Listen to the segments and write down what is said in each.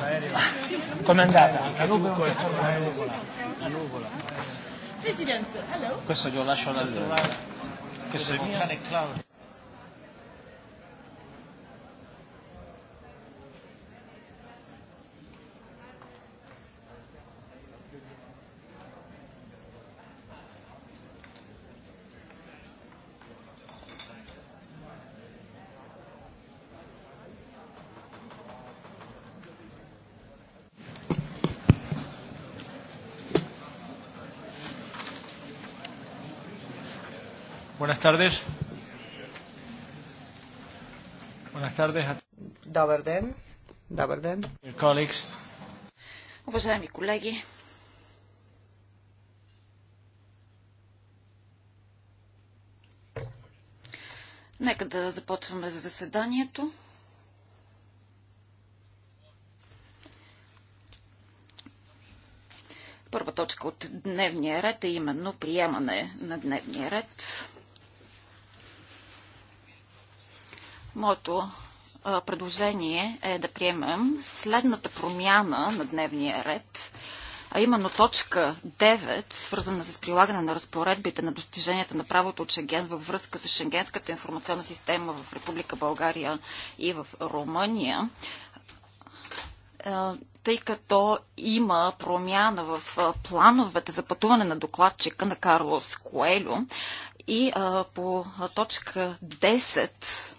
aereo. Con andata? Anche tu la nuvola. La nuvola. Presidente, hello. Questo glielo lascio da lui. Questo è mio. Buenas tardes. Buenas tardes. Добър ден. Добър ден. Уважаеми колеги, нека да започваме за заседанието. Първа точка от дневния ред е именно приемане на дневния ред. Моето предложение е да приемем следната промяна на дневния ред, а именно точка 9, свързана с прилагане на разпоредбите на достиженията на правото от Шенген във връзка с Шенгенската информационна система в Република България и в Румъния, тъй като има промяна в плановете за пътуване на докладчика на Карлос Коелю и по точка 10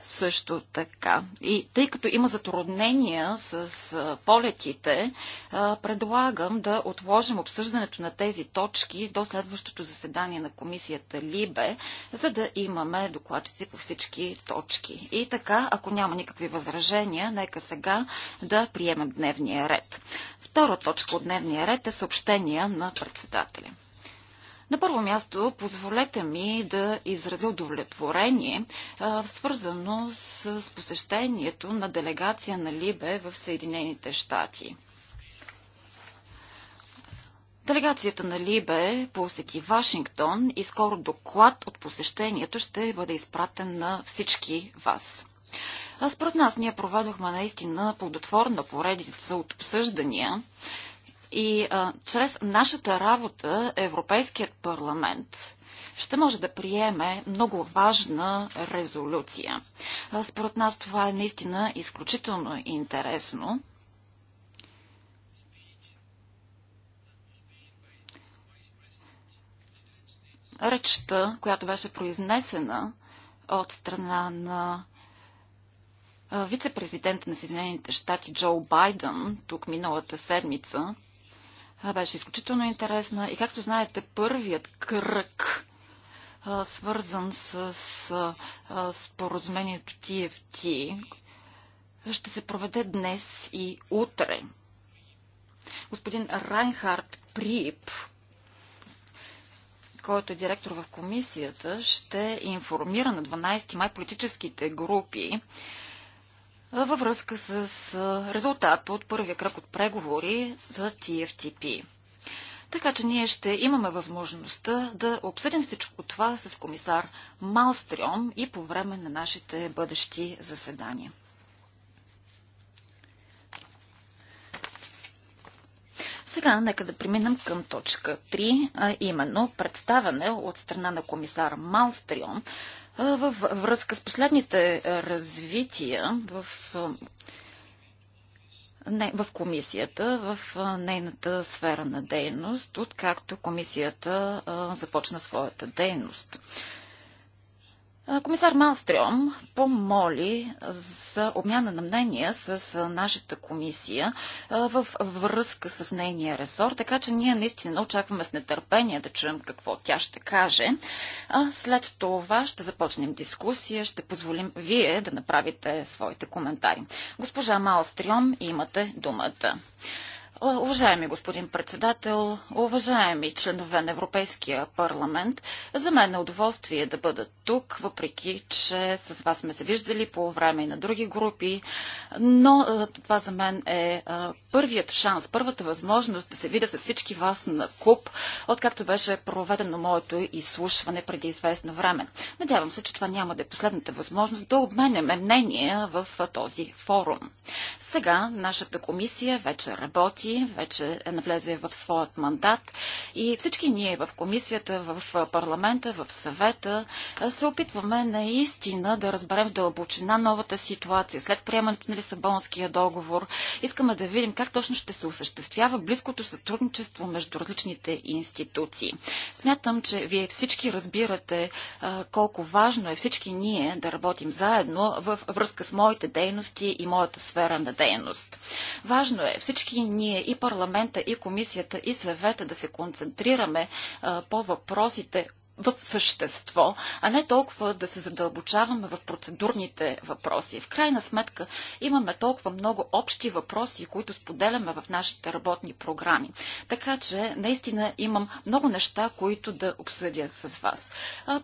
също така. И тъй като има затруднения с полетите, предлагам да отложим обсъждането на тези точки до следващото заседание на комисията Либе, за да имаме докладчици по всички точки. И така, ако няма никакви възражения, нека сега да приемем дневния ред. Втора точка от дневния ред е съобщения на председателя. На първо място, позволете ми да изразя удовлетворение, свързано с посещението на делегация на Либе в Съединените щати. Делегацията на Либе посети Вашингтон и скоро доклад от посещението ще бъде изпратен на всички вас. А според нас ние проведохме наистина плодотворна поредица от обсъждания и а, чрез нашата работа Европейският парламент ще може да приеме много важна резолюция. А, според нас това е наистина изключително интересно. Речта, която беше произнесена от страна на вице президента на Съединените щати Джо Байден тук миналата седмица беше изключително интересна и както знаете, първият кръг свързан с споразумението TFT, ще се проведе днес и утре. Господин Райнхард Прип, който е директор в комисията, ще информира на 12 май политическите групи във връзка с резултата от първия кръг от преговори за TFTP. Така че ние ще имаме възможността да обсъдим всичко това с комисар Малстрион и по време на нашите бъдещи заседания. Сега нека да преминем към точка 3, а именно представяне от страна на комисар Малстрион във връзка с последните развития в, не, в комисията, в нейната сфера на дейност, откакто комисията започна своята дейност. Комисар Малстрем помоли за обмяна на мнения с нашата комисия в връзка с нейния ресор, така че ние наистина очакваме с нетърпение да чуем какво тя ще каже. След това ще започнем дискусия, ще позволим вие да направите своите коментари. Госпожа Малстрем, имате думата. Уважаеми господин председател, уважаеми членове на Европейския парламент, за мен е удоволствие да бъда тук, въпреки че с вас сме се виждали по време и на други групи, но това за мен е първият шанс, първата възможност да се видя с всички вас на куп, откакто беше проведено моето изслушване преди известно време. Надявам се, че това няма да е последната възможност да обменяме мнения в този форум. Сега нашата комисия вече работи, вече е навлезе в своят мандат и всички ние в комисията, в парламента, в съвета се опитваме наистина да разберем в дълбочина новата ситуация. След приемането на Лисабонския договор искаме да видим как точно ще се осъществява близкото сътрудничество между различните институции. Смятам, че вие всички разбирате колко важно е всички ние да работим заедно в връзка с моите дейности и моята сфера на дейност. Важно е всички ние и парламента, и комисията, и съвета да се концентрираме по въпросите, в същество, а не толкова да се задълбочаваме в процедурните въпроси. В крайна сметка имаме толкова много общи въпроси, които споделяме в нашите работни програми. Така че наистина имам много неща, които да обсъдя с вас.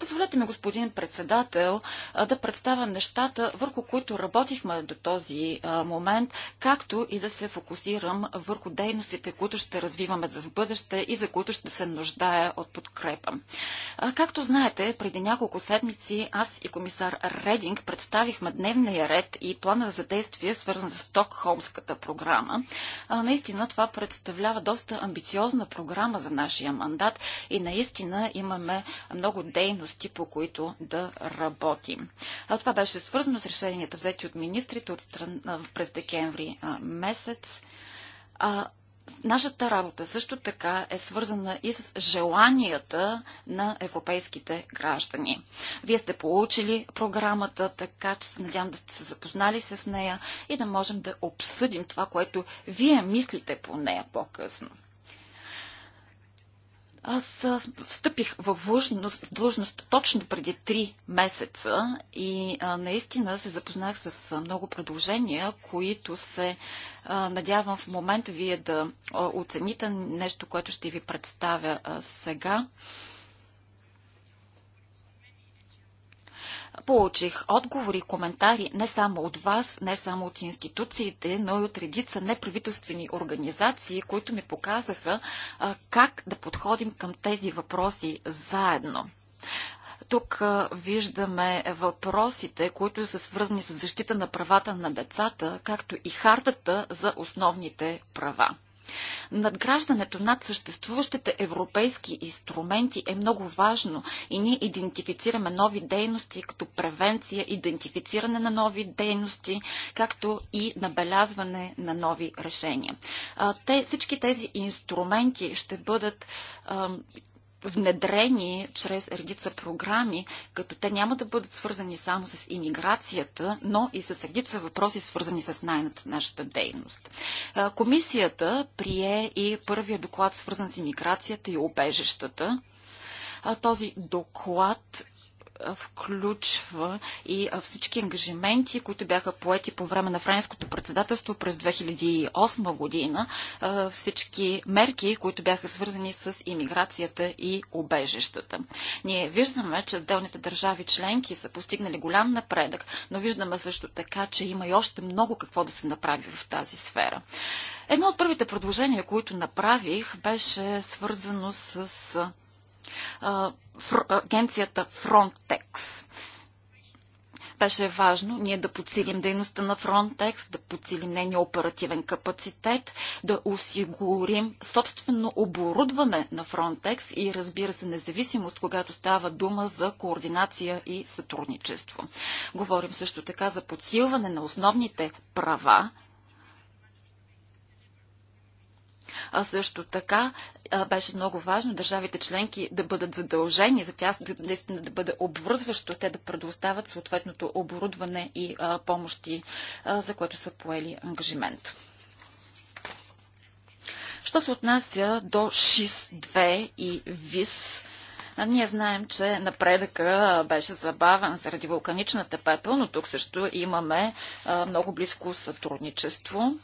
Позволете ми, господин председател, да представя нещата, върху които работихме до този момент, както и да се фокусирам върху дейностите, които ще развиваме за в бъдеще и за които ще се нуждая от подкрепа. Както знаете, преди няколко седмици аз и комисар Рединг представихме дневния ред и плана за действие, свързан с Стокхолмската програма. Наистина това представлява доста амбициозна програма за нашия мандат и наистина имаме много дейности, по които да работим. Това беше свързано с решенията взети от министрите от през декември месец Нашата работа също така е свързана и с желанията на европейските граждани. Вие сте получили програмата, така че се надявам да сте се запознали с нея и да можем да обсъдим това, което вие мислите по нея по-късно. Аз встъпих в длъжност, длъжност точно преди три месеца и а, наистина се запознах с много предложения, които се а, надявам в момента вие да оцените нещо, което ще ви представя а, сега. А, Получих отговори и коментари не само от вас, не само от институциите, но и от редица неправителствени организации, които ми показаха а, как да подходим към тези въпроси заедно. Тук а, виждаме въпросите, които са свързани с защита на правата на децата, както и хартата за основните права. Надграждането над съществуващите европейски инструменти е много важно и ние идентифицираме нови дейности, като превенция, идентифициране на нови дейности, както и набелязване на нови решения. Те, всички тези инструменти ще бъдат внедрени чрез редица програми, като те няма да бъдат свързани само с иммиграцията, но и с редица въпроси, свързани с най-ната нашата дейност. Комисията прие и първия доклад, свързан с иммиграцията и обежещата. Този доклад включва и всички ангажименти, които бяха поети по време на френското председателство през 2008 година, всички мерки, които бяха свързани с иммиграцията и обежищата. Ние виждаме, че отделните държави членки са постигнали голям напредък, но виждаме също така, че има и още много какво да се направи в тази сфера. Едно от първите предложения, които направих, беше свързано с агенцията Frontex. Беше важно ние да подсилим дейността на Frontex, да подсилим нейния оперативен капацитет, да осигурим собствено оборудване на Frontex и разбира се независимост, когато става дума за координация и сътрудничество. Говорим също така за подсилване на основните права а също така беше много важно държавите членки да бъдат задължени за тях, да, наистина да бъде обвързващо, те да предоставят съответното оборудване и а, помощи, а, за което са поели ангажимент. Що се отнася до ШИС-2 и ВИС, ние знаем, че напредъка беше забавен заради вулканичната пепел, но тук също имаме много близко сътрудничество.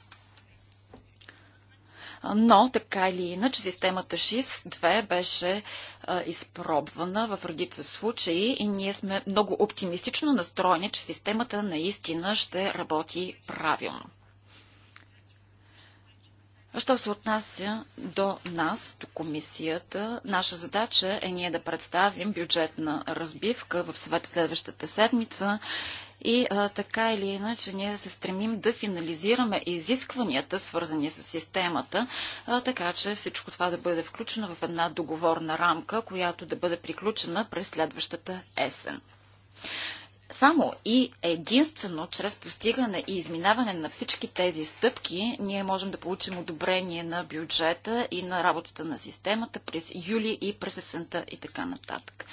Но, така или иначе, системата ШИС-2 беше а, изпробвана в редица случаи и ние сме много оптимистично настроени, че системата наистина ще работи правилно. Що се отнася до нас, до комисията, наша задача е ние да представим бюджетна разбивка в съвет следващата седмица и а, така или иначе ние се стремим да финализираме изискванията, свързани с системата, а, така че всичко това да бъде включено в една договорна рамка, която да бъде приключена през следващата есен. Само и единствено чрез постигане и изминаване на всички тези стъпки ние можем да получим одобрение на бюджета и на работата на системата през юли и през есента и така нататък.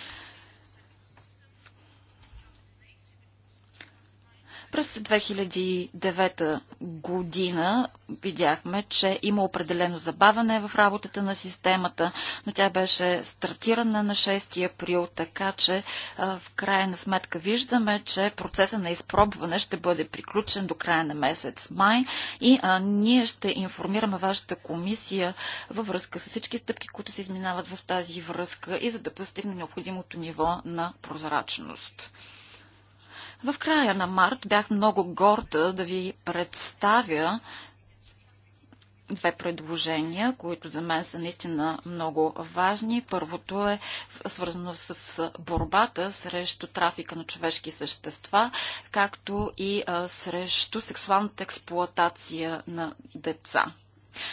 През 2009 година видяхме, че има определено забаване в работата на системата, но тя беше стартирана на 6 април, така че в крайна сметка виждаме, че процеса на изпробване ще бъде приключен до края на месец май и а, ние ще информираме вашата комисия във връзка с всички стъпки, които се изминават в тази връзка и за да постигне необходимото ниво на прозрачност. В края на март бях много горда да ви представя две предложения, които за мен са наистина много важни. Първото е свързано с борбата срещу трафика на човешки същества, както и срещу сексуалната експлоатация на деца.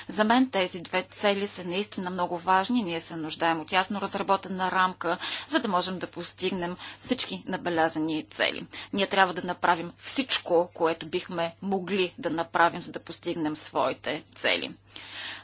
За мен тези две цели са наистина много важни. Ние се нуждаем от ясно разработена рамка, за да можем да постигнем всички набелязани цели. Ние трябва да направим всичко, което бихме могли да направим, за да постигнем своите цели.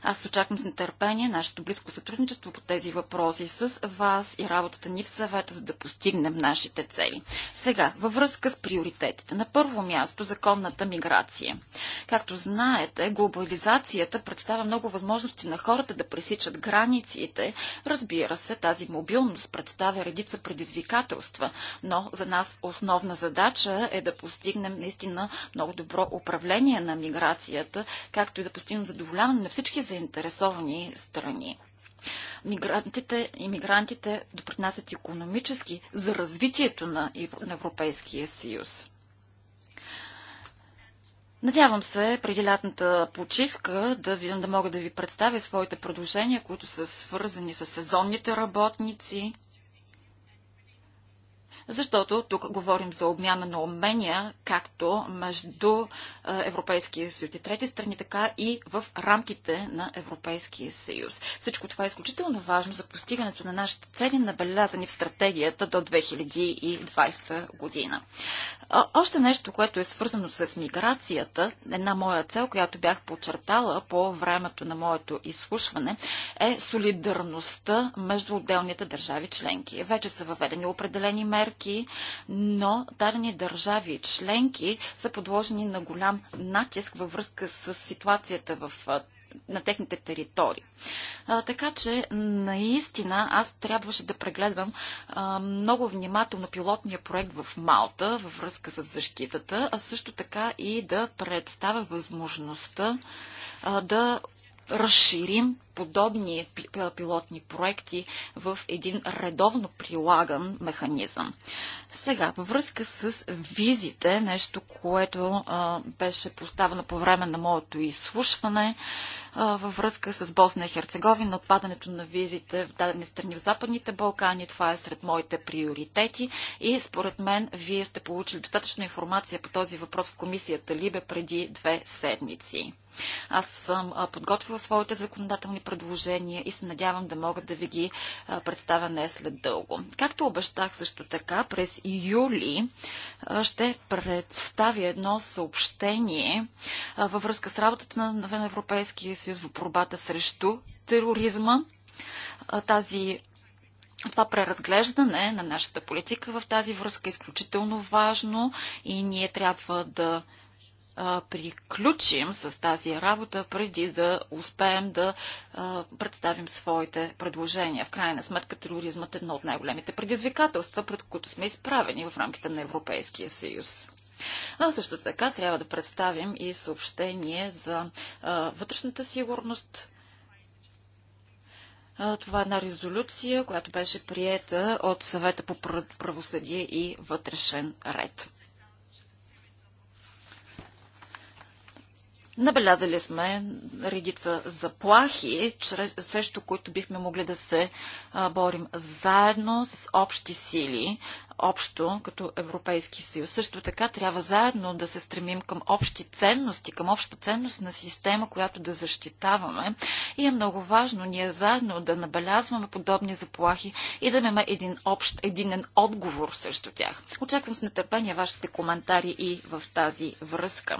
Аз очаквам с нетърпение нашето близко сътрудничество по тези въпроси с вас и работата ни в съвета, за да постигнем нашите цели. Сега, във връзка с приоритетите. На първо място, законната миграция. Както знаете, глобализацията представя много възможности на хората да пресичат границите. Разбира се, тази мобилност представя редица предизвикателства, но за нас основна задача е да постигнем наистина много добро управление на миграцията, както и да постигнем задоволяване на всички всички заинтересовани страни. Мигрантите, иммигрантите допринасят економически за развитието на Европейския съюз. Надявам се преди лятната почивка да, ви, да мога да ви представя своите предложения, които са свързани с сезонните работници, защото тук говорим за обмяна на умения, както между Европейския съюз и трети страни, така и в рамките на Европейския съюз. Всичко това е изключително важно за постигането на нашите цели, набелязани в стратегията до 2020 година. Още нещо, което е свързано с миграцията, една моя цел, която бях подчертала по времето на моето изслушване, е солидарността между отделните държави членки. Вече са въведени определени мерки мерки, но дадени държави членки са подложени на голям натиск във връзка с ситуацията в на техните територии. А, така че, наистина, аз трябваше да прегледам а, много внимателно пилотния проект в Малта във връзка с защитата, а също така и да представя възможността а, да разширим подобни пилотни проекти в един редовно прилаган механизъм. Сега, във връзка с визите, нещо, което а, беше поставено по време на моето изслушване, а, във връзка с Босна и Херцеговина, отпадането на визите в дадени страни в Западните Балкани, това е сред моите приоритети и според мен вие сте получили достатъчно информация по този въпрос в комисията Либе преди две седмици. Аз съм подготвила своите законодателни предложения и се надявам да мога да ви ги представя не след дълго. Както обещах също така, през юли ще представя едно съобщение във връзка с работата на Европейския съюз в борбата срещу тероризма. Тази това преразглеждане на нашата политика в тази връзка е изключително важно и ние трябва да приключим с тази работа, преди да успеем да представим своите предложения. В крайна сметка тероризмът е едно от най-големите предизвикателства, пред които сме изправени в рамките на Европейския съюз. А също така трябва да представим и съобщение за вътрешната сигурност, това е една резолюция, която беше приета от съвета по правосъдие и вътрешен ред. Набелязали сме редица заплахи, чрез, срещу които бихме могли да се борим заедно с общи сили, общо като Европейски съюз. Също така трябва заедно да се стремим към общи ценности, към обща ценност на система, която да защитаваме. И е много важно ние заедно да набелязваме подобни заплахи и да имаме един общ, единен отговор срещу тях. Очаквам с нетърпение вашите коментари и в тази връзка.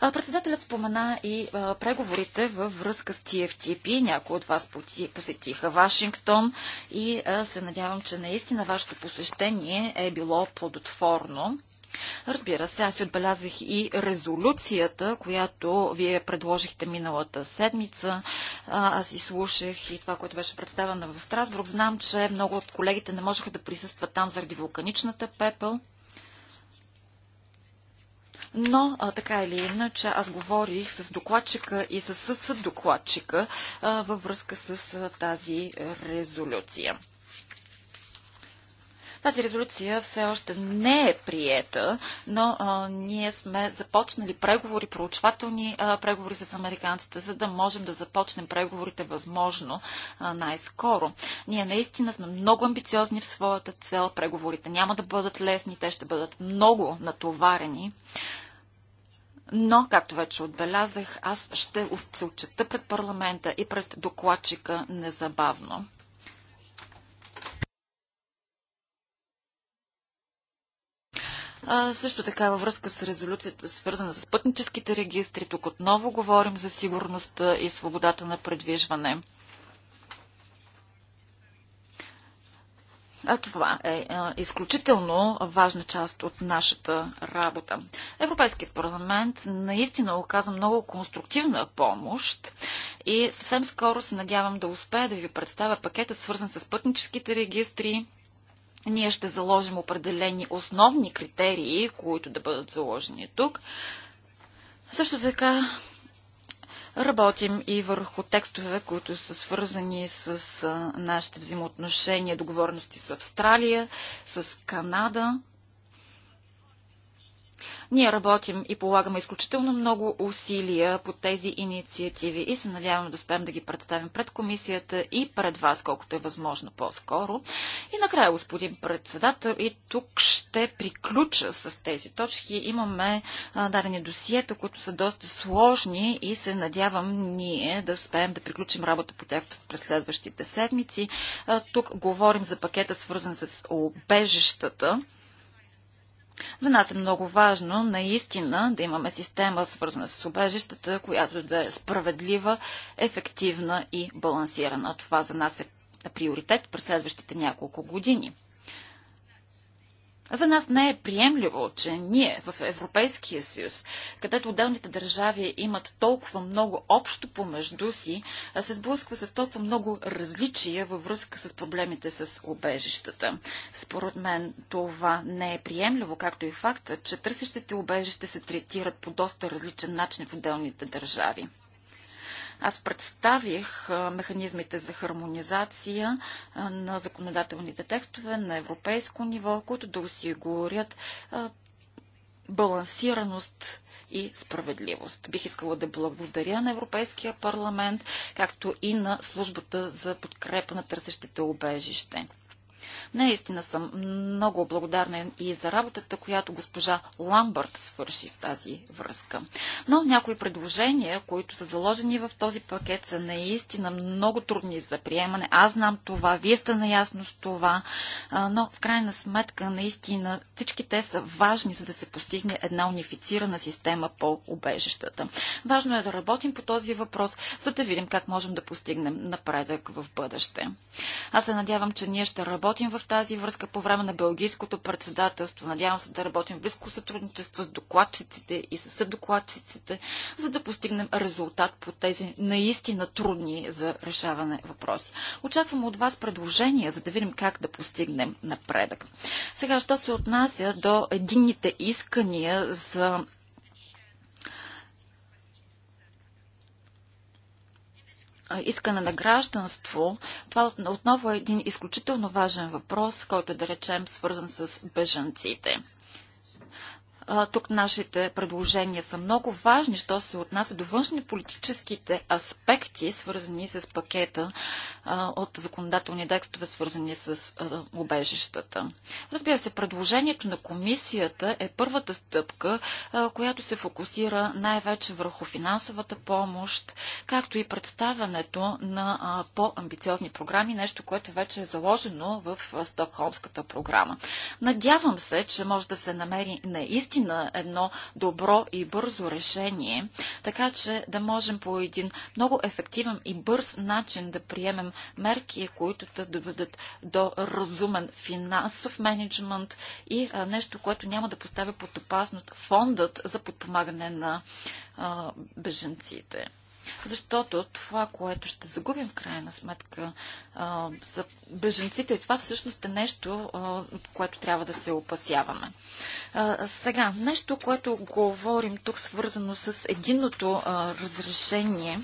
Председателят спомена и преговорите във връзка с TFTP. Някои от вас посетиха Вашингтон и се надявам, че наистина вашето посещение е било плодотворно. Разбира се, аз отбелязах и резолюцията, която вие предложихте миналата седмица. Аз и слушах и това, което беше представено в Страсбург. Знам, че много от колегите не можеха да присъстват там заради вулканичната пепел. Но, а, така или иначе, аз говорих с докладчика и с а, във връзка с а, тази резолюция. Тази резолюция все още не е приета, но а, ние сме започнали преговори, проучвателни а, преговори с американците, за да можем да започнем преговорите възможно най-скоро. Ние наистина сме много амбициозни в своята цел. Преговорите няма да бъдат лесни, те ще бъдат много натоварени. Но, както вече отбелязах, аз ще се отчета пред парламента и пред докладчика незабавно. А, също така във връзка с резолюцията, свързана с пътническите регистри, тук отново говорим за сигурността и свободата на предвижване. А това е а, изключително важна част от нашата работа. Европейският парламент наистина оказа много конструктивна помощ и съвсем скоро се надявам да успея да ви представя пакета, свързан с пътническите регистри ние ще заложим определени основни критерии, които да бъдат заложени тук. Също така Работим и върху текстове, които са свързани с нашите взаимоотношения, договорности с Австралия, с Канада. Ние работим и полагаме изключително много усилия по тези инициативи и се надяваме да успеем да ги представим пред комисията и пред вас, колкото е възможно по-скоро. И накрая, господин председател, и тук ще приключа с тези точки. Имаме дадени досиета, които са доста сложни и се надявам ние да успеем да приключим работа по тях през следващите седмици. тук говорим за пакета, свързан с обежищата. За нас е много важно наистина да имаме система, свързана с убежищата, която да е справедлива, ефективна и балансирана. Това за нас е приоритет през следващите няколко години. За нас не е приемливо, че ние в Европейския съюз, където отделните държави имат толкова много общо помежду си, се сблъсква с толкова много различия във връзка с проблемите с обежищата. Според мен това не е приемливо, както и факта, че търсещите обежище се третират по доста различен начин в отделните държави. Аз представих механизмите за хармонизация на законодателните текстове на европейско ниво, които да осигурят балансираност и справедливост. Бих искала да благодаря на Европейския парламент, както и на службата за подкрепа на търсещите обежище. Наистина съм много благодарна и за работата, която госпожа Ламбърт свърши в тази връзка. Но някои предложения, които са заложени в този пакет, са наистина много трудни за приемане. Аз знам това, вие сте наясно с това, но в крайна сметка наистина всички те са важни, за да се постигне една унифицирана система по убежищата. Важно е да работим по този въпрос, за да видим как можем да постигнем напредък в бъдеще. Аз се надявам, че ние ще работим в в тази връзка по време на Белгийското председателство. Надявам се да работим в близко сътрудничество с докладчиците и с съдокладчиците, за да постигнем резултат по тези наистина трудни за решаване въпроси. Очаквам от вас предложения, за да видим как да постигнем напредък. Сега, що се отнася до единните искания за искане на гражданство, това отново е един изключително важен въпрос, който да речем, свързан с бежанците. Тук нашите предложения са много важни, що се отнася до външни политическите аспекти, свързани с пакета от законодателни текстове, свързани с убежищата. Разбира се, предложението на комисията е първата стъпка, която се фокусира най-вече върху финансовата помощ, както и представянето на по-амбициозни програми, нещо, което вече е заложено в Стокхолмската програма. Надявам се, че може да се намери наистина наистина едно добро и бързо решение, така че да можем по един много ефективен и бърз начин да приемем мерки, които да доведат до разумен финансов менеджмент и нещо, което няма да поставя под опасност фондът за подпомагане на беженците. Защото това, което ще загубим в крайна сметка а, за беженците, това всъщност е нещо, а, което трябва да се опасяваме. А, сега, нещо, което говорим тук, свързано с единното разрешение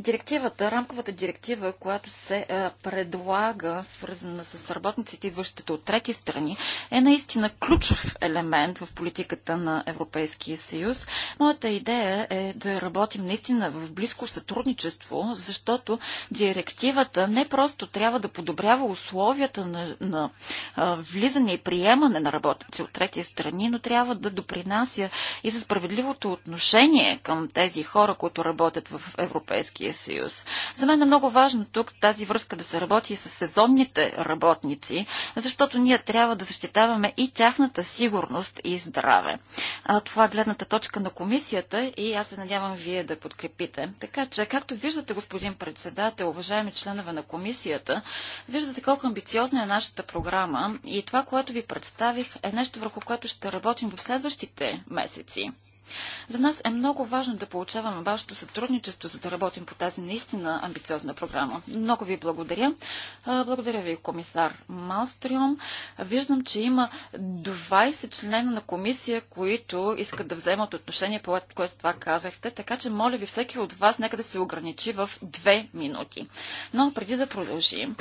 Директивата, рамковата директива, която се е, предлага, свързана с работниците, идващите от трети страни, е наистина ключов елемент в политиката на Европейския съюз. Моята идея е да работим наистина в близко сътрудничество, защото директивата не просто трябва да подобрява условията на, на а, влизане и приемане на работници от трети страни, но трябва да допринася и за справедливото отношение към тези хора, които работят в Европейския Европейския съюз. За мен е много важно тук тази връзка да се работи с сезонните работници, защото ние трябва да защитаваме и тяхната сигурност и здраве. А, това е гледната точка на комисията и аз се надявам вие да подкрепите. Така че, както виждате, господин председател, уважаеми членове на комисията, виждате колко амбициозна е нашата програма и това, което ви представих, е нещо върху което ще работим в следващите месеци. За нас е много важно да получаваме вашето сътрудничество, за да работим по тази наистина амбициозна програма. Много ви благодаря. Благодаря ви, комисар Малстриом. Виждам, че има 20 члена на комисия, които искат да вземат отношение по което това казахте, така че моля ви всеки от вас нека да се ограничи в две минути. Но преди да продължим,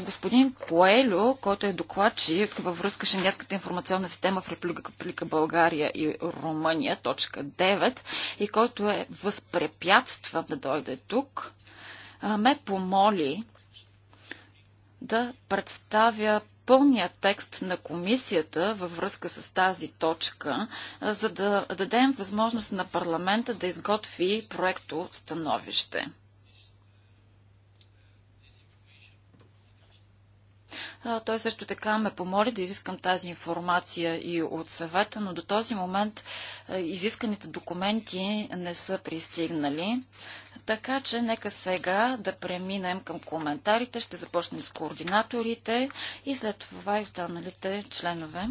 господин Коелю, който е докладчик във връзка с Шенгенската информационна система в Република България и Румъния, точка 9 и който е възпрепятства да дойде тук, ме помоли да представя пълния текст на комисията във връзка с тази точка, за да дадем възможност на парламента да изготви проекто становище. Той също така ме помоли да изискам тази информация и от съвета, но до този момент изисканите документи не са пристигнали. Така че нека сега да преминем към коментарите. Ще започнем с координаторите и след това и останалите членове.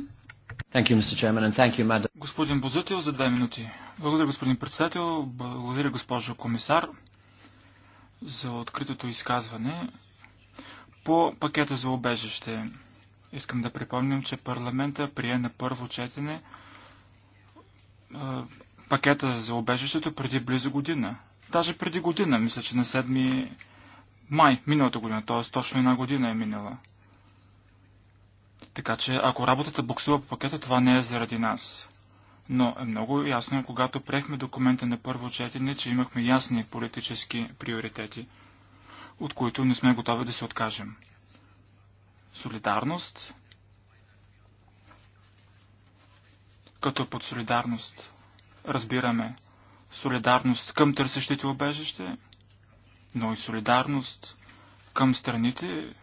Господин Бозутил за две минути. Благодаря, господин председател. Благодаря, госпожо комисар, за откритото изказване. По пакета за убежище искам да припомням, че парламента прие на първо четене пакета за убежището преди близо година. Даже преди година, мисля, че на 7 май миналата година, т.е. точно една година е минала. Така че, ако работата буксува по пакета, това не е заради нас. Но е много ясно, когато приехме документа на първо четене, че имахме ясни политически приоритети – от които не сме готови да се откажем. Солидарност, като под солидарност разбираме солидарност към търсещите обежище, но и солидарност към страните,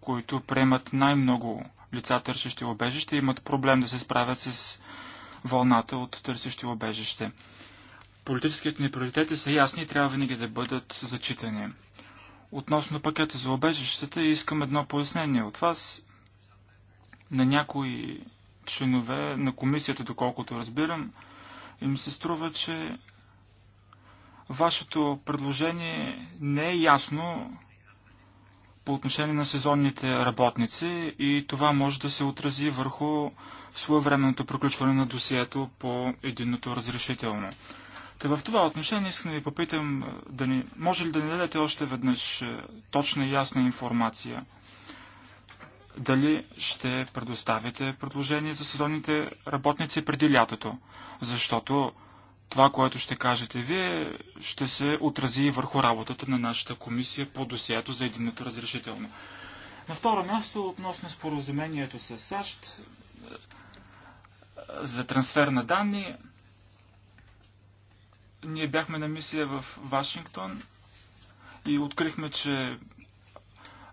които приемат най-много лица търсещи обежище, имат проблем да се справят с вълната от търсещи обежище. Политическите ни приоритети са ясни и трябва винаги да бъдат зачитани. Относно пакета за обежищата искам едно пояснение от вас. На някои членове на комисията, доколкото разбирам, и ми се струва, че вашето предложение не е ясно по отношение на сезонните работници и това може да се отрази върху своевременното приключване на досието по единното разрешително. Та е, в това отношение искам да ви попитам, е, да ни, може ли да ни дадете още веднъж е, точна и ясна информация? Дали ще предоставите предложение за сезонните работници преди лятото? Защото това, което ще кажете вие, ще се отрази и върху работата на нашата комисия по досието за единното разрешително. На второ място, относно споразумението с САЩ за трансфер на данни, ние бяхме на мисия в Вашингтон и открихме, че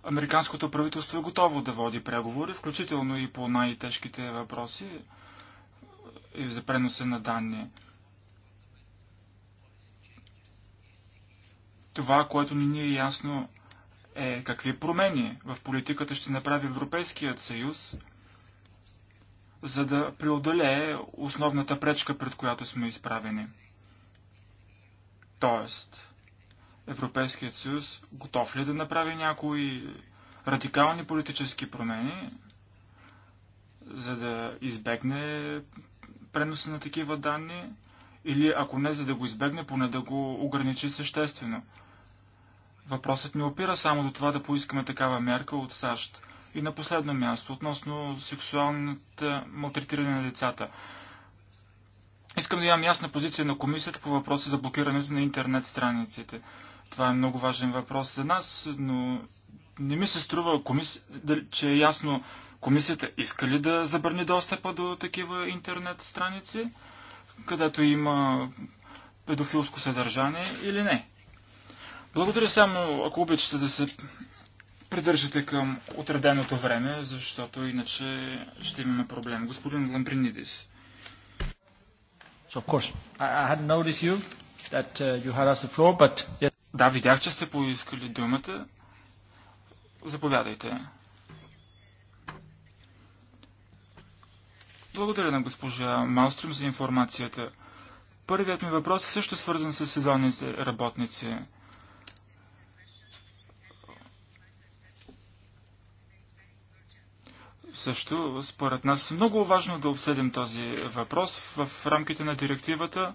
американското правителство е готово да води преговори, включително и по най-тежките въпроси и за преноса на данни. Това, което ни е ясно, е какви промени в политиката ще направи Европейският съюз, за да преодолее основната пречка, пред която сме изправени – Тоест, Европейският съюз готов ли е да направи някои радикални политически промени, за да избегне преноса на такива данни, или ако не, за да го избегне, поне да го ограничи съществено. Въпросът ни опира само до това да поискаме такава мерка от САЩ. И на последно място, относно сексуалната малтретиране на децата. Искам да имам ясна позиция на комисията по въпроса за блокирането на интернет страниците. Това е много важен въпрос за нас, но не ми се струва, комис... че е ясно комисията иска ли да забрани достъпа до такива интернет страници, където има педофилско съдържание или не. Благодаря само, ако обичате да се придържате към отреденото време, защото иначе ще имаме проблем. Господин Ламбринидис of course, I, I noticed you that uh, you had asked the floor, but yes. Да, видях, че сте поискали думата. Заповядайте. Благодаря на госпожа Малстрюм за информацията. Първият ми въпрос е също свързан с сезонните работници. Също, според нас, много важно да обсъдим този въпрос в рамките на директивата,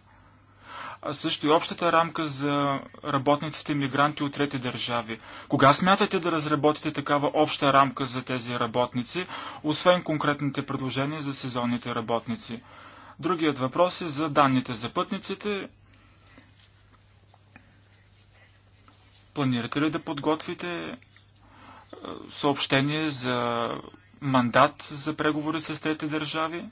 а също и общата рамка за работниците мигранти от трети държави. Кога смятате да разработите такава обща рамка за тези работници, освен конкретните предложения за сезонните работници? Другият въпрос е за данните за пътниците. Планирате ли да подготвите съобщение за мандат за преговори с трети държави.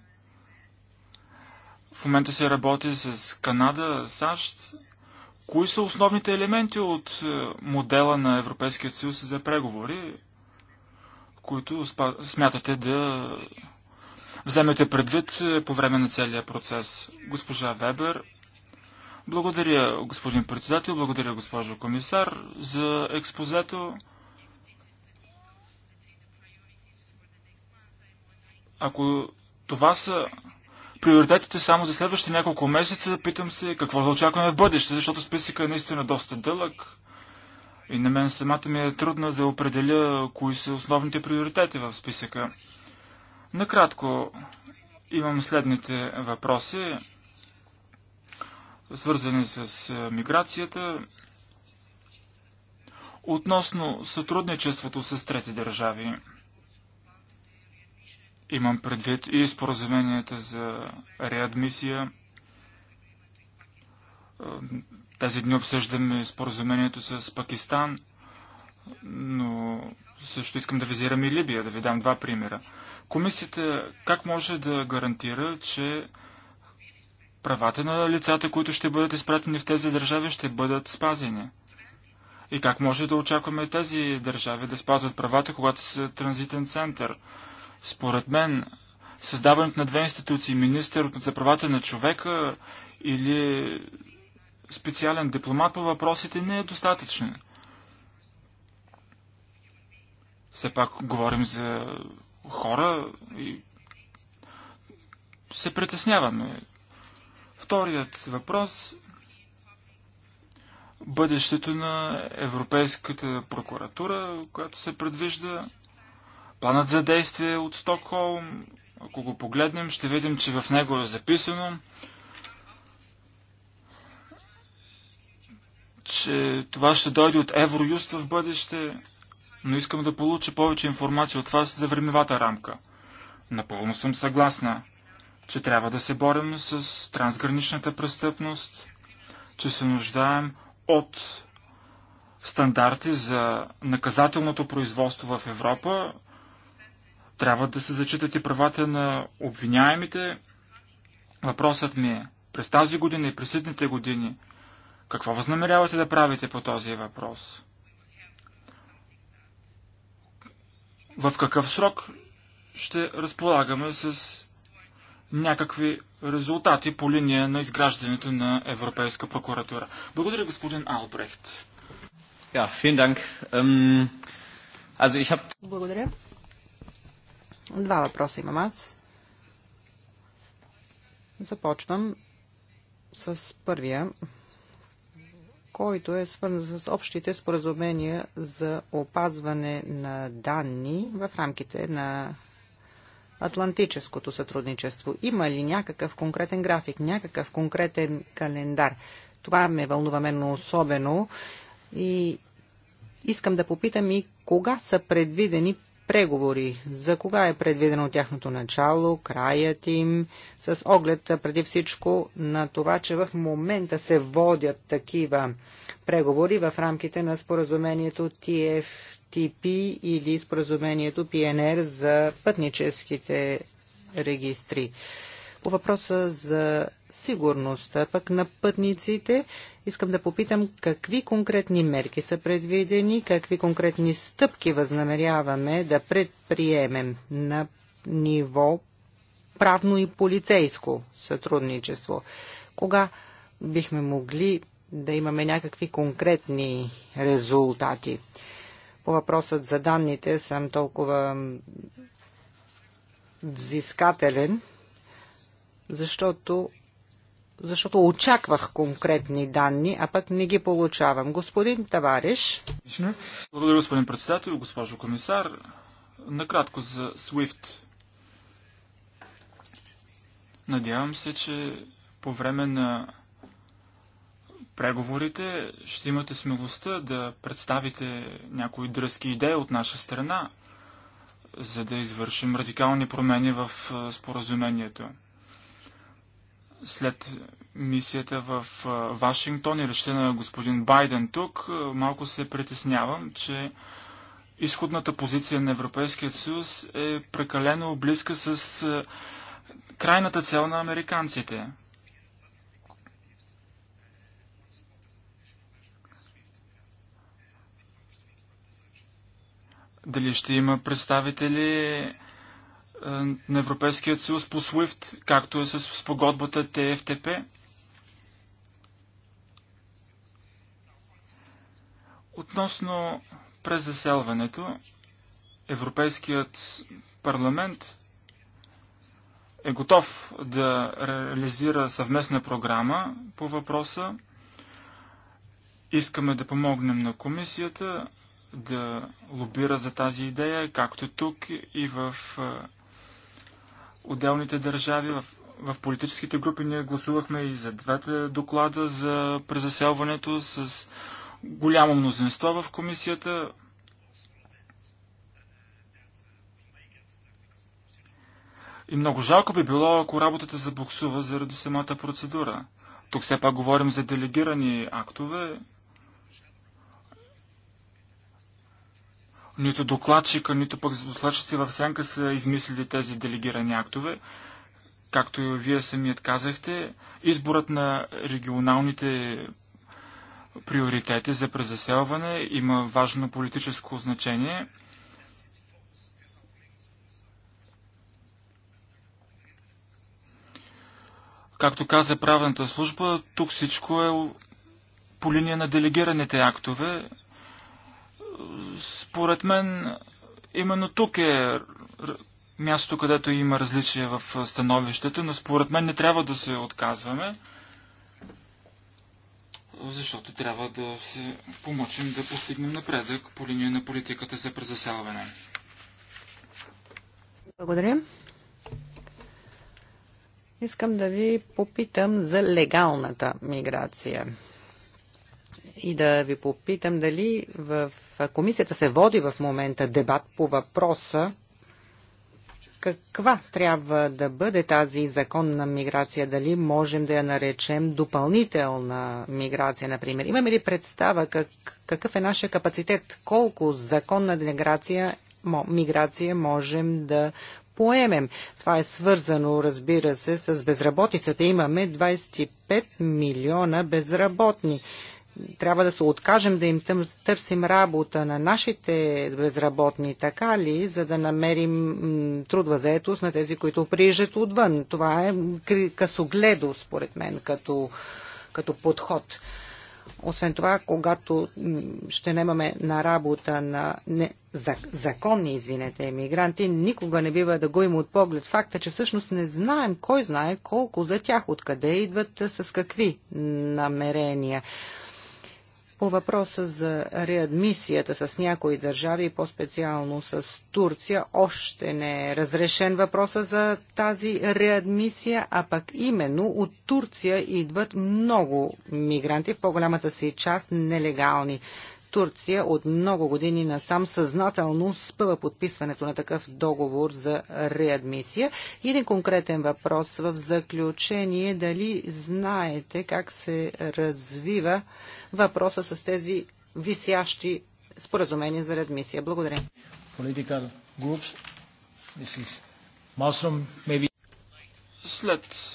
В момента се работи с Канада, САЩ. Кои са основните елементи от е, модела на Европейския съюз за преговори, които смятате да вземете предвид е, по време на целия процес? Госпожа Вебер, благодаря, господин председател, благодаря, госпожо комисар, за експозето. Ако това са приоритетите само за следващите няколко месеца, питам се какво да очакваме в бъдеще, защото списъка е наистина доста дълъг. И на мен самата ми е трудно да определя кои са основните приоритети в списъка. Накратко имам следните въпроси, свързани с е, миграцията, относно сътрудничеството с трети държави. Имам предвид и споразуменията за реадмисия. Е, Тази дни обсъждаме споразумението с Пакистан, но също искам да визирам и Либия, да ви дам два примера. Комисията как може да гарантира, че правата на лицата, които ще бъдат изпратени в тези държави, ще бъдат спазени? И как може да очакваме тези държави да спазват правата, когато са транзитен център – според мен, създаването на две институции, министър за правата на човека или специален дипломат по въпросите не е достатъчно. Все пак говорим за хора и се притесняваме. Вторият въпрос бъдещето на Европейската прокуратура, която се предвижда Планът за действие от Стокхолм, ако го погледнем, ще видим, че в него е записано, че това ще дойде от Евроюст в бъдеще, но искам да получа повече информация от вас за времевата рамка. Напълно съм съгласна, че трябва да се борим с трансграничната престъпност, че се нуждаем от стандарти за наказателното производство в Европа, трябва да се зачитат и правата на обвиняемите. Въпросът ми е, през тази година и през следните години, какво възнамерявате да правите по този въпрос? В какъв срок ще разполагаме с някакви резултати по линия на изграждането на Европейска прокуратура. Благодаря, господин Албрехт. Ähm, Благодаря. Два въпроса имам аз. Започвам с първия, който е свързан с общите споразумения за опазване на данни в рамките на Атлантическото сътрудничество. Има ли някакъв конкретен график, някакъв конкретен календар? Това ме вълнува мен особено и искам да попитам и кога са предвидени преговори. За кога е предвидено тяхното начало, краят им, с оглед преди всичко на това, че в момента се водят такива преговори в рамките на споразумението TFTP или споразумението PNR за пътническите регистри. По въпроса за сигурността пък на пътниците, искам да попитам какви конкретни мерки са предвидени, какви конкретни стъпки възнамеряваме да предприемем на ниво правно и полицейско сътрудничество. Кога бихме могли да имаме някакви конкретни резултати? По въпросът за данните съм толкова взискателен, защото защото очаквах конкретни данни, а пък не ги получавам. Господин Тавариш. Благодаря, господин председател, госпожо комисар. Накратко за SWIFT. Надявам се, че по време на преговорите ще имате смелостта да представите някои дръзки идеи от наша страна, за да извършим радикални промени в споразумението. След мисията в Вашингтон и речта на господин Байден тук, малко се притеснявам, че изходната позиция на Европейския съюз е прекалено близка с крайната цел на американците. Дали ще има представители е, на Европейският съюз по SWIFT, както е с спогодбата ТФТП. Относно презаселването, Европейският парламент е готов да реализира съвместна програма по въпроса. Искаме да помогнем на комисията да лобира за тази идея, както тук и в е, отделните държави. В, в политическите групи ние гласувахме и за двата доклада за презаселването с голямо мнозинство в комисията. И много жалко би било, ако работата забуксува заради самата процедура. Тук все пак говорим за делегирани актове. Нито докладчика, нито пък докладчици в сянка са измислили тези делегирани актове. Както и вие самият казахте, изборът на регионалните приоритети за презаселване има важно политическо значение. Както каза правната служба, тук всичко е по линия на делегираните актове, според мен, именно тук е място, където има различия в становищата, но според мен не трябва да се отказваме, защото трябва да се помочим да постигнем напредък по линия на политиката за презаселване. Благодаря. Искам да ви попитам за легалната миграция и да ви попитам дали в комисията се води в момента дебат по въпроса каква трябва да бъде тази законна миграция? Дали можем да я наречем допълнителна миграция, например? Имаме ли представа как, какъв е нашия капацитет? Колко законна миграция, миграция можем да поемем? Това е свързано, разбира се, с безработицата. Имаме 25 милиона безработни трябва да се откажем да им търсим работа на нашите безработни, така ли, за да намерим трудва заетост на тези, които приезжат отвън. Това е късогледо, според мен, като, като подход. Освен това, когато ще немаме на работа на не, за, законни, извинете, емигранти, никога не бива да го от поглед факта, че всъщност не знаем кой знае колко за тях, откъде идват, с какви намерения. По въпроса за реадмисията с някои държави, по-специално с Турция, още не е разрешен въпроса за тази реадмисия, а пък именно от Турция идват много мигранти, в по-голямата си част нелегални. Турция от много години насам съзнателно спъва подписването на такъв договор за реадмисия. един конкретен въпрос в заключение. Дали знаете как се развива въпроса с тези висящи споразумения за реадмисия? Благодаря. След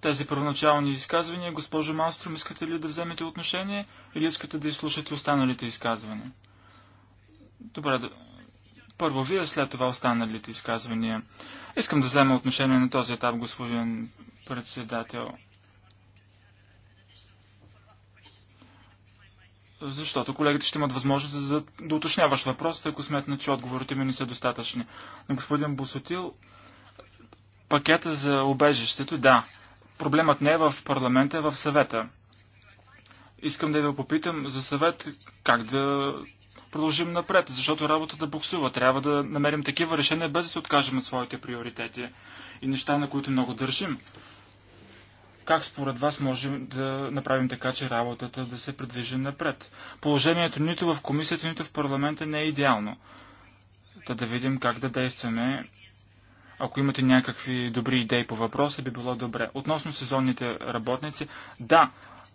тези първоначални изказвания, госпожо Малстром, искате ли да вземете отношение? Или искате да изслушате останалите изказвания? Добре, да... първо вие, след това останалите изказвания. Искам да взема отношение на този етап, господин председател. Защото колегите ще имат възможност да, да, да уточняваш въпросите, ако сметнат, че отговорите ми не са достатъчни. Но господин Босотил, пакета за обежището, да. Проблемът не е в парламента, а е в съвета. Искам да ви попитам за съвет как да продължим напред, защото работата буксува. Трябва да намерим такива решения, без да се откажем от своите приоритети и неща, на които много държим. Как според вас можем да направим така, че работата да се придвижи напред? Положението нито в комисията, нито в парламента не е идеално. Та да видим как да действаме. Ако имате някакви добри идеи по въпроса, би било добре. Относно сезонните работници, да,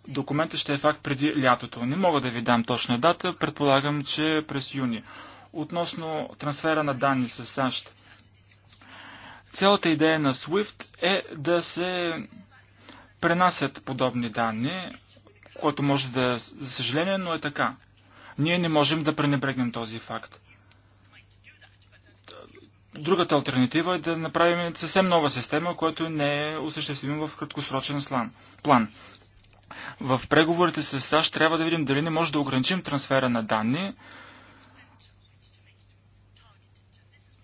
Документът ще е факт преди лятото. Не мога да ви дам точна дата, предполагам, че през юни. Относно трансфера на данни с САЩ. Цялата идея на SWIFT е да се пренасят подобни данни, което може да е за съжаление, но е така. Ние не можем да пренебрегнем този факт. Другата альтернатива е да направим съвсем нова система, която не е осъществима в краткосрочен план. В преговорите с САЩ трябва да видим дали не може да ограничим трансфера на данни,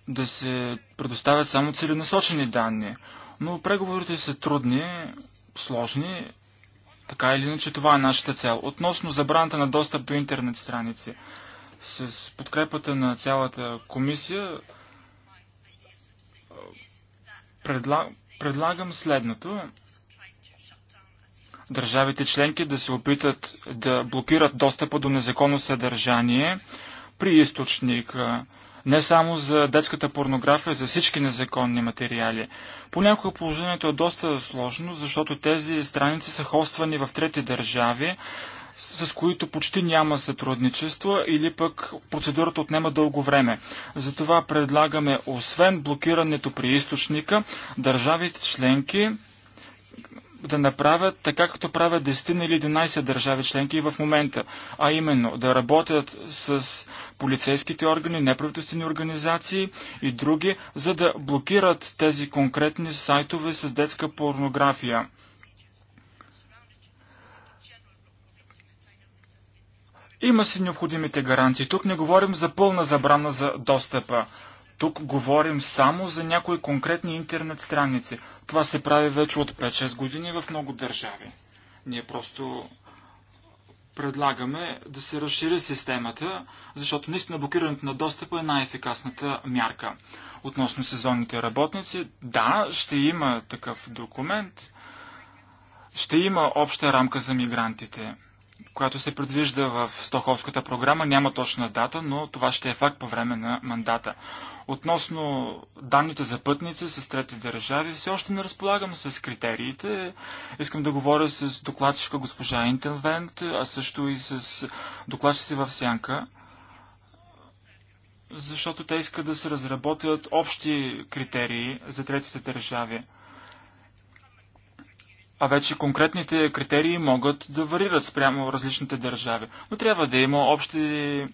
да се предоставят само целенасочени данни. Но преговорите са трудни, сложни, така или иначе това е нашата цел. Относно забраната на достъп до интернет страници, с подкрепата на цялата комисия, предлагам следното държавите членки да се опитат да блокират достъпа до незаконно съдържание при източник. Не само за детската порнография, за всички незаконни материали. Понякога положението е доста сложно, защото тези страници са хоствани в трети държави, с които почти няма сътрудничество или пък процедурата отнема дълго време. Затова предлагаме, освен блокирането при източника, държавите членки да направят така, както правят 10 или 11 държави членки в момента, а именно да работят с полицейските органи, неправителствени организации и други, за да блокират тези конкретни сайтове с детска порнография. Има си необходимите гаранции. Тук не говорим за пълна забрана за достъпа. Тук говорим само за някои конкретни интернет страници. Това се прави вече от 5-6 години в много държави. Ние просто предлагаме да се разшири системата, защото наистина блокирането на достъпа е най-ефикасната мярка. Относно сезонните работници, да, ще има такъв документ, ще има обща рамка за мигрантите – която се предвижда в Стоховската програма. Няма точна дата, но това ще е факт по време на мандата. Относно данните за пътници с трети държави, все още не разполагам с критериите. Искам да говоря с докладчика госпожа Интелвент, а също и с докладчици в Сянка, защото те искат да се разработят общи критерии за третите държави. А вече конкретните критерии могат да варират спрямо различните държави. Но трябва да има общи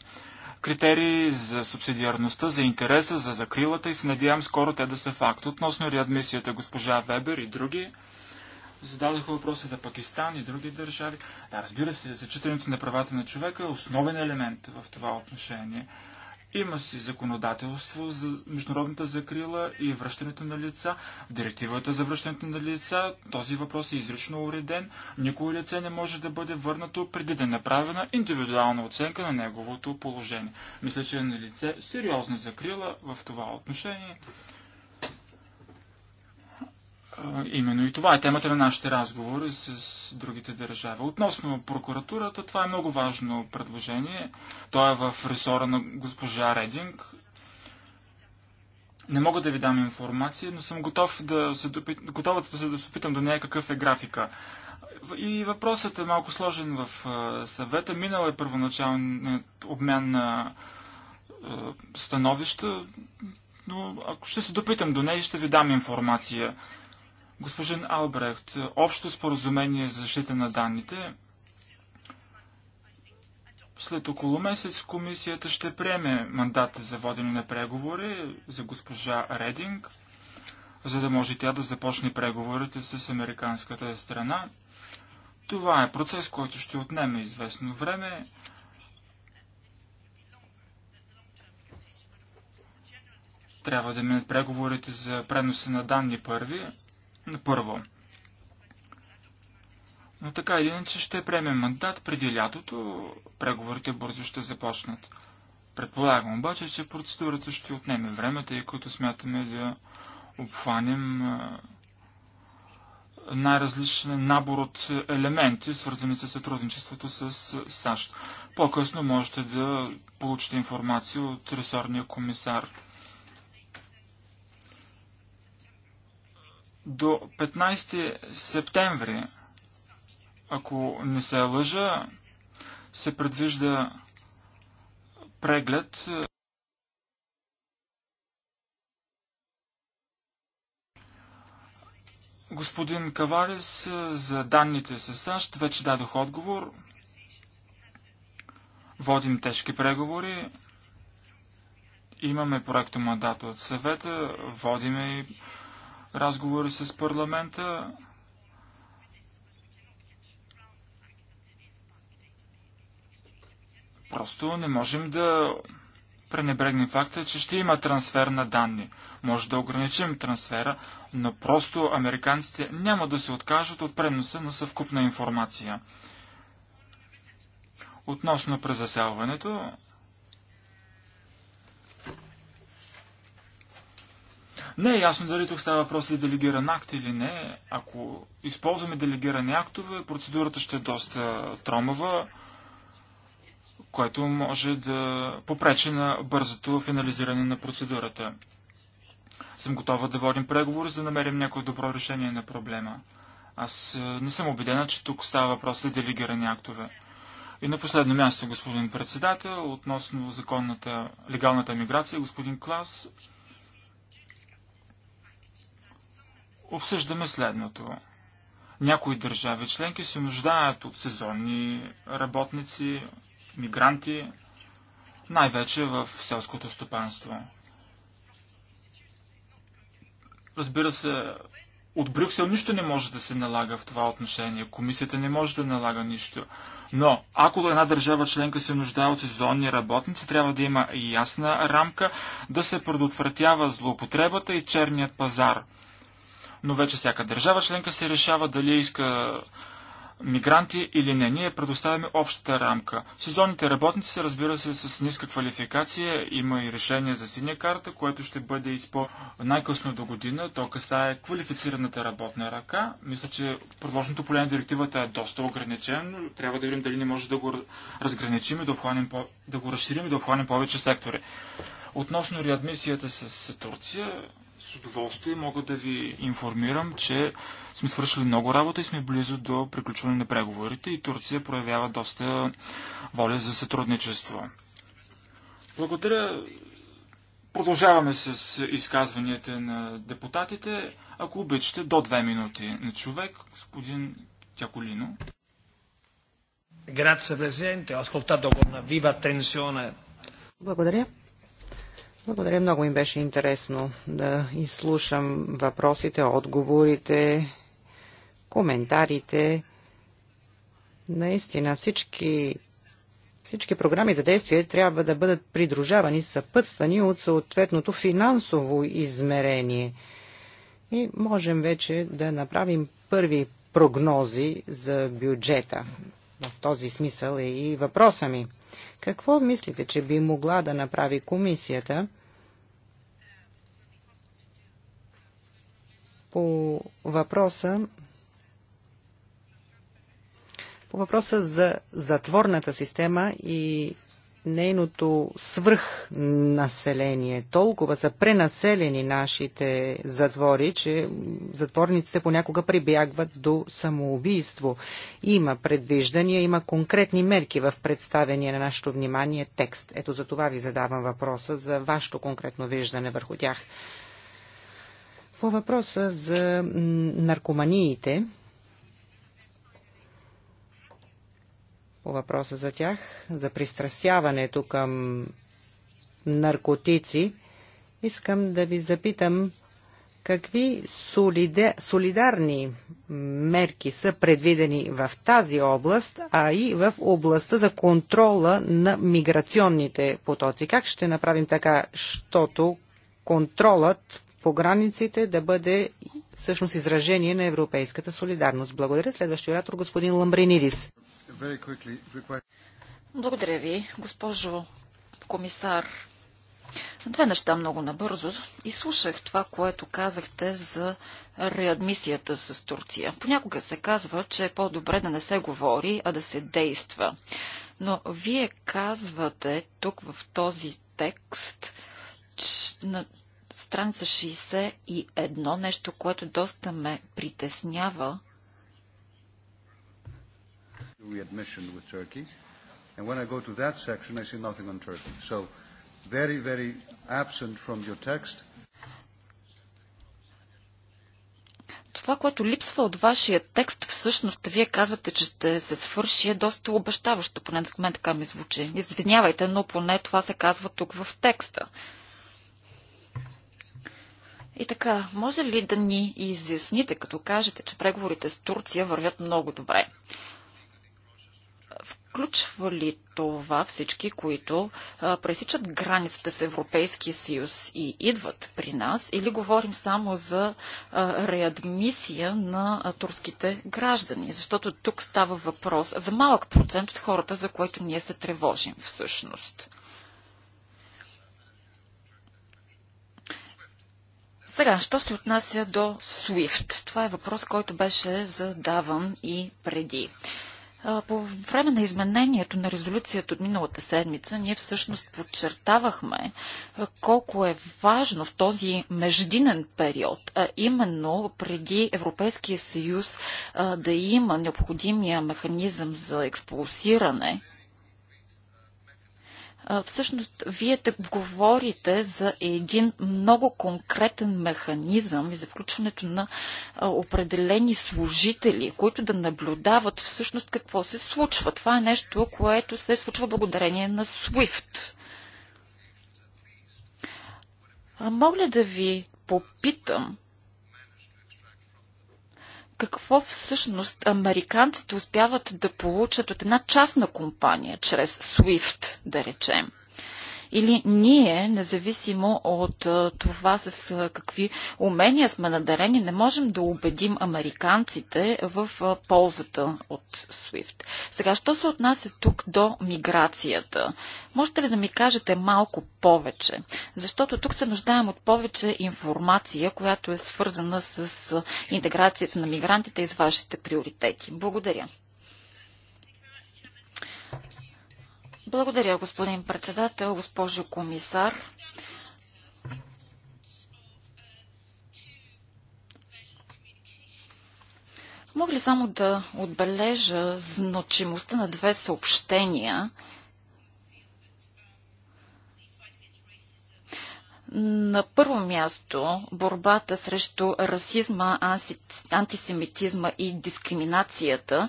критерии за субсидиарността, за интереса, за закрилата и се надявам скоро те да са факт. Относно реадмисията госпожа Вебер и други, зададоха въпроси за Пакистан и други държави. Да, разбира се, зачитането на правата на човека е основен елемент в това отношение. Има си законодателство за международната закрила и връщането на лица. В директивата за връщането на лица този въпрос е изрично уреден. Никой лице не може да бъде върнато преди да е направена индивидуална оценка на неговото положение. Мисля, че е на лице сериозна закрила в това отношение. Именно и това е темата на нашите разговори с другите държави. Относно прокуратурата, това е много важно предложение. То е в ресора на госпожа Рединг. Не мога да ви дам информация, но съм готов да се, допит... готова да се допитам до нея е какъв е графика. И въпросът е малко сложен в съвета. Минал е първоначалният обмен на становища, но ако ще се допитам до нея, ще ви дам информация. Госпожен Албрехт, общо споразумение за защита на данните. След около месец комисията ще приеме мандата за водене на преговори за госпожа Рединг, за да може тя да започне преговорите с американската страна. Това е процес, който ще отнеме известно време. Трябва да минат преговорите за преноса на данни първи първо. Но така или иначе ще приемем мандат преди лятото. Преговорите бързо ще започнат. Предполагам обаче, че процедурата ще отнеме времето, и като смятаме да обхванем най-различен набор от елементи, свързани с сътрудничеството с САЩ. По-късно можете да получите информация от ресорния комисар До 15 септември, ако не се лъжа, се предвижда преглед Господин Каварис, за данните с САЩ вече дадох отговор. Водим тежки преговори. Имаме проекто мандат от съвета, водиме и разговори с парламента. Просто не можем да пренебрегнем факта, че ще има трансфер на данни. Може да ограничим трансфера, но просто американците няма да се откажат от преноса на съвкупна информация. Относно презаселването, Не е ясно дали тук става въпрос за делегиран акт или не. Ако използваме делегирани актове, процедурата ще е доста тромава, което може да попречи на бързото финализиране на процедурата. Съм готова да водим преговори, за да намерим някое добро решение на проблема. Аз е, не съм убедена, че тук става въпрос за делегирани актове. И на последно място, господин председател, относно законната легалната миграция, господин Клас, обсъждаме следното. Някои държави членки се нуждаят от сезонни работници, мигранти, най-вече в селското стопанство. Разбира се, от Брюксел нищо не може да се налага в това отношение. Комисията не може да налага нищо. Но ако една държава членка се нуждае от сезонни работници, трябва да има ясна рамка да се предотвратява злоупотребата и черният пазар – но вече всяка държава членка се решава дали иска мигранти или не. Ние предоставяме общата рамка. Сезонните работници, разбира се, с ниска квалификация има и решение за синя карта, което ще бъде изпо най-късно до година. То касае квалифицираната работна ръка. Мисля, че предложеното поле на директивата е доста ограничено. Трябва да видим дали не може да го разграничим и да, обхванем, да го разширим и да обхванем повече сектори. Относно реадмисията с Турция, с удоволствие мога да ви информирам, че сме свършили много работа и сме близо до приключване на преговорите и Турция проявява доста воля за сътрудничество. Благодаря. Продължаваме с изказванията на депутатите. Ако обичате, до две минути на човек, господин Тяколино. Благодаря. Благодаря. Много им беше интересно да изслушам въпросите, отговорите, коментарите. Наистина всички, всички програми за действие трябва да бъдат придружавани, съпътствани от съответното финансово измерение. И можем вече да направим първи прогнози за бюджета в този смисъл е и въпроса ми. Какво мислите, че би могла да направи комисията по въпроса по въпроса за затворната система и нейното свръхнаселение. Толкова са пренаселени нашите затвори, че затворниците понякога прибягват до самоубийство. Има предвиждания, има конкретни мерки в представения на нашето внимание текст. Ето за това ви задавам въпроса за вашето конкретно виждане върху тях. По въпроса за наркоманиите, по въпроса за тях, за пристрастяването към наркотици, искам да ви запитам какви солида... солидарни мерки са предвидени в тази област, а и в областта за контрола на миграционните потоци. Как ще направим така, щото контролът по границите да бъде всъщност изражение на европейската солидарност? Благодаря. Следващия оратор господин Ламбринидис. Благодаря ви, госпожо комисар. Две неща много набързо. И слушах това, което казахте за реадмисията с Турция. Понякога се казва, че е по-добре да не се говори, а да се действа. Но вие казвате тук в този текст, че на страница 61, нещо, което доста ме притеснява, readmission with Turkey. And when I go to that section, I see nothing on Turkey. So very, very absent from your text. Това, което липсва от вашия текст, всъщност вие казвате, че ще се свърши е доста обещаващо, поне за мен така ми звучи. Извинявайте, но поне това се казва тук в текста. И така, може ли да ни изясните, като кажете, че преговорите с Турция вървят много добре? Включва ли това всички, които а, пресичат границата с Европейския съюз и идват при нас, или говорим само за а, реадмисия на а, турските граждани? Защото тук става въпрос за малък процент от хората, за които ние се тревожим всъщност. Сега, що се отнася до SWIFT? Това е въпрос, който беше задаван и преди. По време на изменението на резолюцията от миналата седмица, ние всъщност подчертавахме колко е важно в този междинен период, а именно преди Европейския съюз да има необходимия механизъм за експулсиране Всъщност, вие те говорите за един много конкретен механизъм и за включването на определени служители, които да наблюдават всъщност какво се случва. Това е нещо, което се случва благодарение на SWIFT. Мога ли да ви попитам какво всъщност американците успяват да получат от една частна компания, чрез SWIFT, да речем – или ние, независимо от това с какви умения сме надарени, не можем да убедим американците в ползата от SWIFT. Сега, що се отнася тук до миграцията? Можете ли да ми кажете малко повече? Защото тук се нуждаем от повече информация, която е свързана с интеграцията на мигрантите и с вашите приоритети. Благодаря. Благодаря, господин председател, госпожо комисар. Мога ли само да отбележа значимостта на две съобщения – На първо място, борбата срещу расизма, антисемитизма и дискриминацията,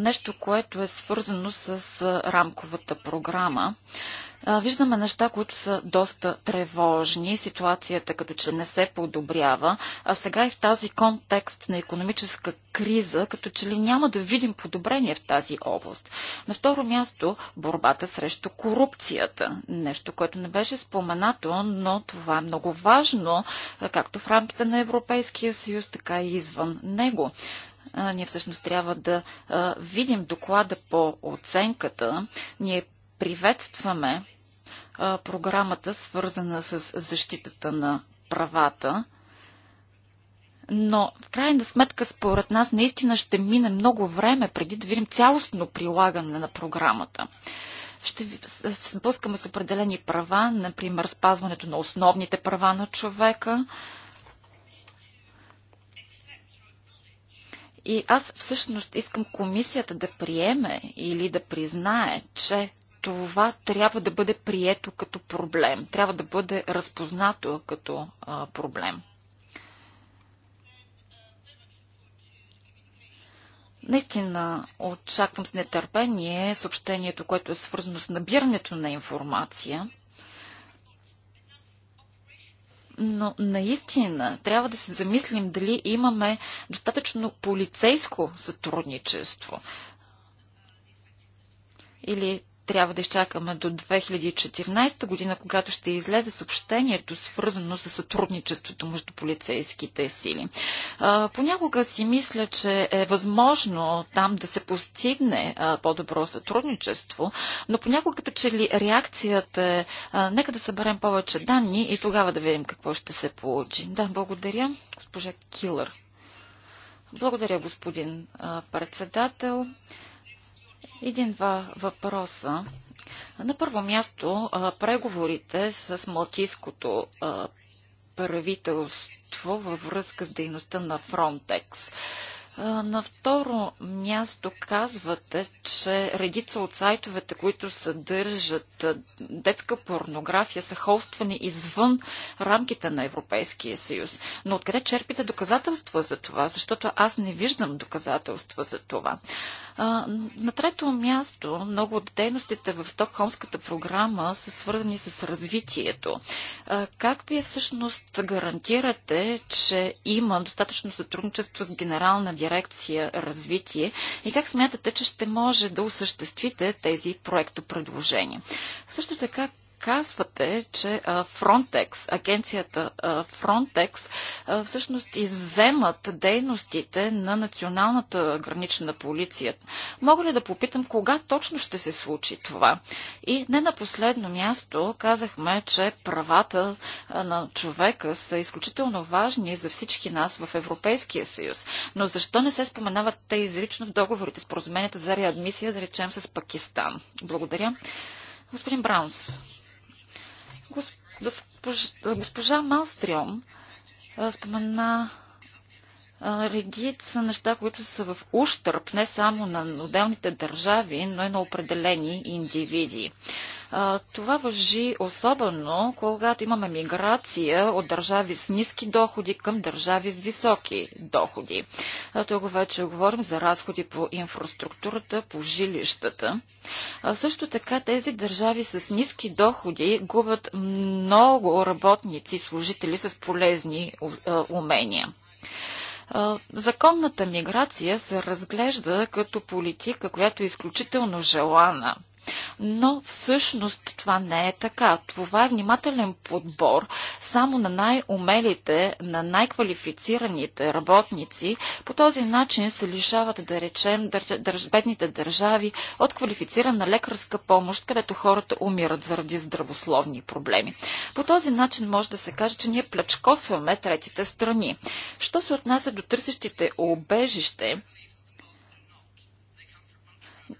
нещо, което е свързано с рамковата програма виждаме неща, които са доста тревожни. Ситуацията като че не се подобрява. А сега и в тази контекст на економическа криза, като че ли няма да видим подобрение в тази област. На второ място, борбата срещу корупцията. Нещо, което не беше споменато, но това е много важно, както в рамките на Европейския съюз, така и извън него ние всъщност трябва да видим доклада по оценката. Ние Приветстваме а, програмата, свързана с защитата на правата, но в крайна сметка, според нас, наистина ще мине много време преди да видим цялостно прилагане на програмата ще се сблъскаме с определени права, например спазването на основните права на човека. И аз всъщност искам комисията да приеме или да признае, че това трябва да бъде прието като проблем, трябва да бъде разпознато като а, проблем. Наистина очаквам с нетърпение съобщението, което е свързано с набирането на информация, но наистина трябва да се замислим дали имаме достатъчно полицейско сътрудничество или трябва да изчакаме до 2014 година, когато ще излезе съобщението, свързано с сътрудничеството между полицейските сили. А, понякога си мисля, че е възможно там да се постигне по-добро сътрудничество, но понякога като че ли реакцията е нека да съберем повече данни и тогава да видим какво ще се получи. Да, благодаря, госпожа Килър. Благодаря, господин а, председател. Един-два въпроса. На първо място, преговорите с Малтийското правителство във връзка с дейността на Фронтекс. На второ място казвате, че редица от сайтовете, които съдържат детска порнография, са холствани извън рамките на Европейския съюз. Но откъде черпите доказателства за това? Защото аз не виждам доказателства за това. На трето място, много от дейностите в Стокхолмската програма са свързани с развитието. Как вие всъщност гарантирате, че има достатъчно сътрудничество с генерална директора дирекция развитие и как смятате, че ще може да осъществите тези проектопредложения? Също така, казвате, че Frontex, агенцията Frontex, всъщност изземат дейностите на националната гранична полиция. Мога ли да попитам кога точно ще се случи това? И не на последно място казахме, че правата на човека са изключително важни за всички нас в Европейския съюз. Но защо не се споменават те изрично в договорите, споразуменията за реадмисия, да речем с Пакистан? Благодаря. Господин Браунс. Госпожа, госпожа спомена редица неща, които са в ущърп не само на отделните държави, но и на определени индивиди. Това въжи особено, когато имаме миграция от държави с ниски доходи към държави с високи доходи. Тук вече говорим за разходи по инфраструктурата, по жилищата. Също така тези държави с ниски доходи губят много работници и служители с полезни умения. Законната миграция се разглежда като политика, която е изключително желана – но всъщност това не е така. Това е внимателен подбор само на най-умелите, на най-квалифицираните работници. По този начин се лишават, да речем, държ... бедните държави от квалифицирана лекарска помощ, където хората умират заради здравословни проблеми. По този начин може да се каже, че ние плячкосваме третите страни. Що се отнася до търсещите обежище,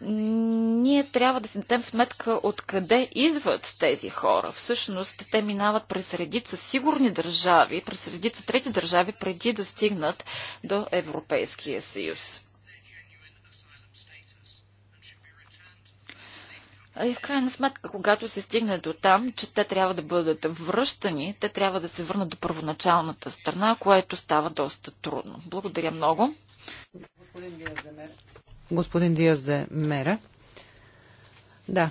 ние трябва да си дадем сметка откъде идват тези хора. Всъщност те минават през редица сигурни държави, през редица трети държави, преди да стигнат до Европейския съюз. И в крайна сметка, когато се стигне до там, че те трябва да бъдат връщани, те трябва да се върнат до първоначалната страна, което става доста трудно. Благодаря много. Господин господин Диас де Мера. Да,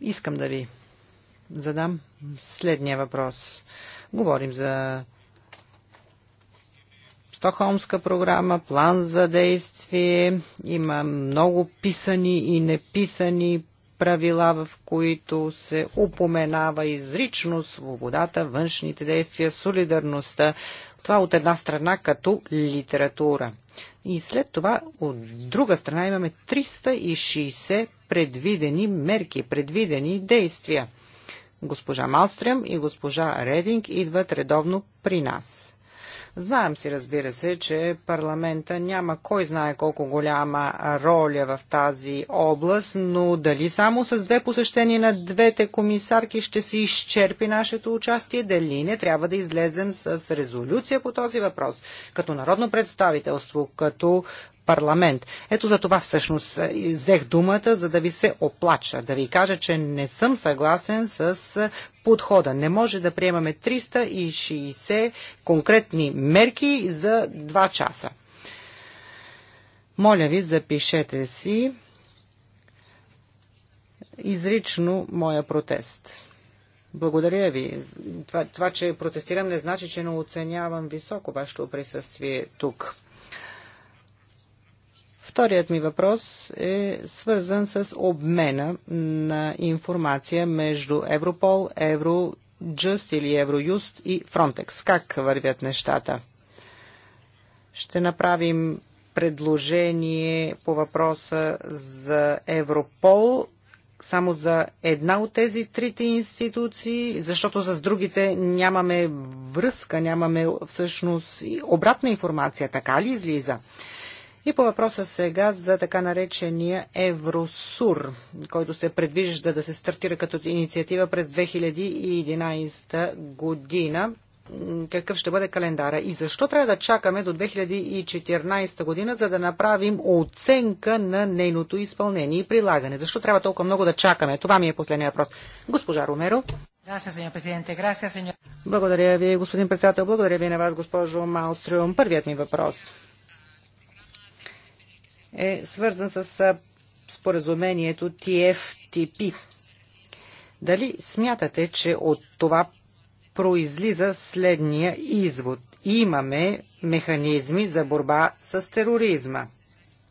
искам да ви задам следния въпрос. Говорим за Стокхолмска програма, план за действие. Има много писани и неписани правила, в които се упоменава изрично свободата, външните действия, солидарността. Това от една страна като литература. И след това от друга страна имаме 360 предвидени мерки, предвидени действия. Госпожа Малстрем и госпожа Рединг идват редовно при нас. Знаем си, разбира се, че парламента няма кой знае колко голяма роля в тази област, но дали само с две посещения на двете комисарки ще си изчерпи нашето участие, дали не трябва да излезем с резолюция по този въпрос. Като народно представителство, като парламент. Ето за това всъщност е, взех думата, за да ви се оплача, да ви кажа, че не съм съгласен с е, подхода. Не може да приемаме 360 конкретни мерки за 2 часа. Моля ви, запишете си изрично моя протест. Благодаря ви. Това, това, че протестирам, не значи, че не оценявам високо вашето присъствие тук. Вторият ми въпрос е свързан с обмена на информация между Европол, Евроджъст или Евроюст и Фронтекс. Как вървят нещата? Ще направим предложение по въпроса за Европол само за една от тези трите институции, защото с другите нямаме връзка, нямаме всъщност обратна информация. Така ли излиза? И по въпроса сега за така наречения Евросур, който се предвижда да се стартира като инициатива през 2011 година какъв ще бъде календара и защо трябва да чакаме до 2014 година, за да направим оценка на нейното изпълнение и прилагане. Защо трябва толкова много да чакаме? Това ми е последния въпрос. Госпожа Ромеро. Благодаря ви, господин председател. Благодаря ви на вас, госпожо Маустриум. Първият ми въпрос е свързан с споразумението TFTP. Дали смятате, че от това произлиза следния извод? Имаме механизми за борба с тероризма.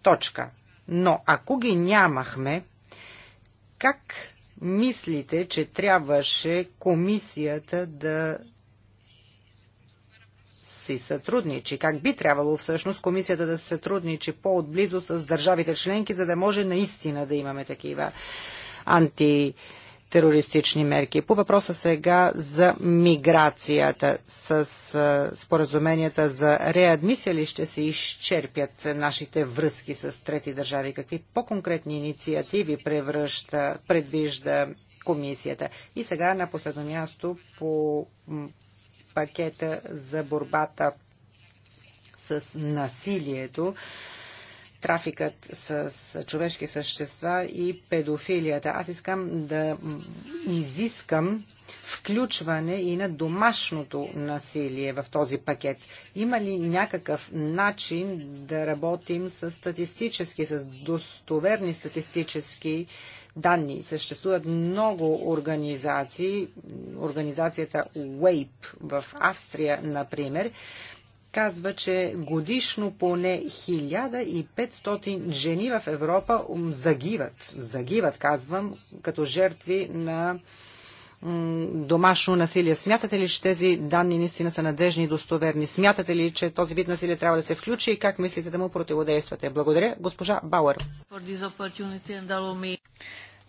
Точка. Но ако ги нямахме, как мислите, че трябваше комисията да си сътрудничи, как би трябвало всъщност комисията да се сътрудничи по-отблизо с държавите членки, за да може наистина да имаме такива анти терористични мерки. По въпроса сега за миграцията с споразуменията за реадмисия ли ще се изчерпят нашите връзки с трети държави? Какви по-конкретни инициативи превръща, предвижда комисията? И сега на последно място по пакета за борбата с насилието, трафикът с човешки същества и педофилията. Аз искам да изискам включване и на домашното насилие в този пакет. Има ли някакъв начин да работим с статистически, с достоверни статистически данни. Съществуват много организации, организацията WAPE в Австрия, например, казва, че годишно поне 1500 жени в Европа загиват, загиват, казвам, като жертви на домашно насилие. Смятате ли, че тези данни наистина са надежни и достоверни? Смятате ли, че този вид насилие трябва да се включи и как мислите да му противодействате? Благодаря, госпожа Бауер.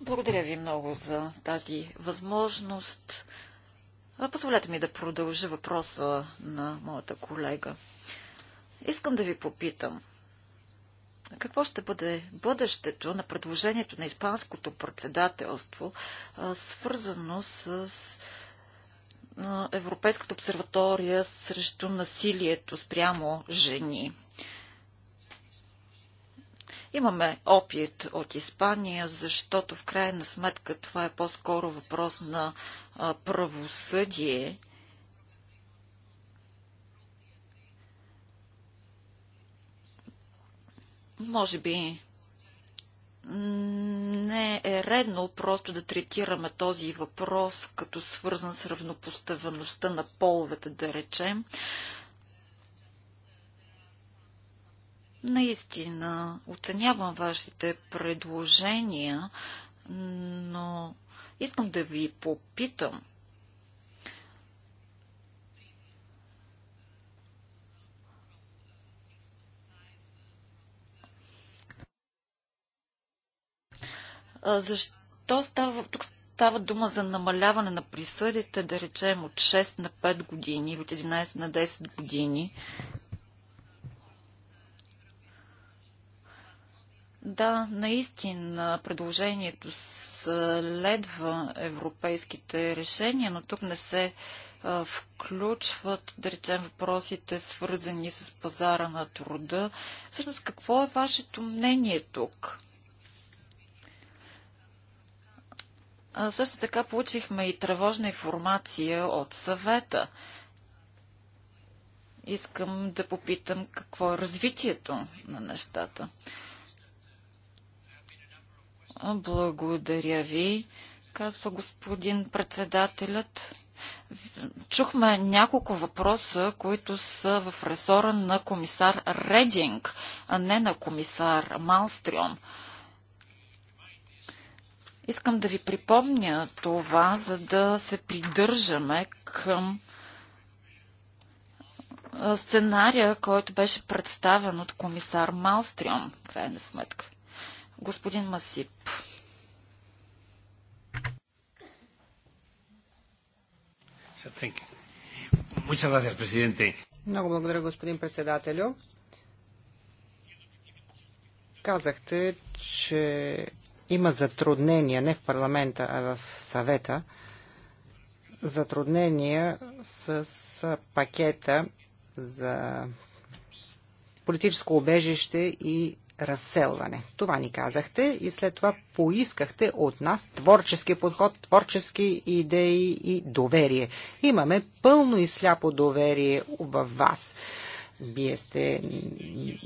Благодаря ви много за тази възможност. Позволете ми да продължа въпроса на моята колега. Искам да ви попитам – какво ще бъде бъдещето на предложението на Испанското председателство, свързано с Европейската обсерватория срещу насилието спрямо жени? Имаме опит от Испания, защото в крайна сметка това е по-скоро въпрос на правосъдие. Може би не е редно просто да третираме този въпрос като свързан с равнопоставеността на половете, да речем. Наистина, оценявам вашите предложения, но искам да ви попитам – Защо става, тук става дума за намаляване на присъдите, да речем от 6 на 5 години или от 11 на 10 години? Да, наистина предложението следва европейските решения, но тук не се включват, да речем, въпросите свързани с пазара на труда. Всъщност, какво е вашето мнение тук? също така получихме и тревожна информация от съвета. Искам да попитам какво е развитието на нещата. Благодаря ви, казва господин председателят. Чухме няколко въпроса, които са в ресора на комисар Рединг, а не на комисар Малстрион. Искам да ви припомня това, за да се придържаме към сценария, който беше представен от комисар Малстрион, крайна сметка. Господин Масип. Много благодаря, господин председателю. Казахте, че има затруднения не в парламента, а в съвета, затруднения с пакета за политическо обежище и разселване. Това ни казахте и след това поискахте от нас творчески подход, творчески идеи и доверие. Имаме пълно и сляпо доверие в вас. Вие сте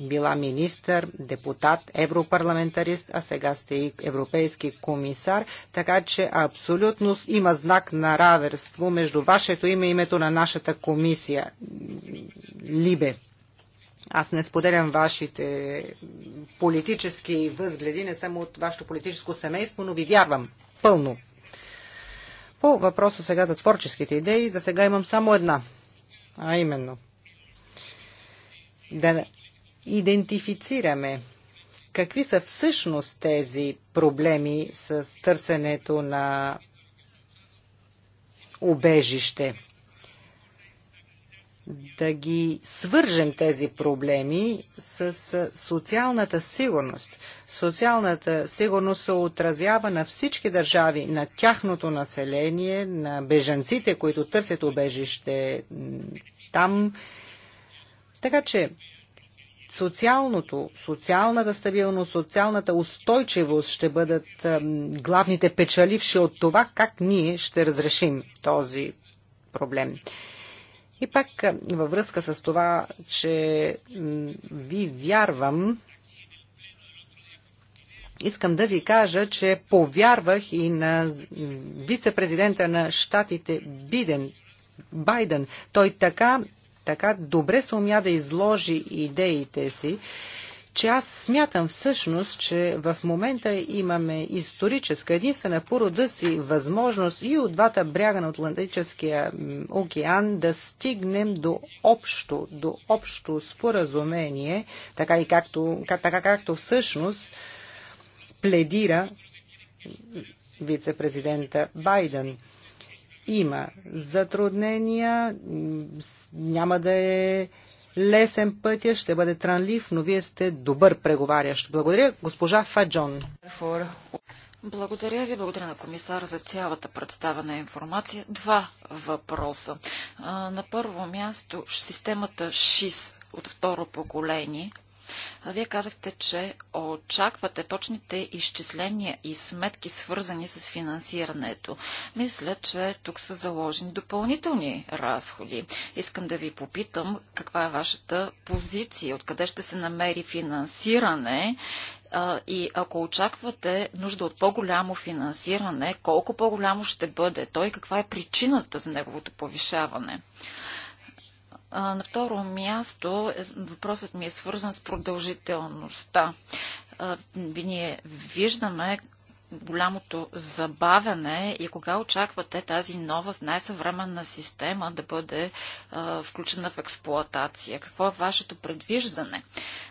била министър, депутат, европарламентарист, а сега сте и европейски комисар, така че абсолютно има знак на равенство между вашето име и името на нашата комисия. Либе. Аз не споделям вашите политически възгледи, не съм от вашето политическо семейство, но ви вярвам пълно. По въпроса сега за творческите идеи, за сега имам само една, а именно – да идентифицираме какви са всъщност тези проблеми с търсенето на убежище. Да ги свържем тези проблеми с социалната сигурност. Социалната сигурност се отразява на всички държави, на тяхното население, на бежанците, които търсят убежище там така че социалното, социалната стабилност, социалната устойчивост ще бъдат главните печаливши от това как ние ще разрешим този проблем. И пак във връзка с това, че ви вярвам, искам да ви кажа, че повярвах и на вице-президента на щатите Биден, Байден. Той така така добре се умя да изложи идеите си, че аз смятам всъщност, че в момента имаме историческа, единствена порода си възможност и от двата бряга на Атлантическия океан да стигнем до общо, до общо споразумение, така и както, как, така както всъщност пледира вице-президента Байден има затруднения, няма да е лесен пътя, ще бъде транлив, но вие сте добър преговарящ. Благодаря, госпожа Фаджон. Благодаря ви, благодаря на комисар за цялата представена информация. Два въпроса. На първо място системата ШИС от второ поколение, вие казахте, че очаквате точните изчисления и сметки, свързани с финансирането. Мисля, че тук са заложени допълнителни разходи. Искам да ви попитам каква е вашата позиция, откъде ще се намери финансиране и ако очаквате нужда от по-голямо финансиране, колко по-голямо ще бъде той, каква е причината за неговото повишаване. На второ място е, въпросът ми е свързан с продължителността. Ние виждаме голямото забавяне и кога очаквате тази нова, най-съвременна система да бъде включена в експлоатация? Какво е вашето предвиждане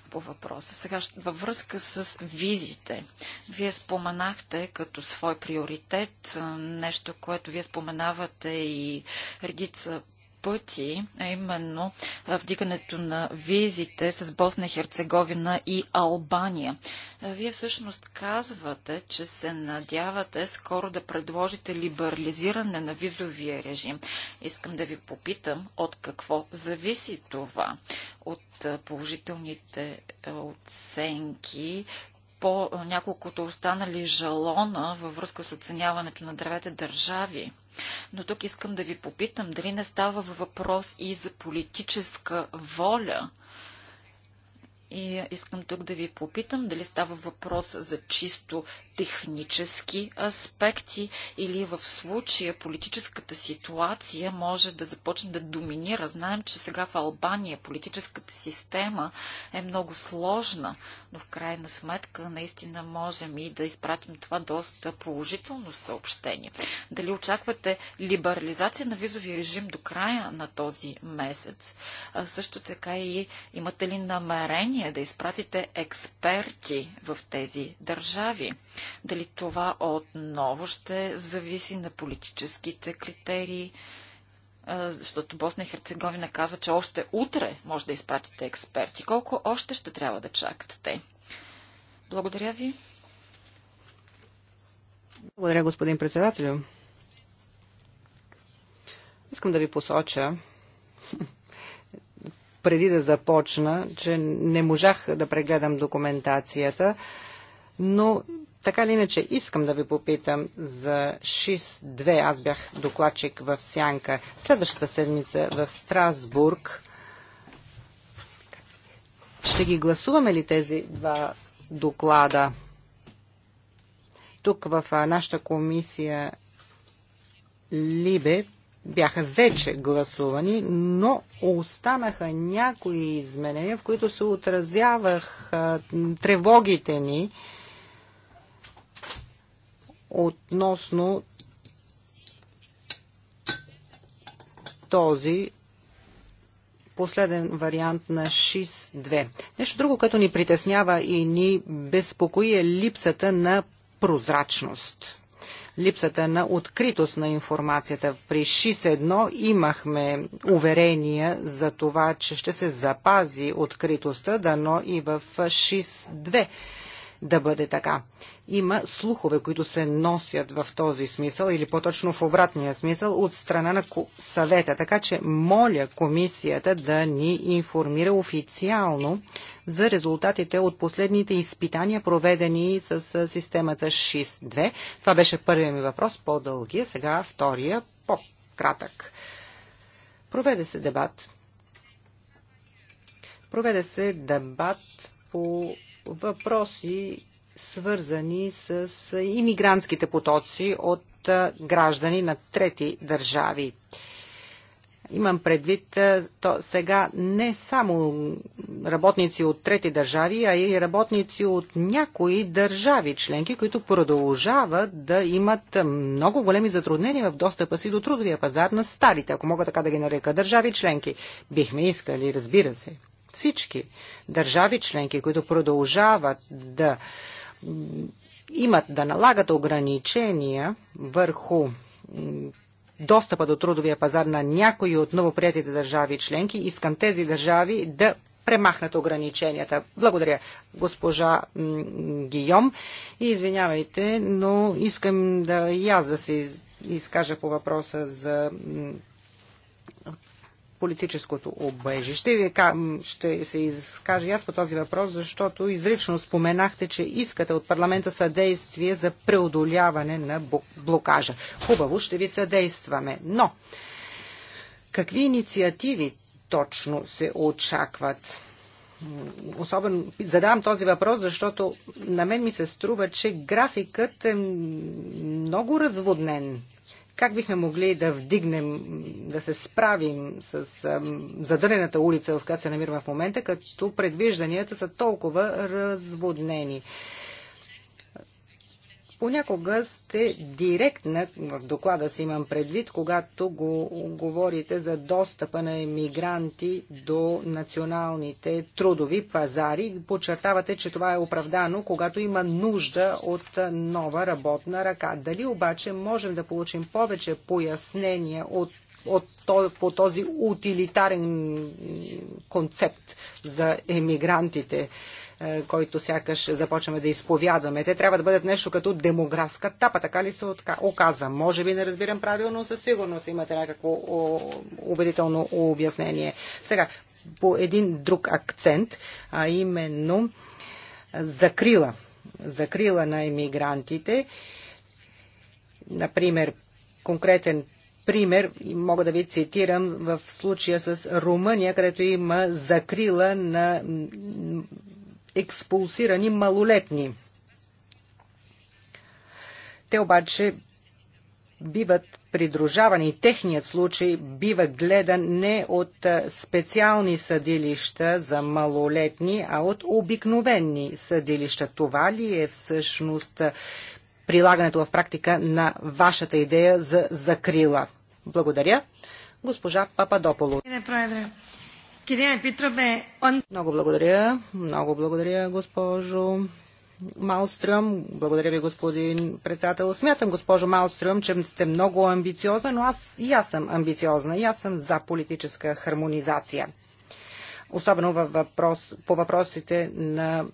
по въпроса? Сега във връзка с визите. Вие споменахте като свой приоритет нещо, което вие споменавате и редица пъти, а именно вдигането на визите с Босна, Херцеговина и Албания. Вие всъщност казвате, че се надявате скоро да предложите либерализиране на визовия режим. Искам да ви попитам от какво зависи това. От положителните оценки, по няколкото останали жалона във връзка с оценяването на древете държави. Но тук искам да ви попитам дали не става въпрос и за политическа воля и искам тук да ви попитам дали става въпрос за чисто технически аспекти или в случая политическата ситуация може да започне да доминира. Знаем, че сега в Албания политическата система е много сложна, но в крайна сметка наистина можем и да изпратим това доста положително съобщение. Дали очаквате либерализация на визовия режим до края на този месец? А също така и имате ли намерение решение да изпратите експерти в тези държави? Дали това отново ще зависи на политическите критерии? Защото Босна и Херцеговина казва, че още утре може да изпратите експерти. Колко още ще трябва да чакат те? Благодаря ви. Благодаря, господин председателю. Искам да ви посоча, преди да започна, че не можах да прегледам документацията, но така или иначе искам да ви попитам за 6 2 Аз бях докладчик в Сянка. Следващата седмица в Страсбург ще ги гласуваме ли тези два доклада? Тук в нашата комисия Либе бяха вече гласувани, но останаха някои изменения, в които се отразявах тревогите ни относно този последен вариант на ШИС-2. Нещо друго, което ни притеснява и ни безпокои е липсата на прозрачност липсата на откритост на информацията. При ШИС-1 имахме уверения за това, че ще се запази откритостта, дано и в ШИС-2 да бъде така има слухове, които се носят в този смисъл или по-точно в обратния смисъл от страна на съвета. Така че моля комисията да ни информира официално за резултатите от последните изпитания, проведени с системата ШИС-2. Това беше първият ми въпрос, по-дългия, сега втория, по-кратък. Проведе се дебат. Проведе се дебат по въпроси, свързани с имигрантските потоци от граждани на трети държави. Имам предвид то сега не само работници от трети държави, а и работници от някои държави членки, които продължават да имат много големи затруднения в достъпа си до трудовия пазар на старите, ако мога така да ги нарека, държави членки. Бихме искали, разбира се, всички държави членки, които продължават да имат да налагат ограничения върху достъпа до трудовия пазар на някои от новоприятите държави членки, искам тези държави да премахнат ограниченията. Благодаря, госпожа Гийом. И извинявайте, но искам да и аз да се изкажа по въпроса за политическото обежище. Ще се изкажа аз по този въпрос, защото изрично споменахте, че искате от парламента съдействие за преодоляване на блокажа. Хубаво, ще ви съдействаме. Но, какви инициативи точно се очакват? Особено задавам този въпрос, защото на мен ми се струва, че графикът е много разводнен как бихме могли да вдигнем, да се справим с задънената улица, в която се намираме в момента, като предвижданията са толкова разводнени? понякога сте директна, в доклада си имам предвид, когато го говорите за достъпа на емигранти до националните трудови пазари. Подчертавате, че това е оправдано, когато има нужда от нова работна ръка. Дали обаче можем да получим повече пояснения от от, по този утилитарен концепт за емигрантите. Е, който сякаш започваме да изповядваме. Те трябва да бъдат нещо като демографска тапа, така ли се оказва? Може би не разбирам правилно, със сигурност имате някакво убедително обяснение. Сега, по един друг акцент, а именно закрила. Закрила на емигрантите. Например, конкретен пример, мога да ви цитирам в случая с Румъния, където има закрила на експулсирани малолетни. Те обаче биват придружавани. Техният случай бива гледан не от специални съдилища за малолетни, а от обикновени съдилища. Това ли е всъщност прилагането в практика на вашата идея за закрила? Благодаря. Госпожа Пападополо. Не, много благодаря. Много благодаря, госпожо Малстрюм. Благодаря ви, господин председател. Смятам, госпожо Малстрюм, че сте много амбициозна, но аз и аз съм амбициозна. И аз съм за политическа хармонизация. Особено във въпрос, по въпросите на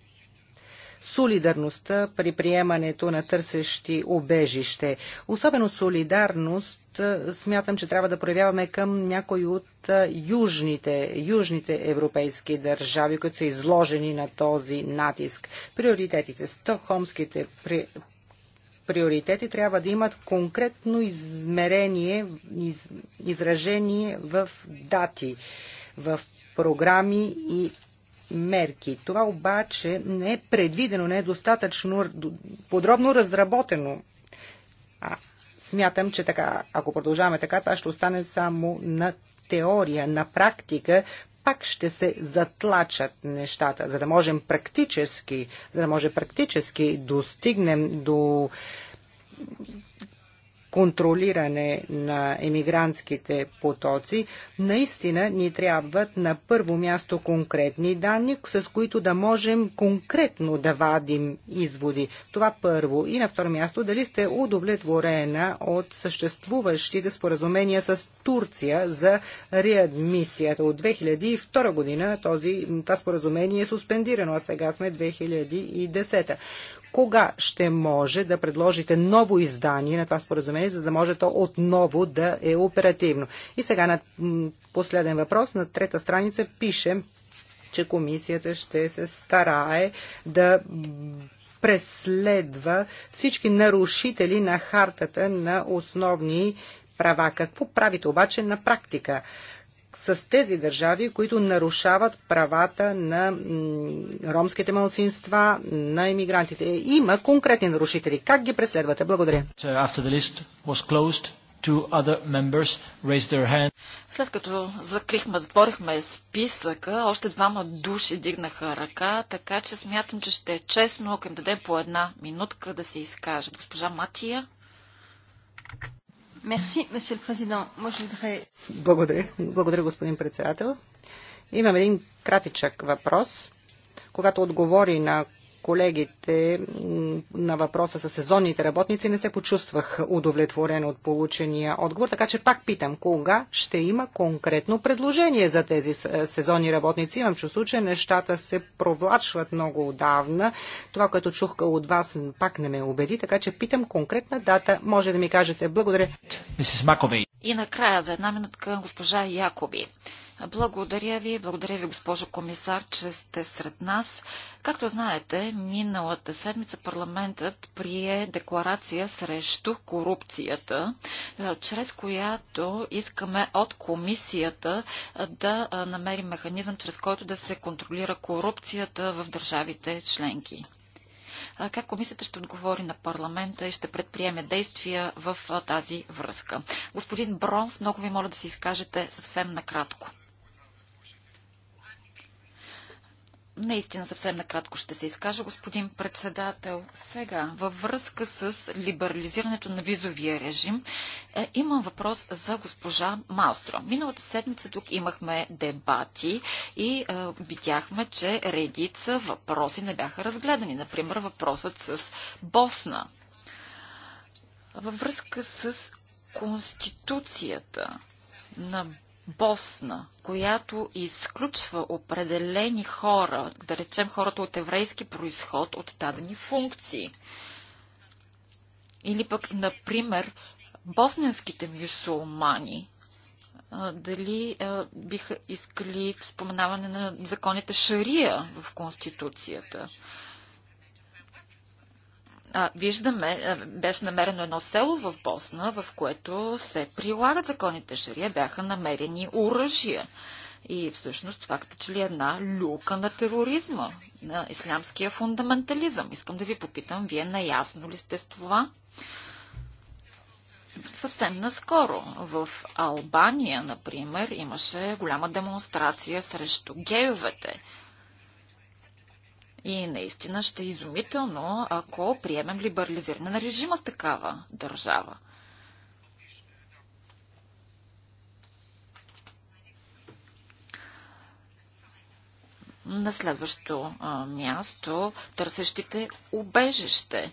солидарността при приемането на търсещи обежище. Особено солидарност смятам, че трябва да проявяваме към някои от южните, южните европейски държави, които са изложени на този натиск. Приоритетите, стокхомските при приоритети трябва да имат конкретно измерение, из, изражение в дати, в програми и мерки. Това обаче не е предвидено, не е достатъчно подробно разработено. А, смятам, че така, ако продължаваме така, това ще остане само на теория, на практика, пак ще се затлачат нещата, за да можем практически, за да може практически достигнем до контролиране на емигрантските потоци, наистина ни трябват на първо място конкретни данни, с които да можем конкретно да вадим изводи. Това първо. И на второ място, дали сте удовлетворена от съществуващите споразумения с Турция за реадмисията. От 2002 година този, това споразумение е суспендирано, а сега сме 2010. Кога ще може да предложите ново издание на това споразумение, за да може то отново да е оперативно? И сега на последен въпрос, на трета страница пише, че комисията ще се старае да преследва всички нарушители на хартата на основни права. Какво правите обаче на практика? с тези държави, които нарушават правата на ромските малцинства, на иммигрантите. Има конкретни нарушители. Как ги преследвате? Благодаря. След като закрихме, затворихме списъка, още двама души дигнаха ръка, така че смятам, че ще е честно, ако им дадем по една минутка да се изкажат. Госпожа Матия. Мерси, месье президент. Благодаря. Благодаря, господин председател. Имам един кратичък въпрос. Когато отговори на колегите на въпроса с сезонните работници не се почувствах удовлетворен от получения отговор, така че пак питам, кога ще има конкретно предложение за тези е, сезонни работници? Имам чувство, че нещата се провлачват много отдавна. Това, което чух от вас, пак не ме убеди, така че питам конкретна дата. Може да ми кажете. Благодаря. И накрая за една минутка госпожа Якоби. Благодаря ви, благодаря ви, госпожо комисар, че сте сред нас. Както знаете, миналата седмица парламентът прие декларация срещу корупцията, чрез която искаме от комисията да намери механизъм, чрез който да се контролира корупцията в държавите членки как комисията ще отговори на парламента и ще предприеме действия в тази връзка. Господин Бронс, много ви моля да се изкажете съвсем накратко. Наистина съвсем накратко ще се изкажа, господин председател. Сега, във връзка с либерализирането на визовия режим, е, имам въпрос за госпожа Малстро. Миналата седмица тук имахме дебати и е, видяхме, че редица въпроси не бяха разгледани. Например, въпросът с Босна. Във връзка с Конституцията на Босна, която изключва определени хора, да речем хората от еврейски происход, от дадени функции. Или пък, например, босненските мюсулмани, дали биха искали споменаване на законите Шария в Конституцията а, виждаме, а, беше намерено едно село в Босна, в което се прилагат законите Шария, бяха намерени оръжия. И всъщност това като че ли е една люка на тероризма, на ислямския фундаментализъм. Искам да ви попитам, вие наясно ли сте с това? Съвсем наскоро в Албания, например, имаше голяма демонстрация срещу гейовете. И наистина ще е изумително, ако приемем либерализиране на режима с такава държава. На следващото а, място търсещите убежище.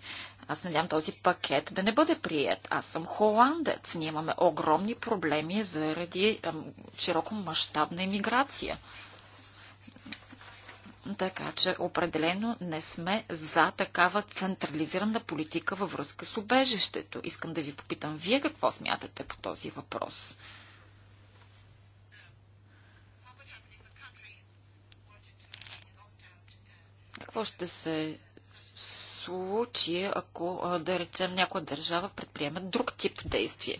Аз надявам този пакет да не бъде прият. Аз съм холандец. Ние имаме огромни проблеми заради широко мащабна иммиграция. Така че определено не сме за такава централизирана политика във връзка с убежището. Искам да ви попитам вие какво смятате по този въпрос. Какво ще се случи, ако, да речем, някоя държава предприеме друг тип действие?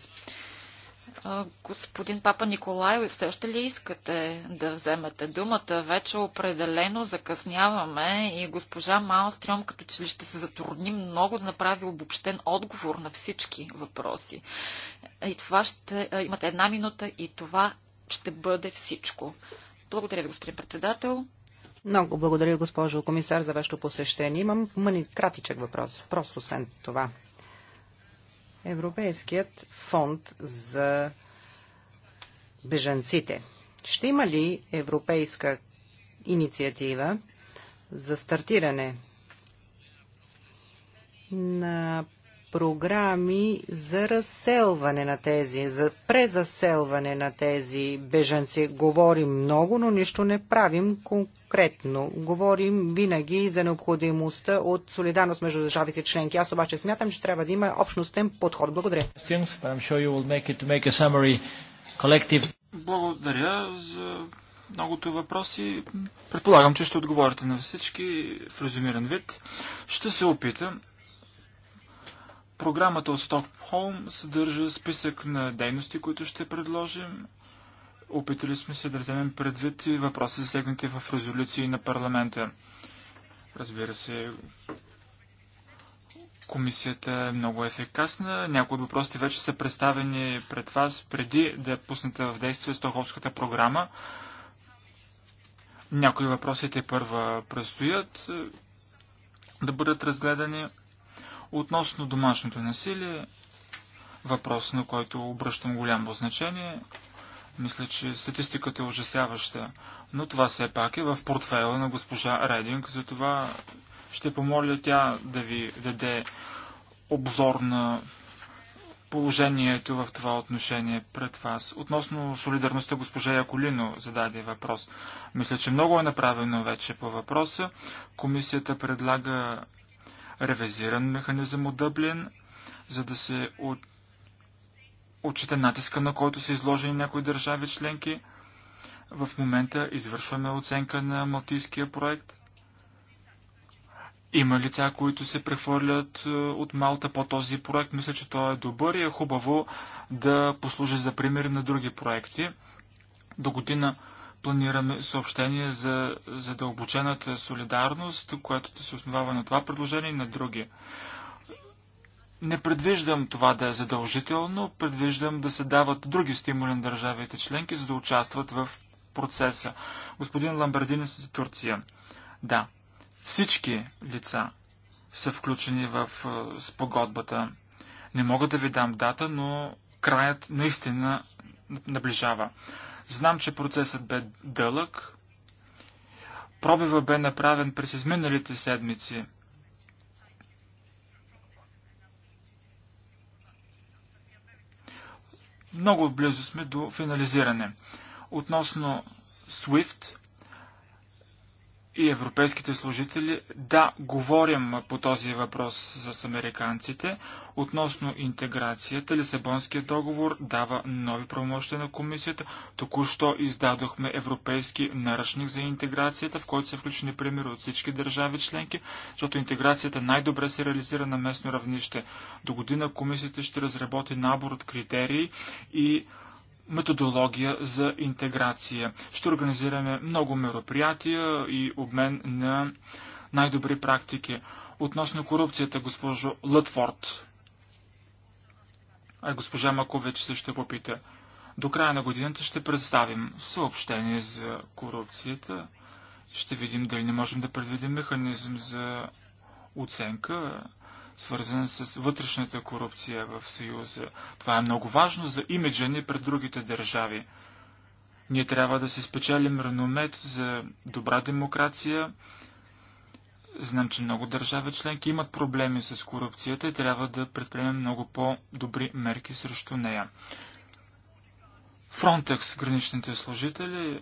Господин Папа Николай, все още ли искате да вземете думата? Вече определено закъсняваме и госпожа Малстрем като че ли ще се затрудни много да направи обобщен отговор на всички въпроси. Е, и това ще е, имате една минута и това ще бъде всичко. Благодаря ви, господин председател. Много благодаря, госпожо комисар, за вашето посещение. Имам кратичък въпрос. Просто освен това. Европейският фонд за бежанците. Ще има ли европейска инициатива за стартиране на програми за разселване на тези, за презаселване на тези бежанци. Говорим много, но нищо не правим конкретно. Говорим винаги за необходимостта от солидарност между държавите членки. Аз обаче смятам, че трябва да има общностен подход. Благодаря. Благодаря за многото въпроси. Предполагам, че ще отговорите на всички в резюмиран вид. Ще се опитам. Програмата от Стокхолм съдържа списък на дейности, които ще предложим Опитали сме се да вземем предвид и въпроси засегнати в резолюции на парламента. Разбира се, комисията е много ефикасна. Някои от въпросите вече са представени пред вас преди да е пусната в действие стоховската програма. Някои въпросите първа предстоят да бъдат разгледани. Относно домашното насилие, въпрос на който обръщам голямо значение – мисля, че статистиката е ужасяваща, но това все пак е в портфела на госпожа Рединг, затова ще помоля тя да ви даде обзор на положението в това отношение пред вас. Относно солидарността госпожа Яколино зададе въпрос. Мисля, че много е направено вече по въпроса. Комисията предлага ревизиран механизъм от Дъблин, за да се от отчита натиска, на който са изложени някои държави членки. В момента извършваме оценка на малтийския проект. Има лица, които се прехвърлят е, от Малта по този проект. Мисля, че той е добър и е хубаво да послужи за пример на други проекти. До година планираме съобщение за задълбочената солидарност, което се основава на това предложение и на други. Не предвиждам това да е задължително, предвиждам да се дават други стимули на държавите членки, за да участват в процеса. Господин Ламбердини с Турция. Да, всички лица са включени в е, спогодбата. Не мога да ви дам дата, но краят наистина наближава. Знам, че процесът бе дълъг. Пробива бе направен през изминалите седмици. Много близо сме до финализиране. Относно SWIFT, и европейските служители. Да, говорим по този въпрос с американците. Относно интеграцията, Лисабонският договор дава нови правомощия на комисията. Току-що издадохме европейски наръчник за интеграцията, в който са включени примери от всички държави членки, защото интеграцията най-добре се реализира на местно равнище. До година комисията ще разработи набор от критерии и методология за интеграция. Ще организираме много мероприятия и обмен на най-добри практики. Относно корупцията, госпожо Лътфорд, а госпожа Макович също попита, до края на годината ще представим съобщение за корупцията. Ще видим дали не можем да предвидим механизъм за оценка свързан с вътрешната корупция в Съюза. Това е много важно за имиджа ни пред другите държави. Ние трябва да се спечелим реномет за добра демокрация. Знам, че много държави членки имат проблеми с корупцията и трябва да предприемем много по-добри мерки срещу нея. Фронтекс, граничните служители,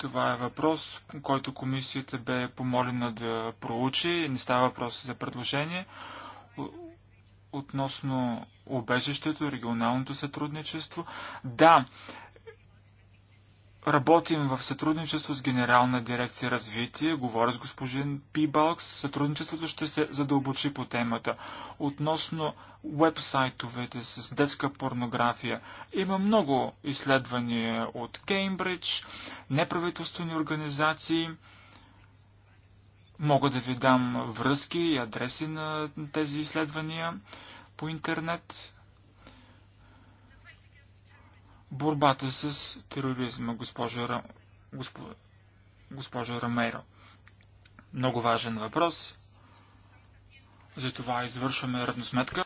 това е въпрос, който комисията бе помолена да проучи. Не става въпрос за предложение относно обежището, регионалното сътрудничество. Да, Работим в сътрудничество с Генерална дирекция развитие. Говоря с господин Пибалкс. Сътрудничеството ще се задълбочи по темата. Относно вебсайтовете с детска порнография. Има много изследвания от Кеймбридж, неправителствени организации. Мога да ви дам връзки и адреси на тези изследвания по интернет. Борбата с тероризма, госпожа, госпожа Рамейро. Много важен въпрос. Затова извършваме равносметка.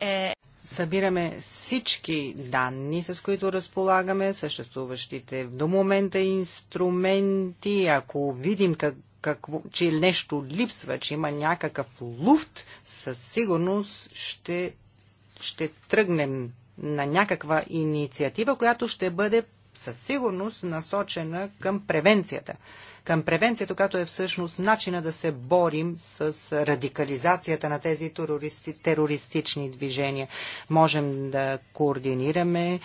Е, събираме всички данни, с които разполагаме, съществуващите до момента инструменти. Ако видим как, какво, че нещо липсва, че има някакъв луфт, със сигурност ще, ще тръгнем на някаква инициатива, която ще бъде със сигурност насочена към превенцията. Към превенцията, като е всъщност начина да се борим с радикализацията на тези терористи, терористични движения. Можем да координираме,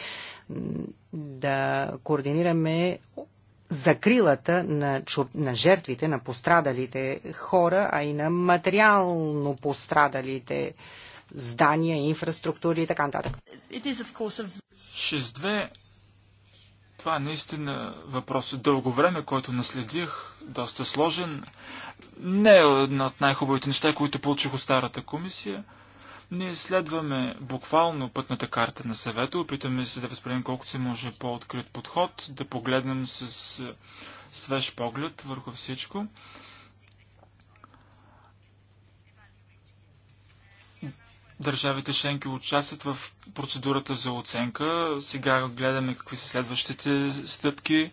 да координираме закрилата на, на жертвите, на пострадалите хора, а и на материално пострадалите здания, инфраструктури и така нататък. 6.2 това е наистина въпрос от дълго време, който наследих, доста сложен. Не е една от най-хубавите неща, които получих от старата комисия. Ние следваме буквално пътната карта на съвета, опитаме се да възприемем колкото се може по-открит подход, да погледнем с свеж поглед върху всичко. Държавите членки участват в процедурата за оценка. Сега гледаме какви са следващите стъпки, е,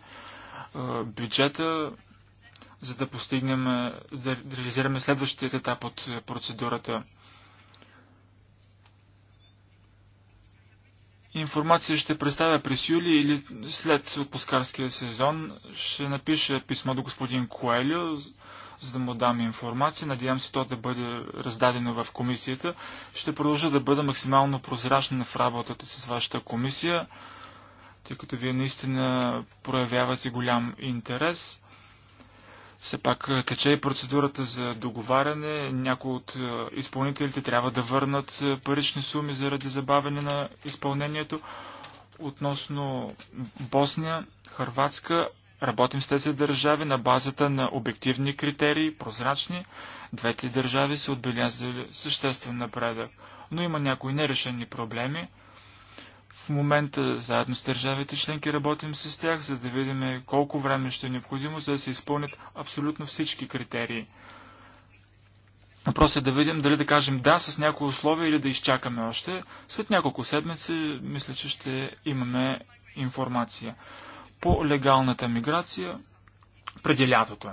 бюджета, за да постигнем, е, да реализираме следващият етап от процедурата. Информация ще представя през юли или след отпускарския сезон. Ще напиша писмо до господин Коелио за да му дам информация. Надявам се то да бъде раздадено в комисията. Ще продължа да бъда максимално прозрачна в работата с вашата комисия, тъй като вие наистина проявявате голям интерес. Все пак е, тече и процедурата за договаряне. Някои от е, изпълнителите трябва да върнат е, парични суми заради забавяне на изпълнението относно Босния, Харватска, Работим с тези държави на базата на обективни критерии, прозрачни. Двете държави са отбелязали съществен напредък, но има някои нерешени проблеми. В момента заедно с държавите членки работим с тях, за да видим колко време ще е необходимо, за да се изпълнят абсолютно всички критерии. Въпросът е да видим дали да кажем да с някои условия или да изчакаме още. След няколко седмици мисля, че ще имаме информация по легалната миграция преди лятото.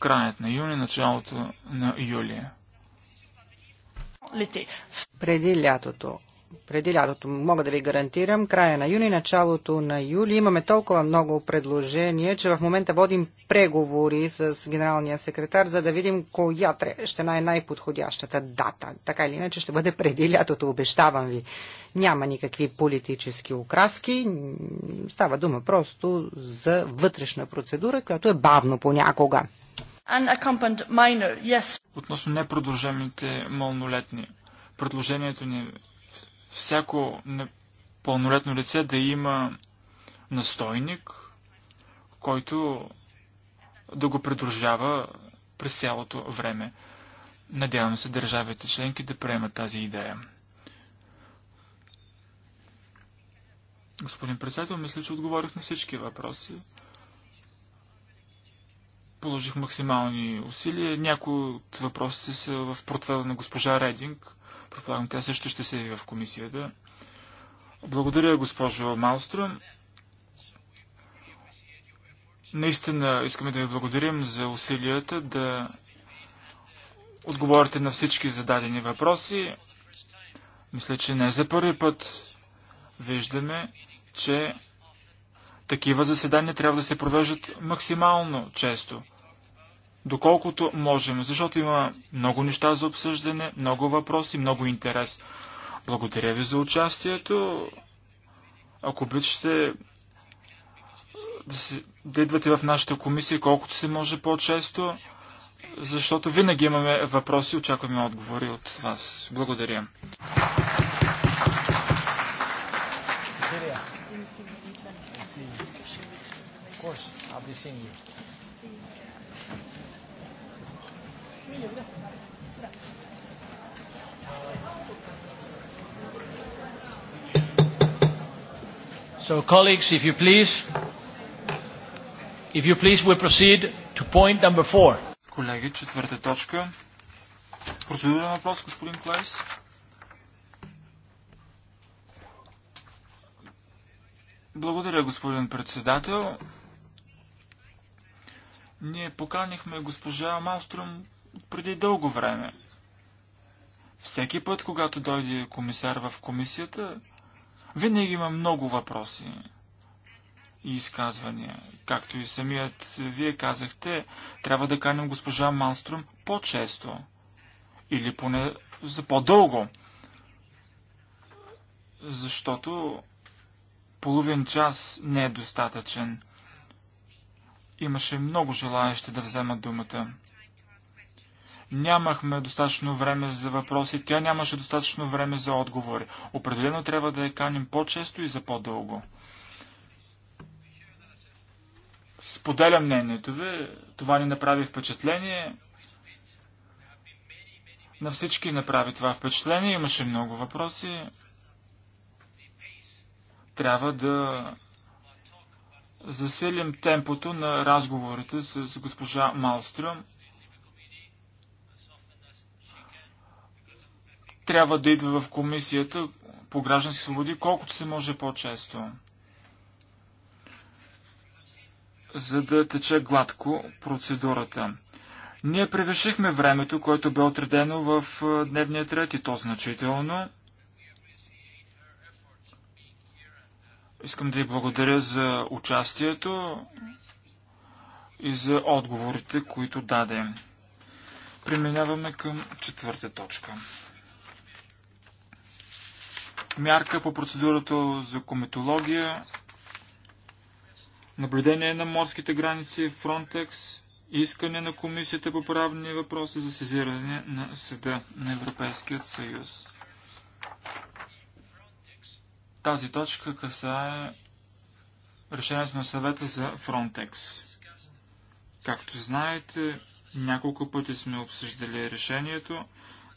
Краят на юни, началото на юли. Преди лятото преди лятото. Мога да ви гарантирам, края на юни, началото на юли имаме толкова много предложения, че в момента водим преговори с генералния секретар, за да видим коя ще най- най-подходящата дата. Така или иначе ще бъде преди лятото, обещавам ви. Няма никакви политически окраски, става дума просто за вътрешна процедура, която е бавно понякога. Minor, yes. Относно непродължените малнолетни, предложението ни е всяко пълнолетно лице да има настойник, който да го придружава през цялото време. Надявам се държавите членки да приемат тази идея. Господин председател, мисля, че отговорих на всички въпроси. Положих максимални усилия. Някои от въпросите са в портфела на госпожа Рединг. Предполагам, тя също ще се яви в комисията. Благодаря, госпожо Малстром. Наистина искаме да ви благодарим за усилията да отговорите на всички зададени въпроси. Мисля, че не за първи път виждаме, че такива заседания трябва да се провеждат максимално често доколкото можем, защото има много неща за обсъждане, много въпроси, много интерес. Благодаря ви за участието. Ако обичате да, си, да идвате в нашата комисия колкото се може по-често, защото винаги имаме въпроси, очакваме отговори от вас. Благодаря. Of course, I'll be seeing you. So, colleagues, if you please, if you please, we proceed to point number four. Колеги, четвърта точка. Процедурен въпрос, господин Клайс. Благодаря, господин председател. Ние поканихме госпожа Малстром преди дълго време. Всеки път, когато дойде комисар в комисията, винаги има много въпроси и изказвания. Както и самият вие казахте, трябва да каним госпожа Манструм по-често. Или поне за по-дълго. Защото половин час не е достатъчен. Имаше много желаящи да вземат думата. Нямахме достатъчно време за въпроси, тя нямаше достатъчно време за отговори. Определено трябва да я каним по-често и за по-дълго. Споделя мнението ви, това ни направи впечатление. На всички направи това впечатление, имаше много въпроси. Трябва да засилим темпото на разговорите с госпожа Малстрюм. трябва да идва в комисията по граждански свободи колкото се може по-често, за да тече гладко процедурата. Ние превишихме времето, което бе отредено в дневния ред и то значително. Искам да ви благодаря за участието и за отговорите, които даде. Преминаваме към четвърта точка мярка по процедурата за кометология, наблюдение на морските граници, Фронтекс, искане на Комисията по правни въпроси за сезиране на Съда на Европейският съюз. Тази точка касае решението на съвета за Фронтекс. Както знаете, няколко пъти сме обсъждали решението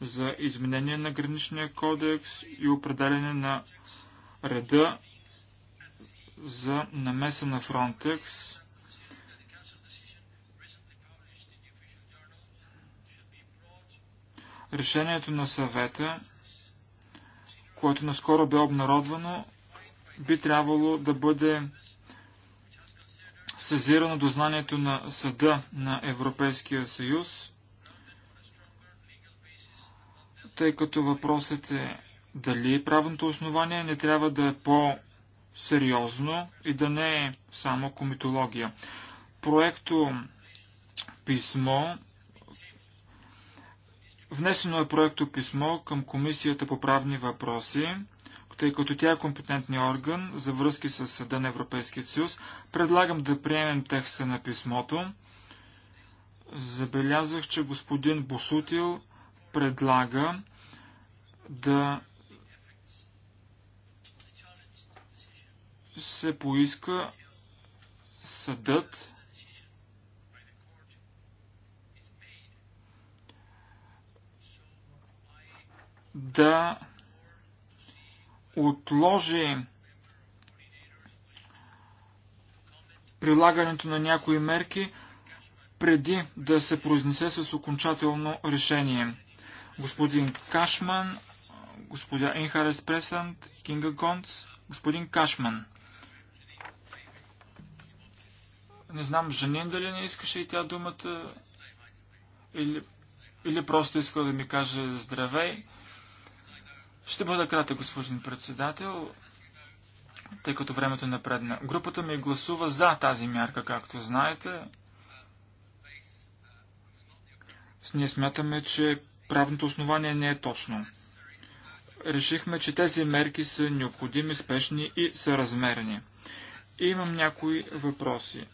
за изменение на граничния кодекс и определене на реда за намеса на Фронтекс. Решението на съвета, което наскоро бе обнародвано, би трябвало да бъде сезирано до знанието на Съда на Европейския съюз тъй като въпросът е дали правното основание не трябва да е по-сериозно и да не е само комитология. Проекто писмо Внесено е проекто писмо към Комисията по правни въпроси, тъй като тя е компетентния орган за връзки с Съда на Европейския съюз. Предлагам да приемем текста на писмото. Забелязах, че господин Босутил предлага да се поиска съдът да отложи прилагането на някои мерки преди да се произнесе с окончателно решение господин Кашман, господин Инхарес Пресант, Кинга Гонц, господин Кашман. Не знам, Жанин дали не искаше и тя думата, или, или просто иска да ми каже здравей. Ще бъда кратък, господин председател, тъй като времето е напредна. Групата ми гласува за тази мярка, както знаете. Ние смятаме, че правното основание не е точно. Решихме, че тези мерки са необходими, спешни и съразмерни. И имам някои въпроси.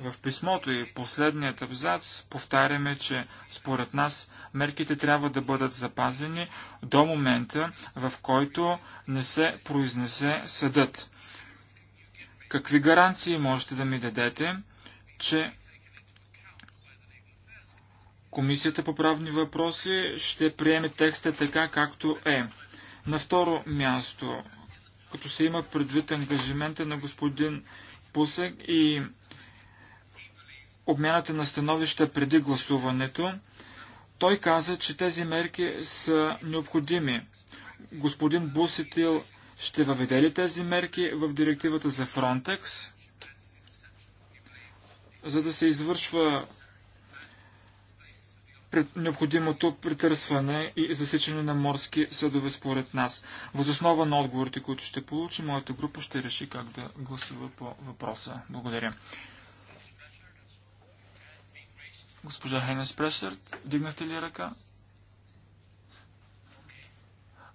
В писмото и последният абзац повтаряме, че според нас мерките трябва да бъдат запазени до момента, в който не се произнесе съдът. Какви гаранции можете да ми дадете, че Комисията по правни въпроси ще приеме текста така, както е. На второ място, като се има предвид ангажимента на господин Пусек и обмяната на становища преди гласуването, той каза, че тези мерки са необходими. Господин Бусетил ще въведе ли тези мерки в директивата за Фронтекс, за да се извършва пред необходимото притърсване и засичане на морски съдове според нас. Възоснова на отговорите, които ще получи, моята група ще реши как да гласува по въпроса. Благодаря. Госпожа Хенес Прешърт, дигнахте ли ръка?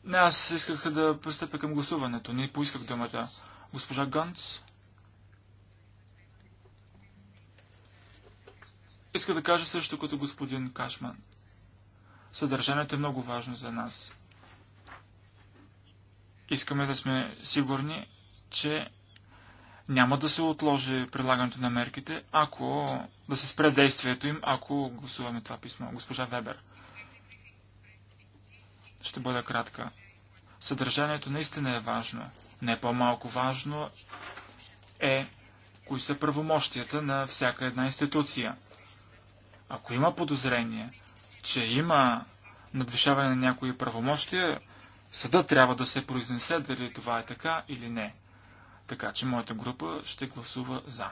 Не, аз исках да пристъпя към гласуването. Не поисках думата. Госпожа Ганц? Иска да кажа също като господин Кашман. Съдържанието е много важно за нас. Искаме да сме сигурни, че няма да се отложи прилагането на мерките, ако да се спре действието им, ако гласуваме това писмо. Госпожа Вебер. Ще бъда кратка. Съдържанието наистина е важно. Не по-малко важно е кои са правомощията на всяка една институция – ако има подозрение, че има надвишаване на някои правомощия, съда трябва да се произнесе дали това е така или не. Така че моята група ще гласува за.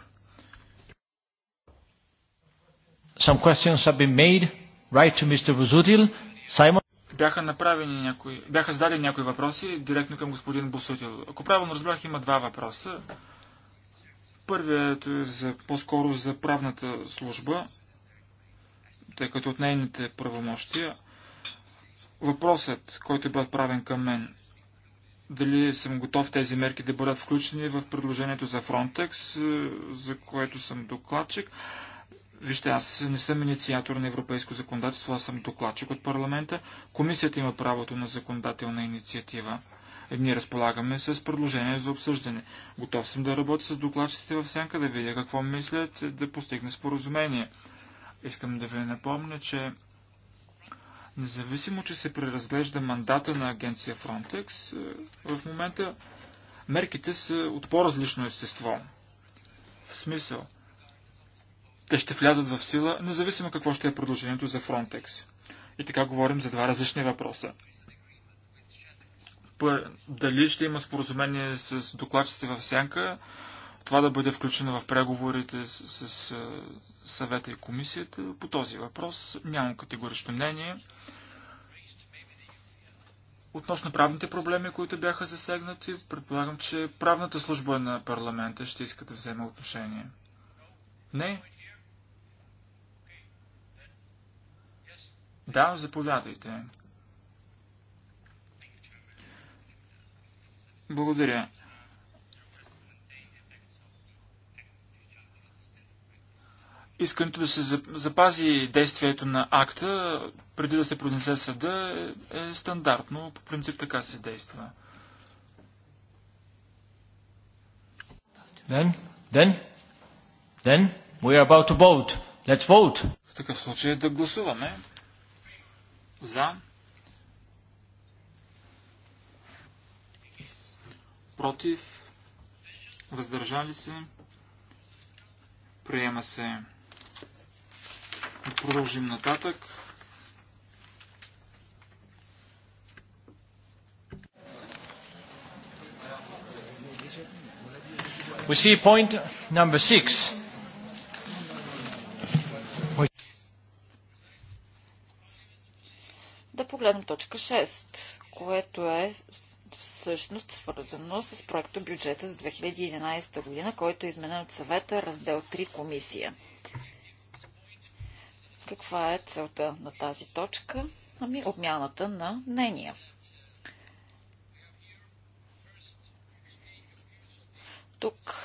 Some questions have been made right to Mr. Busutil. Simon бяха направени някои, бяха задали някои въпроси директно към господин Босутил. Ако правилно разбрах, има два въпроса. Първият е за, по-скоро за правната служба тъй като от нейните правомощия. Въпросът, който бе отправен към мен, дали съм готов тези мерки да бъдат включени в предложението за Frontex, е, за което съм докладчик. Вижте, аз не съм инициатор на европейско законодателство, аз съм докладчик от парламента. Комисията има правото на законодателна инициатива. Е, ние разполагаме с предложение за обсъждане. Готов съм да работя с докладчиците в сянка, да видя какво мислят, да постигне споразумение. Искам да ви напомня, че независимо, че се преразглежда мандата на агенция Frontex, е, в момента мерките са от по-различно естество. В смисъл, те ще влязат в сила, независимо какво ще е продължението за Frontex. И така говорим за два различни въпроса. Дали ще има споразумение с докладчите в сянка, това да бъде включено в преговорите с, с, с съвета и комисията. По този въпрос нямам категорично мнение. Относно правните проблеми, които бяха засегнати, предполагам, че правната служба на парламента ще иска да вземе отношение. Не? Да, заповядайте. Благодаря. искането да се запази действието на акта, преди да се произнесе съда, е, е стандартно. По принцип така се действа. Then, then, then we are about to vote. Let's vote. В такъв случай да гласуваме за, против, въздържали се, приема се. Продължим нататък. We see point number six. Да погледнем точка 6, което е всъщност свързано с проекто бюджета за 2011 година, който е изменен от съвета раздел 3 комисия. Каква е целта на тази точка? Ами обмяната на мнения. Тук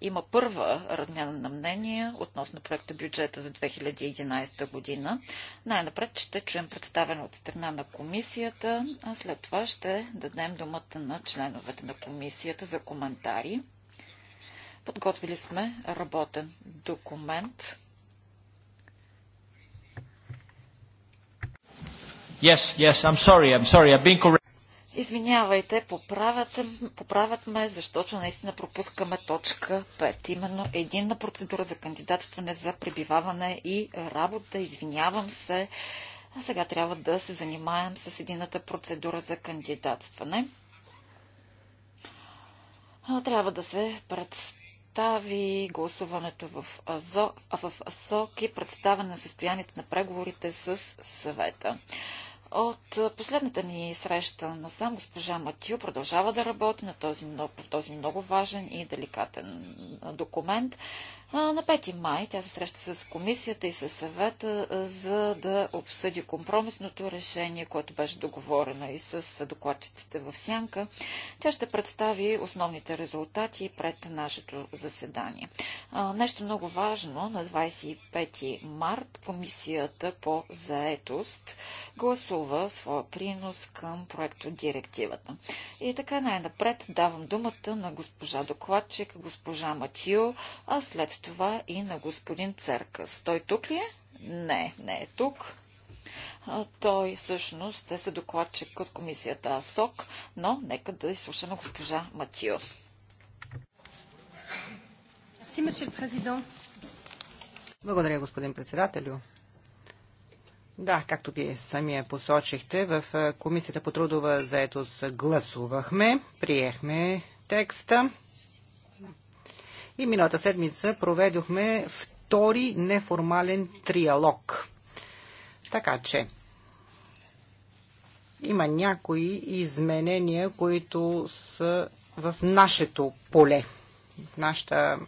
има първа размяна на мнения относно проекта бюджета за 2011 година. Най-напред ще чуем представена от страна на комисията, а след това ще дадем думата на членовете на комисията за коментари. Подготвили сме работен документ, Yes, yes, I'm sorry, I'm sorry, I've been correct. Извинявайте, поправят, поправят ме, защото наистина пропускаме точка 5, именно единна процедура за кандидатстване за пребиваване и работа. Извинявам се, а сега трябва да се занимаем с едината процедура за кандидатстване. Трябва да се представи гласуването в, АЗО, в АСОК и представяне на състоянието на преговорите с съвета. От последната ни среща на сам госпожа Матю продължава да работи на този, по този много важен и деликатен документ. На 5 май тя се среща с комисията и с съвета, за да обсъди компромисното решение, което беше договорено и с докладчиците в Сянка. Тя ще представи основните резултати пред нашето заседание. Нещо много важно, на 25 март комисията по заетост гласува своя принос към проекто директивата. И така най-напред давам думата на госпожа докладчик, госпожа Матио, а след това и на господин Церкас. Той тук ли е? Не, не е тук. Той всъщност е се докладчик от комисията АСОК, но нека да изслушаме госпожа Матио. Благодаря, господин председателю. Да, както вие самия посочихте, в Комисията по трудова заетост гласувахме, приехме текста. И миналата седмица проведохме втори неформален триалог. Така че, има някои изменения, които са в нашето поле, нашата,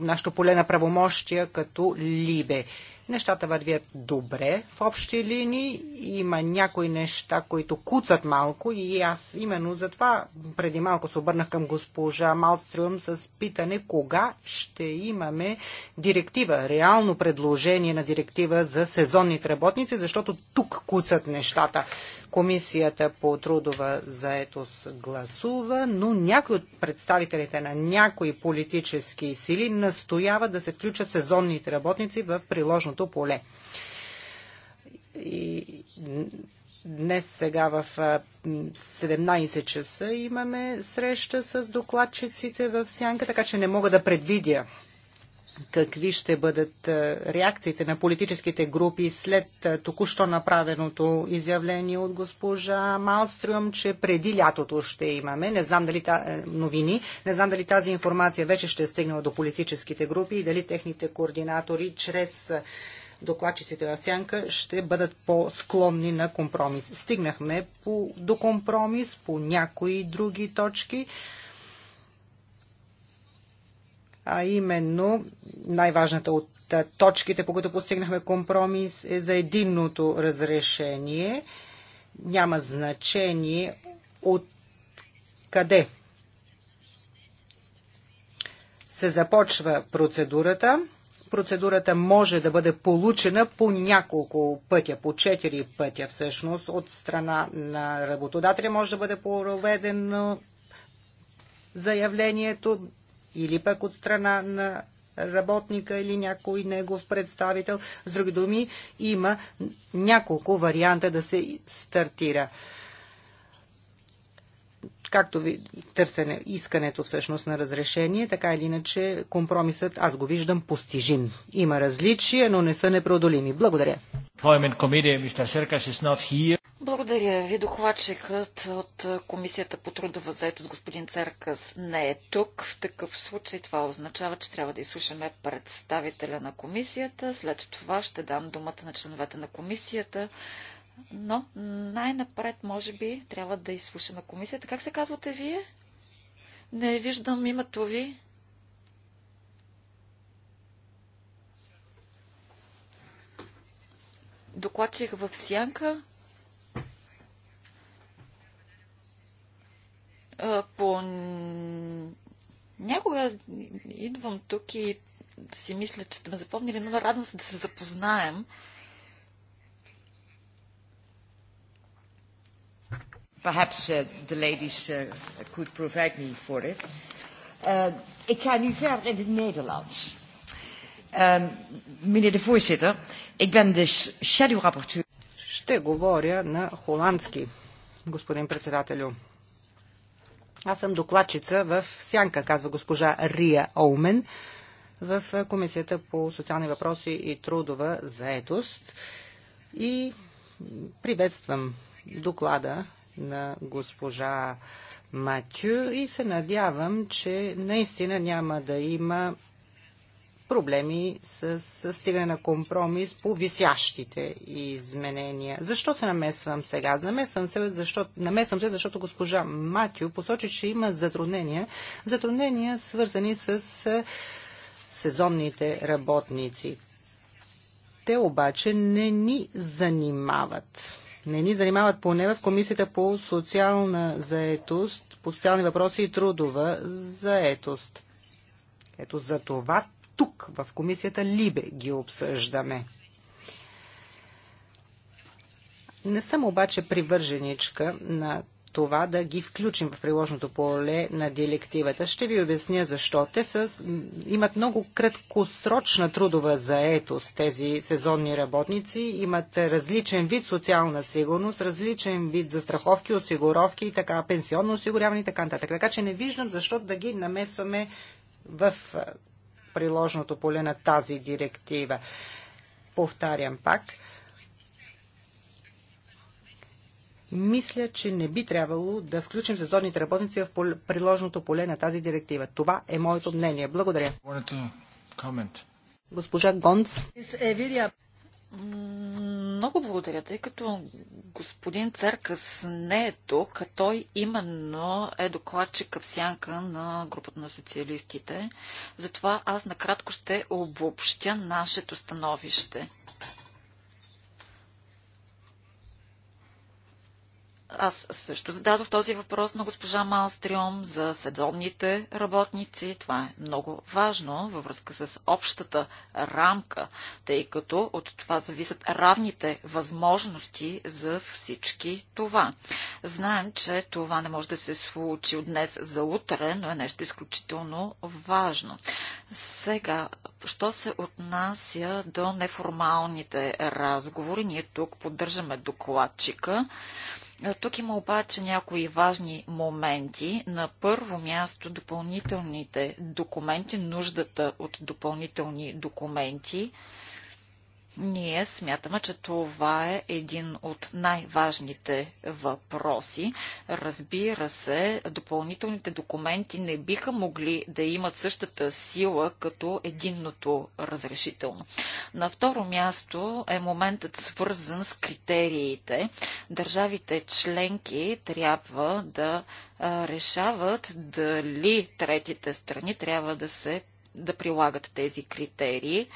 нашето поле на правомощия като либе. Нещата вървят добре в общи линии. Има някои неща, които куцат малко и аз именно за това преди малко се обърнах към госпожа Малстрюм с питане кога ще имаме директива, реално предложение на директива за сезонните работници, защото тук куцат нещата. Комисията по трудова заетост гласува, но някои от представителите на някои политически сили настояват да се включат сезонните работници в приложното поле. И Днес сега в 17 часа имаме среща с докладчиците в Сянка, така че не мога да предвидя какви ще бъдат реакциите на политическите групи след току-що направеното изявление от госпожа Малстрюм, че преди лятото ще имаме не знам дали е, новини, не знам дали тази информация вече ще е стигнала до политическите групи и дали техните координатори чрез докладчиците на сянка ще бъдат по-склонни на компромис. Стигнахме по, до компромис по някои други точки а именно най-важната от точките, по които постигнахме компромис, е за единното разрешение. Няма значение от къде се започва процедурата. Процедурата може да бъде получена по няколко пътя, по четири пътя всъщност от страна на работодателя. Може да бъде проведено заявлението или пък от страна на работника или някой негов представител. С други думи, има няколко варианта да се стартира. Както ви търсене, искането всъщност на разрешение, така или иначе компромисът аз го виждам постижим. Има различия, но не са непреодолими. Благодаря. Благодаря ви. Докладчикът от Комисията по трудова заетост, господин Церкас, не е тук. В такъв случай това означава, че трябва да изслушаме представителя на комисията. След това ще дам думата на членовете на комисията. Но най-напред, може би, трябва да изслушаме комисията. Как се казвате вие? Не виждам името ви. Докладчик в сянка По... Някога идвам тук и си мисля, че сте ме запомнили, но радвам се да се запознаем. Perhaps uh, the ladies uh, could provide me for it. Uh, ik ga nu verder in het Nederlands. Uh, meneer de voorzitter, ik ben de shadow rapporteur. Ще говоря на холандски, господин председателю. Аз съм докладчица в Сянка, казва госпожа Рия Оумен в Комисията по социални въпроси и трудова заетост. И приветствам доклада на госпожа Матю и се надявам, че наистина няма да има проблеми с, с стигане на компромис по висящите изменения. Защо се намесвам сега? Намесвам се, защото, намесвам се, защото госпожа Матю посочи, че има затруднения. Затруднения свързани с е, сезонните работници. Те обаче не ни занимават. Не ни занимават поне в Комисията по социална заетост, по социални въпроси и трудова заетост. Ето за това тук в комисията Либе ги обсъждаме. Не съм обаче привърженичка на това да ги включим в приложното поле на директивата. Ще ви обясня защо. Те са, имат много краткосрочна трудова заетост, тези сезонни работници. Имат различен вид социална сигурност, различен вид застраховки, осигуровки и така, пенсионно осигуряване и така нататък. Така че не виждам защо да ги намесваме в приложното поле на тази директива. Повтарям пак, мисля, че не би трябвало да включим сезонните работници в приложното поле на тази директива. Това е моето мнение. Благодаря. Госпожа Гонц. Много благодаря, тъй като господин Църкъс не е тук, а той именно е докладчик в сянка на групата на социалистите. Затова аз накратко ще обобщя нашето становище. Аз също зададох този въпрос на госпожа Малстриом за сезонните работници. Това е много важно във връзка с общата рамка, тъй като от това зависят равните възможности за всички това. Знаем, че това не може да се случи от днес за утре, но е нещо изключително важно. Сега, що се отнася до неформалните разговори, ние тук поддържаме докладчика. Е, тук има обаче някои важни моменти. На първо място допълнителните документи, нуждата от допълнителни документи. Ние смятаме, че това е един от най-важните въпроси. Разбира се, допълнителните документи не биха могли да имат същата сила като единното разрешително. На второ място е моментът свързан с критериите. Държавите членки трябва да решават дали третите страни трябва да се да прилагат тези критерии.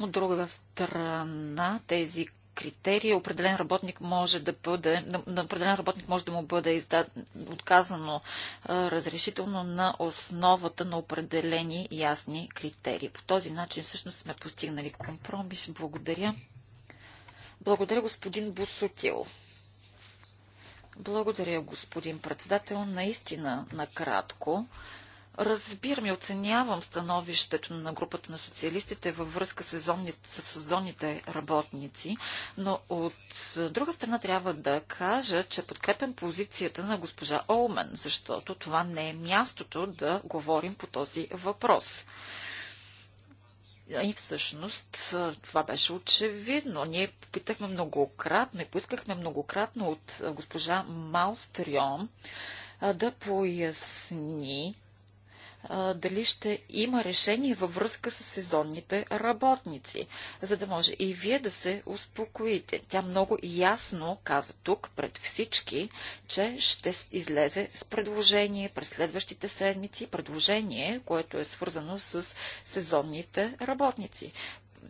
От друга страна, тези критерии, определен работник може да бъде, на определен работник може да му бъде издад, отказано разрешително на основата на определени ясни критерии. По този начин всъщност сме постигнали компромис. Благодаря. Благодаря господин Бусутил. Благодаря господин председател. Наистина накратко. Разбирам и оценявам становището на групата на социалистите във връзка с сезонните, с работници, но от друга страна трябва да кажа, че подкрепям позицията на госпожа Олмен, защото това не е мястото да говорим по този въпрос. И всъщност това беше очевидно. Ние попитахме многократно и поискахме многократно от госпожа Малстрион да поясни дали ще има решение във връзка с сезонните работници, за да може и вие да се успокоите. Тя много ясно каза тук пред всички, че ще излезе с предложение през следващите седмици, предложение, което е свързано с сезонните работници.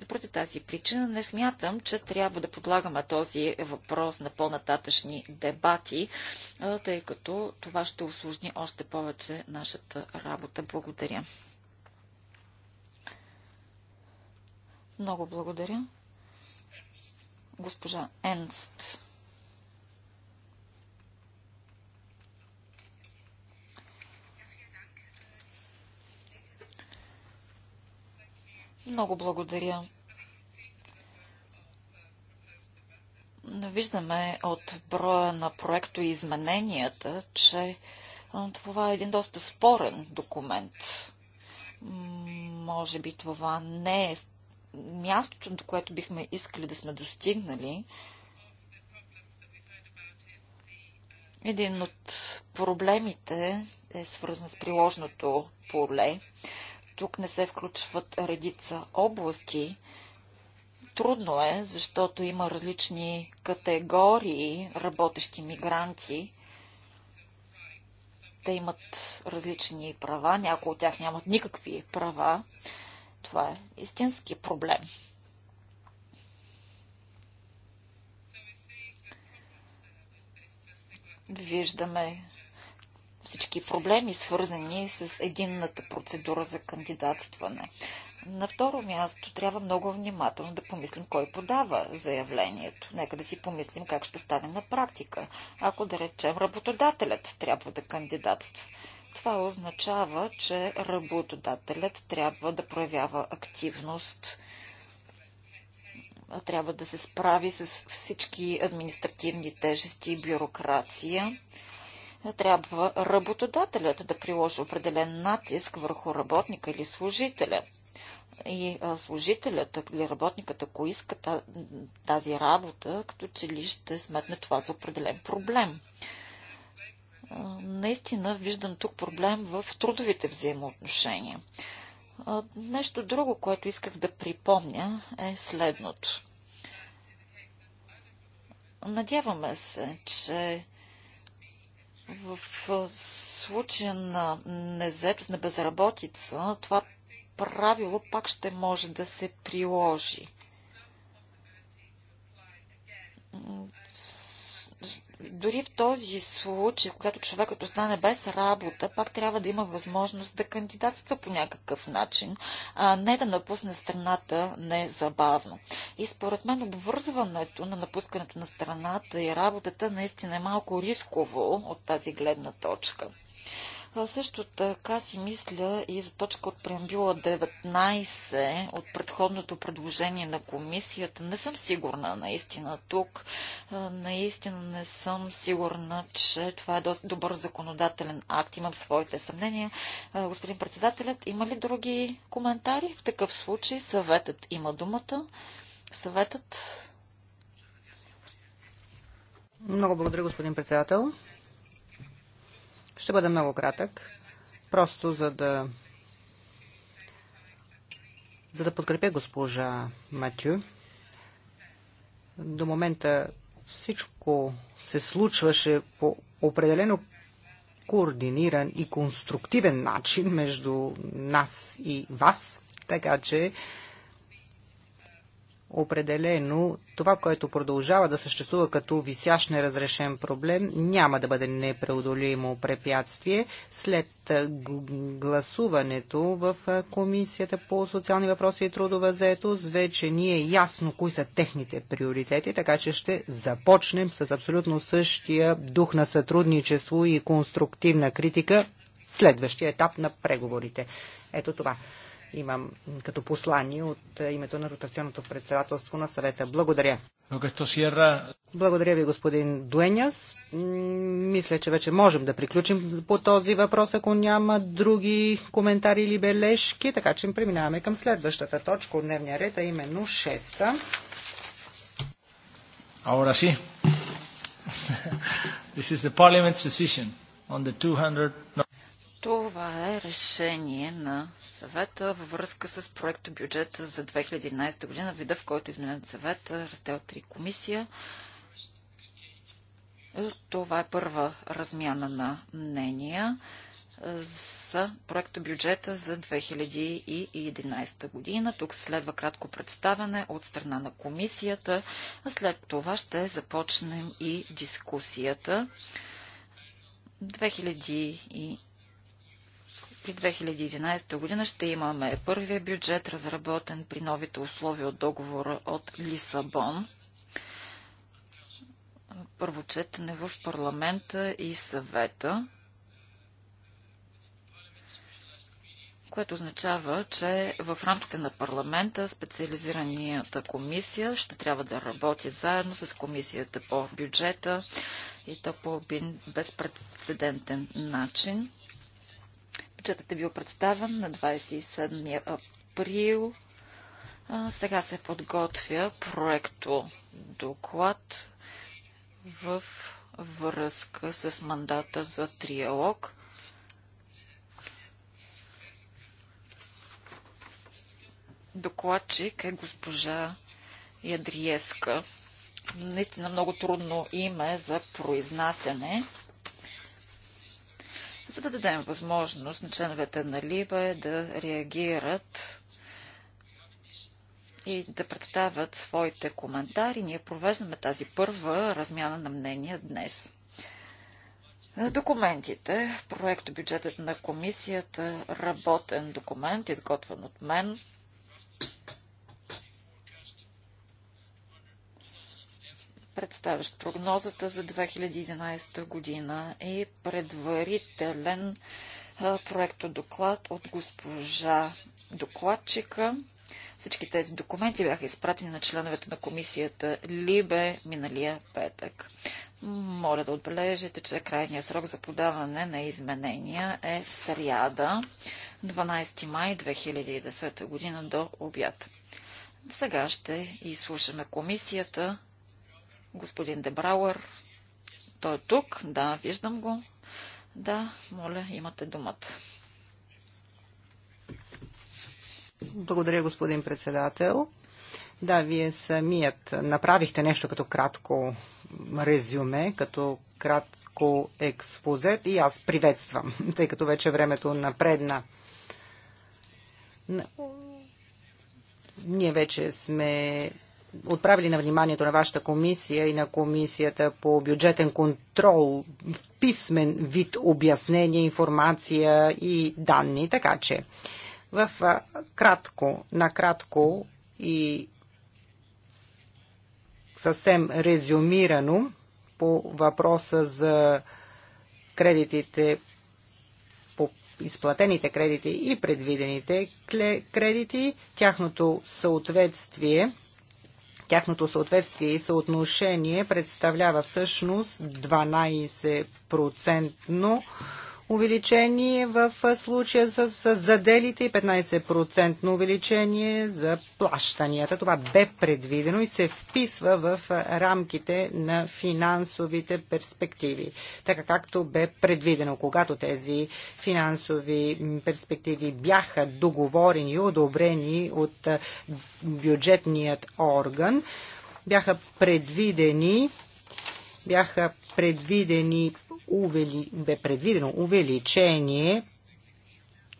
Поради тази причина не смятам, че трябва да подлагаме този въпрос на по-нататъчни дебати, тъй като това ще осложни още повече нашата работа. Благодаря. Много благодаря. Госпожа Енст. Много благодаря. Виждаме от броя на проекто и измененията, че това е един доста спорен документ. Може би това не е мястото, до което бихме искали да сме достигнали. Един от проблемите е свързан с приложното поле. Тук не се включват редица области. Трудно е, защото има различни категории работещи мигранти. Те имат различни права, някои от тях нямат никакви права. Това е истински проблем. Виждаме всички проблеми, свързани с единната процедура за кандидатстване. На второ място трябва много внимателно да помислим кой подава заявлението. Нека да си помислим как ще стане на практика. Ако да речем работодателят трябва да кандидатства. Това означава, че работодателят трябва да проявява активност, трябва да се справи с всички административни тежести и бюрокрация трябва работодателят да приложи определен натиск върху работника или служителя. И служителят или работникът, ако иска тази работа, като че ли ще сметне това за определен проблем. Наистина виждам тук проблем в трудовите взаимоотношения. Нещо друго, което исках да припомня е следното. Надяваме се, че в случая на незаетост, на безработица, това правило пак ще може да се приложи. Дори в този случай, когато човекът остане без работа, пак трябва да има възможност да кандидатства по някакъв начин, а не да напусне страната незабавно. И според мен обвързването на напускането на страната и работата наистина е малко рисково от тази гледна точка. Също така си мисля и за точка от преамбюла 19 от предходното предложение на комисията. Не съм сигурна наистина тук. Наистина не съм сигурна, че това е доста добър законодателен акт. Имам своите съмнения. Господин председателят, има ли други коментари? В такъв случай съветът има думата. Съветът. Много благодаря, господин председател. Ще бъда много кратък, просто за да, за да подкрепя госпожа Матю. До момента всичко се случваше по определено координиран и конструктивен начин между нас и вас, така че определено това, което продължава да съществува като висящ неразрешен проблем, няма да бъде непреодолимо препятствие след гласуването в Комисията по социални въпроси и трудова заетост. Вече ни е ясно кои са техните приоритети, така че ще започнем с абсолютно същия дух на сътрудничество и конструктивна критика следващия етап на преговорите. Ето това имам като послание от е, името на ротационното председателство на съвета. Благодаря. Благодаря ви, господин Дуеняс. Мисля, че вече можем да приключим по този въпрос, ако няма други коментари или бележки, така че преминаваме към следващата точка от дневния ред, а именно шеста. Ahora sí. This is the parliament's decision on the 200... Това е решение на съвета във връзка с проекто бюджета за 2011 година, вида в който е изменен съвет, е, раздел 3 комисия. Е, това е първа размяна на мнения за проекто бюджета за 2011 година. Тук следва кратко представяне от страна на комисията, а след това ще започнем и дискусията. 2011 при 2011 година ще имаме първия бюджет, разработен при новите условия от договора от Лисабон. Първо четене в парламента и съвета. което означава, че в рамките на парламента специализираната комисия ще трябва да работи заедно с комисията по бюджета и то по безпредседентен начин. Отчетът е бил представен на 27 април. Сега се подготвя проекто доклад в връзка с мандата за триалог. Докладчик е госпожа Ядриеска. Наистина много трудно име за произнасяне за да дадем възможност на членовете на Либе да реагират и да представят своите коментари. Ние провеждаме тази първа размяна на мнения днес. Документите, проекто бюджетът на комисията, работен документ, изготвен от мен, представящ прогнозата за 2011 година и предварителен проектодоклад от госпожа докладчика. Всички тези документи бяха изпратени на членовете на комисията Либе миналия петък. Моля да отбележите, че крайният срок за подаване на изменения е сряда, 12 май 2010 година до обяд. Сега ще изслушаме комисията господин Дебрауър. Той е тук. Да, виждам го. Да, моля, имате думата. Благодаря, господин председател. Да, вие самият направихте нещо като кратко резюме, като кратко експозет и аз приветствам, тъй като вече времето напредна. Ние вече сме отправили на вниманието на вашата комисия и на комисията по бюджетен контрол в писмен вид обяснение, информация и данни. Така че в кратко, накратко и съвсем резюмирано по въпроса за кредитите изплатените кредити и предвидените кредити, тяхното съответствие Тяхното съответствие и съотношение представлява всъщност 12% увеличение в случая с, с заделите и 15% увеличение за плащанията. Това бе предвидено и се вписва в рамките на финансовите перспективи, така както бе предвидено. Когато тези финансови перспективи бяха договорени и одобрени от бюджетният орган, бяха предвидени бяха предвидени увели, бе предвидено увеличение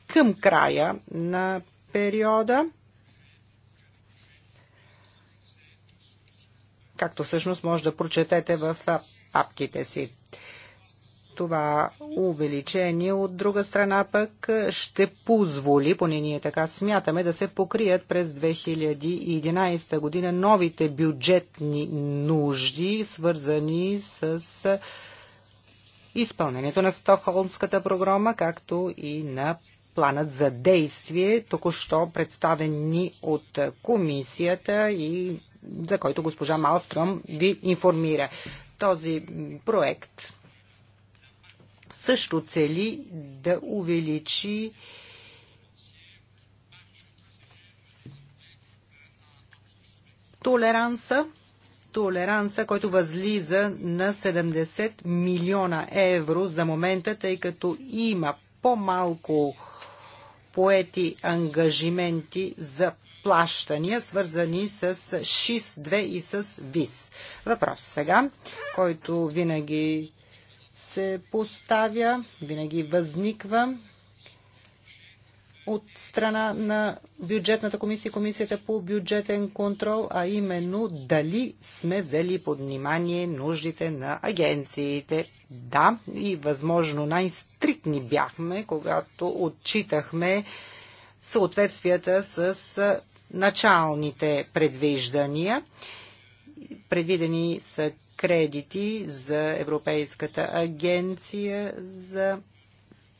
към края на периода, както всъщност може да прочетете в папките си. Това увеличение от друга страна пък ще позволи, поне ние така смятаме, да се покрият през 2011 година новите бюджетни нужди, свързани с изпълнението на Стокхолмската програма, както и на планът за действие, току-що представени от комисията и за който госпожа Малстром ви информира. Този проект също цели да увеличи толеранса толеранса, който възлиза на 70 милиона евро за момента, тъй като има по-малко поети ангажименти за плащания, свързани с ШИС-2 и с ВИС. Въпрос сега, който винаги се поставя, винаги възниква от страна на бюджетната комисия, комисията по бюджетен контрол, а именно дали сме взели под внимание нуждите на агенциите. Да, и възможно най-стриктни бяхме, когато отчитахме съответствията с началните предвиждания. Предвидени са кредити за Европейската агенция за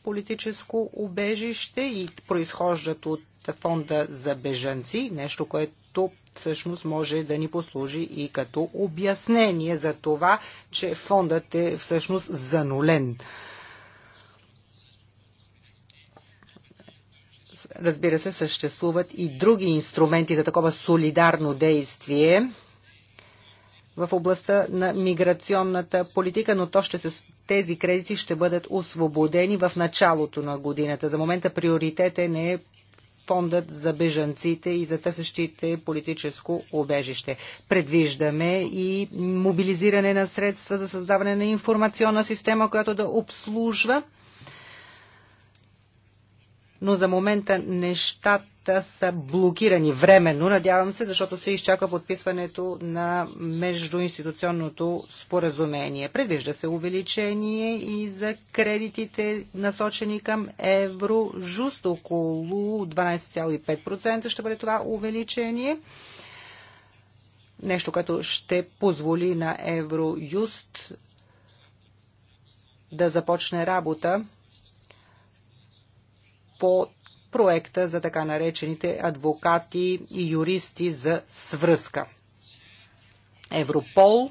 политическо убежище и произхождат от фонда за бежанци, нещо, което всъщност може да ни послужи и като обяснение за това, че фондът е всъщност занулен. Разбира се, съществуват и други инструменти за такова солидарно действие – в областта на миграционната политика, но то ще се, тези кредити ще бъдат освободени в началото на годината. За момента приоритетен е фондът за бежанците и за търсещите политическо обежище. Предвиждаме и мобилизиране на средства за създаване на информационна система, която да обслужва но за момента нещата са блокирани временно, надявам се, защото се изчака подписването на междуинституционното споразумение. Предвижда се увеличение и за кредитите насочени към Еврожуст около 12,5% ще бъде това увеличение. Нещо, което ще позволи на Евроюст да започне работа по проекта за така наречените адвокати и юристи за свръзка. Европол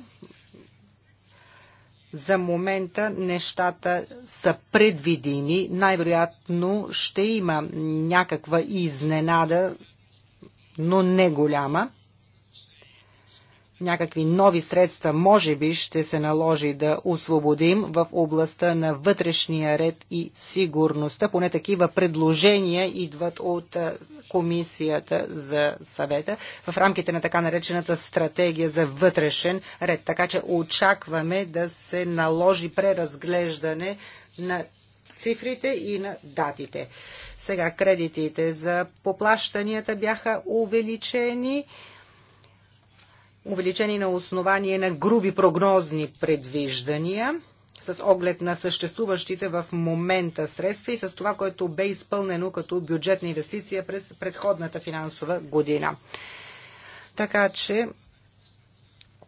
за момента нещата са предвидени. Най-вероятно ще има някаква изненада, но не голяма някакви нови средства може би ще се наложи да освободим в областта на вътрешния ред и сигурността. Поне такива предложения идват от комисията за съвета в рамките на така наречената стратегия за вътрешен ред. Така че очакваме да се наложи преразглеждане на цифрите и на датите. Сега кредитите за поплащанията бяха увеличени увеличени на основание на груби прогнозни предвиждания с оглед на съществуващите в момента средства и с това, което бе изпълнено като бюджетна инвестиция през предходната финансова година. Така че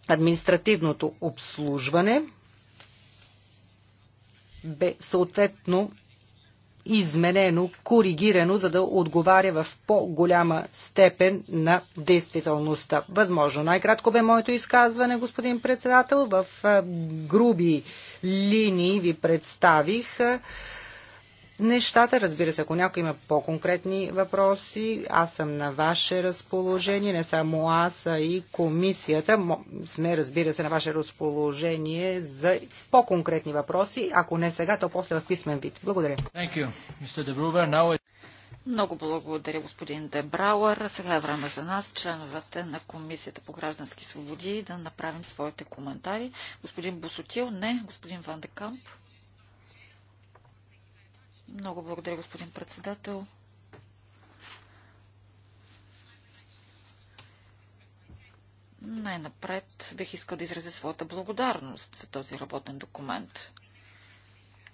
административното обслужване бе съответно изменено, коригирано, за да отговаря в по-голяма степен на действителността. Възможно. Най-кратко бе моето изказване, господин председател. В груби линии ви представих нещата. Разбира се, ако някой има по-конкретни въпроси, аз съм на ваше разположение, не само аз, а и комисията. Сме, разбира се, на ваше разположение за по-конкретни въпроси. Ако не сега, то после в писмен вид. Благодаря. Много благодаря, господин Дебрауър. Сега е време за нас, членовете на Комисията по граждански свободи, да направим своите коментари. Господин Босотил, не. Господин Ван Декамп. Много благодаря, господин председател. Най-напред бих искал да изразя своята благодарност за този работен документ.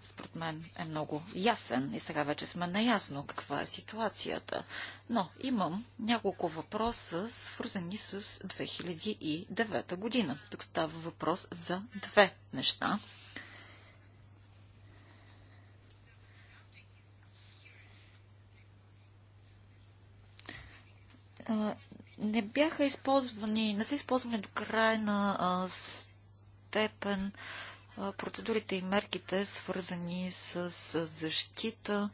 Според мен е много ясен и сега вече сме наясно каква е ситуацията. Но имам няколко въпроса, свързани с 2009 година. Тук става въпрос за две неща. не бяха използвани, не са използвани до крайна а, степен а, процедурите и мерките, свързани с, с защита.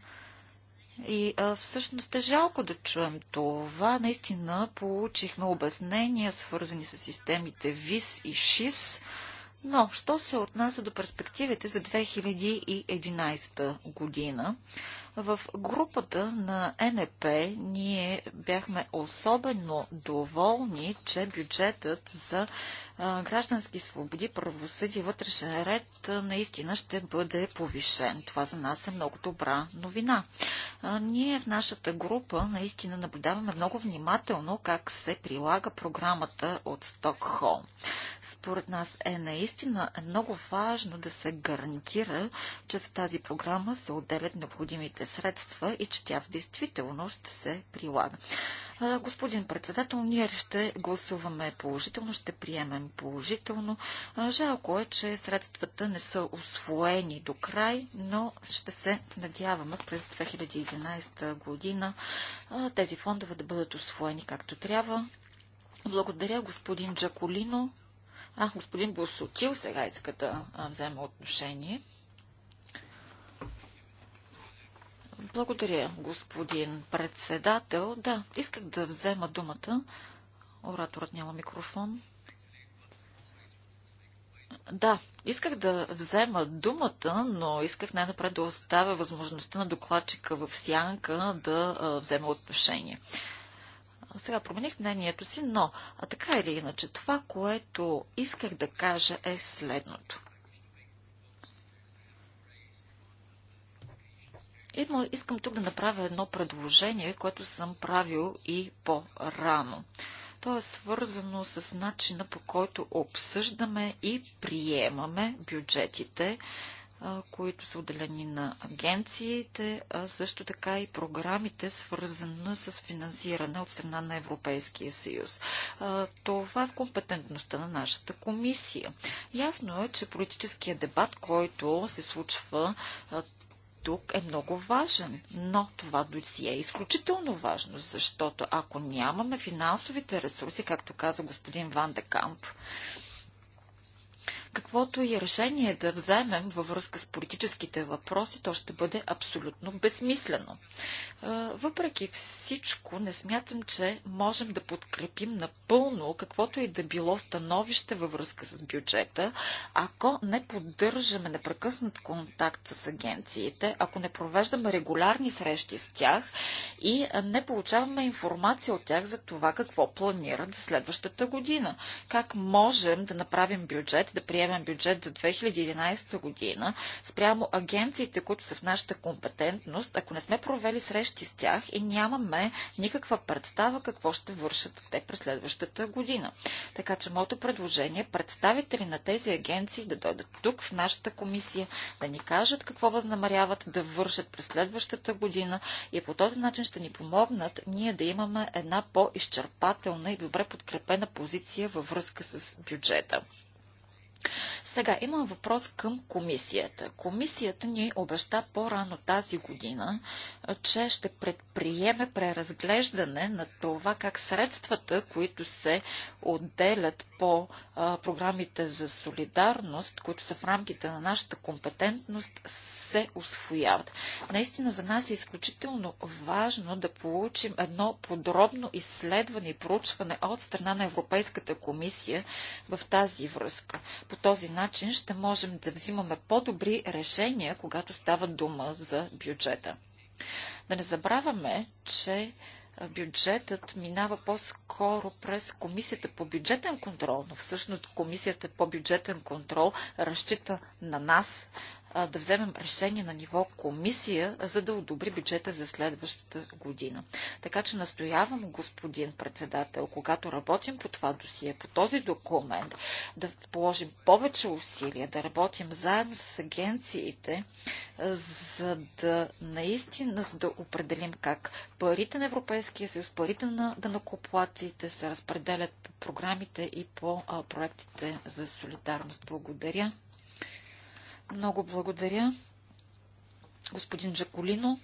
И а, всъщност е жалко да чуем това. Наистина получихме обяснения, свързани с системите ВИС и ШИС. Но, що се отнася до перспективите за 2011 година, в групата на НП ние бяхме особено доволни, че бюджетът за граждански свободи, правосъдие и вътрешен ред наистина ще бъде повишен. Това за нас е много добра новина. Ние в нашата група наистина наблюдаваме много внимателно как се прилага програмата от Стокхолм. Според нас е наистина много важно да се гарантира, че за тази програма се отделят необходимите финансовите средства и че тя в действителност се прилага. Господин председател, ние ще гласуваме положително, ще приемем положително. Жалко е, че средствата не са освоени до край, но ще се надяваме през 2011 година тези фондове да бъдат освоени както трябва. Благодаря, господин Джаколино. А, господин Босотил сега иска да вземе отношение. Благодаря, господин председател. Да, исках да взема думата. Ораторът няма микрофон. Да, исках да взема думата, но исках най-напред да оставя възможността на докладчика в сянка да взема отношение. Сега промених мнението си, но а така или иначе, това, което исках да кажа е следното. Едно искам тук да направя едно предложение, което съм правил и по-рано. То е свързано с начина по който обсъждаме и приемаме бюджетите, които са отделени на агенциите, а също така и програмите, свързани с финансиране от страна на Европейския съюз. Това е в компетентността на нашата комисия. Ясно е, че политическия дебат, който се случва тук е много важен, но това досие е изключително важно, защото ако нямаме финансовите ресурси, както каза господин Ван де Камп, Каквото и решение да вземем във връзка с политическите въпроси, то ще бъде абсолютно безсмислено. Е, въпреки всичко, не смятам, че можем да подкрепим напълно каквото и да било становище във връзка с бюджета, ако не поддържаме непрекъснат контакт с агенциите, ако не провеждаме регулярни срещи с тях и не получаваме информация от тях за това какво планират за следващата година. Как можем да направим бюджет, да приемем приемем бюджет за 2011 година спрямо агенциите, които са в нашата компетентност, ако не сме провели срещи с тях и нямаме никаква представа какво ще вършат те през следващата година. Така че моето предложение е представители на тези агенции да дойдат тук в нашата комисия, да ни кажат какво възнамеряват да вършат през следващата година и по този начин ще ни помогнат ние да имаме една по-изчерпателна и добре подкрепена позиция във връзка с бюджета. Сега имам въпрос към комисията. Комисията ни обеща по-рано тази година, че ще предприеме преразглеждане на това как средствата, които се отделят по програмите за солидарност, които са в рамките на нашата компетентност, се освояват. Наистина за нас е изключително важно да получим едно подробно изследване и проучване от страна на Европейската комисия в тази връзка по този начин ще можем да взимаме по-добри решения, когато става дума за бюджета. Да не забравяме, че бюджетът минава по-скоро през комисията по бюджетен контрол, но всъщност комисията по бюджетен контрол разчита на нас да вземем решение на ниво комисия, за да одобри бюджета за следващата година. Така че настоявам, господин председател, когато работим по това досие, по този документ, да положим повече усилия, да работим заедно с агенциите, за да наистина за да определим как парите на Европейския съюз, парите на данокоплаците се разпределят по програмите и по проектите за солидарност. Благодаря. Много благодаря, господин Джаколино.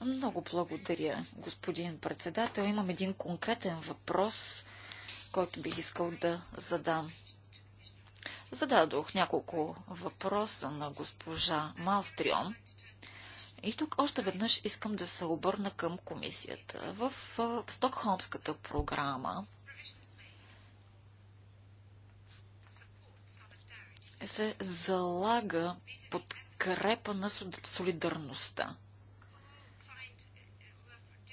Много благодаря, господин председател. Имам един конкретен въпрос, който бих искал да задам. Зададох няколко въпроса на госпожа Малстрион. И тук още веднъж искам да се обърна към комисията. В Стокхолмската програма се залага подкрепа на солидарността.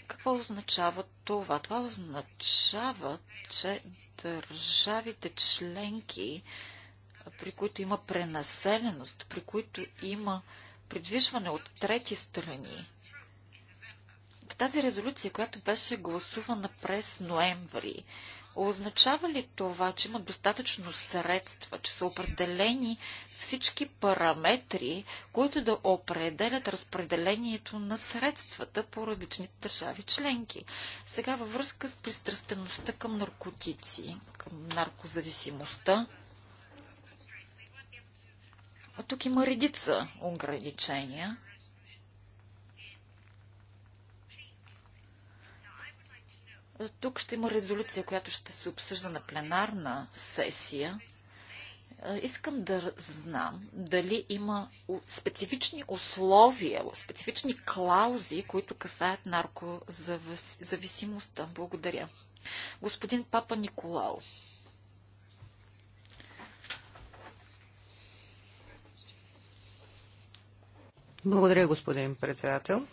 Какво означава това? Това означава, че държавите членки, при които има пренаселеност, при които има придвижване от трети страни, в тази резолюция, която беше гласувана през ноември, Означава ли това, че има достатъчно средства, че са определени всички параметри, които да определят разпределението на средствата по различните държави членки? Сега във връзка с пристрастеността към наркотици, към наркозависимостта, а тук има редица ограничения – Тук ще има резолюция, която ще се обсъжда на пленарна сесия. Е, искам да знам дали има специфични условия, специфични клаузи, които касаят наркозависимостта. Благодаря. Господин Папа Николао. Благодаря, господин председател.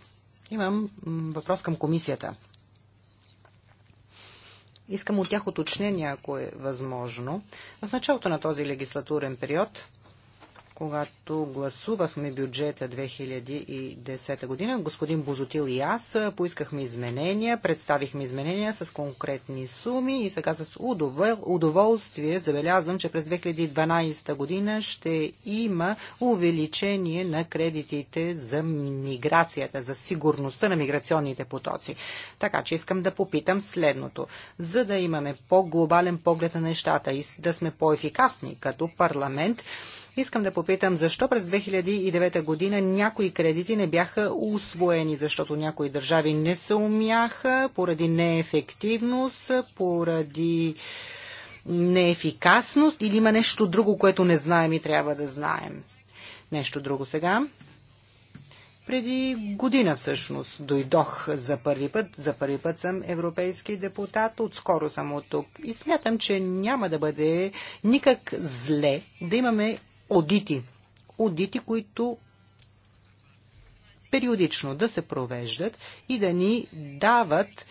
Имам въпрос към комисията. Искам от тях уточнение, ако е възможно. В началото на този легислатурен период когато гласувахме бюджета 2010 година, господин Бозотил и аз поискахме изменения, представихме изменения с конкретни суми и сега с удоволствие забелязвам, че през 2012 година ще има увеличение на кредитите за миграцията, за сигурността на миграционните потоци. Така че искам да попитам следното. За да имаме по-глобален поглед на нещата и да сме по-ефикасни като парламент, Искам да попитам защо през 2009 година някои кредити не бяха усвоени, защото някои държави не се умяха поради неефективност, поради неефикасност или има нещо друго, което не знаем и трябва да знаем. Нещо друго сега. Преди година всъщност дойдох за първи път. За първи път съм европейски депутат. Отскоро съм от тук. И смятам, че няма да бъде никак зле да имаме одити. Одити, които периодично да се провеждат и да ни дават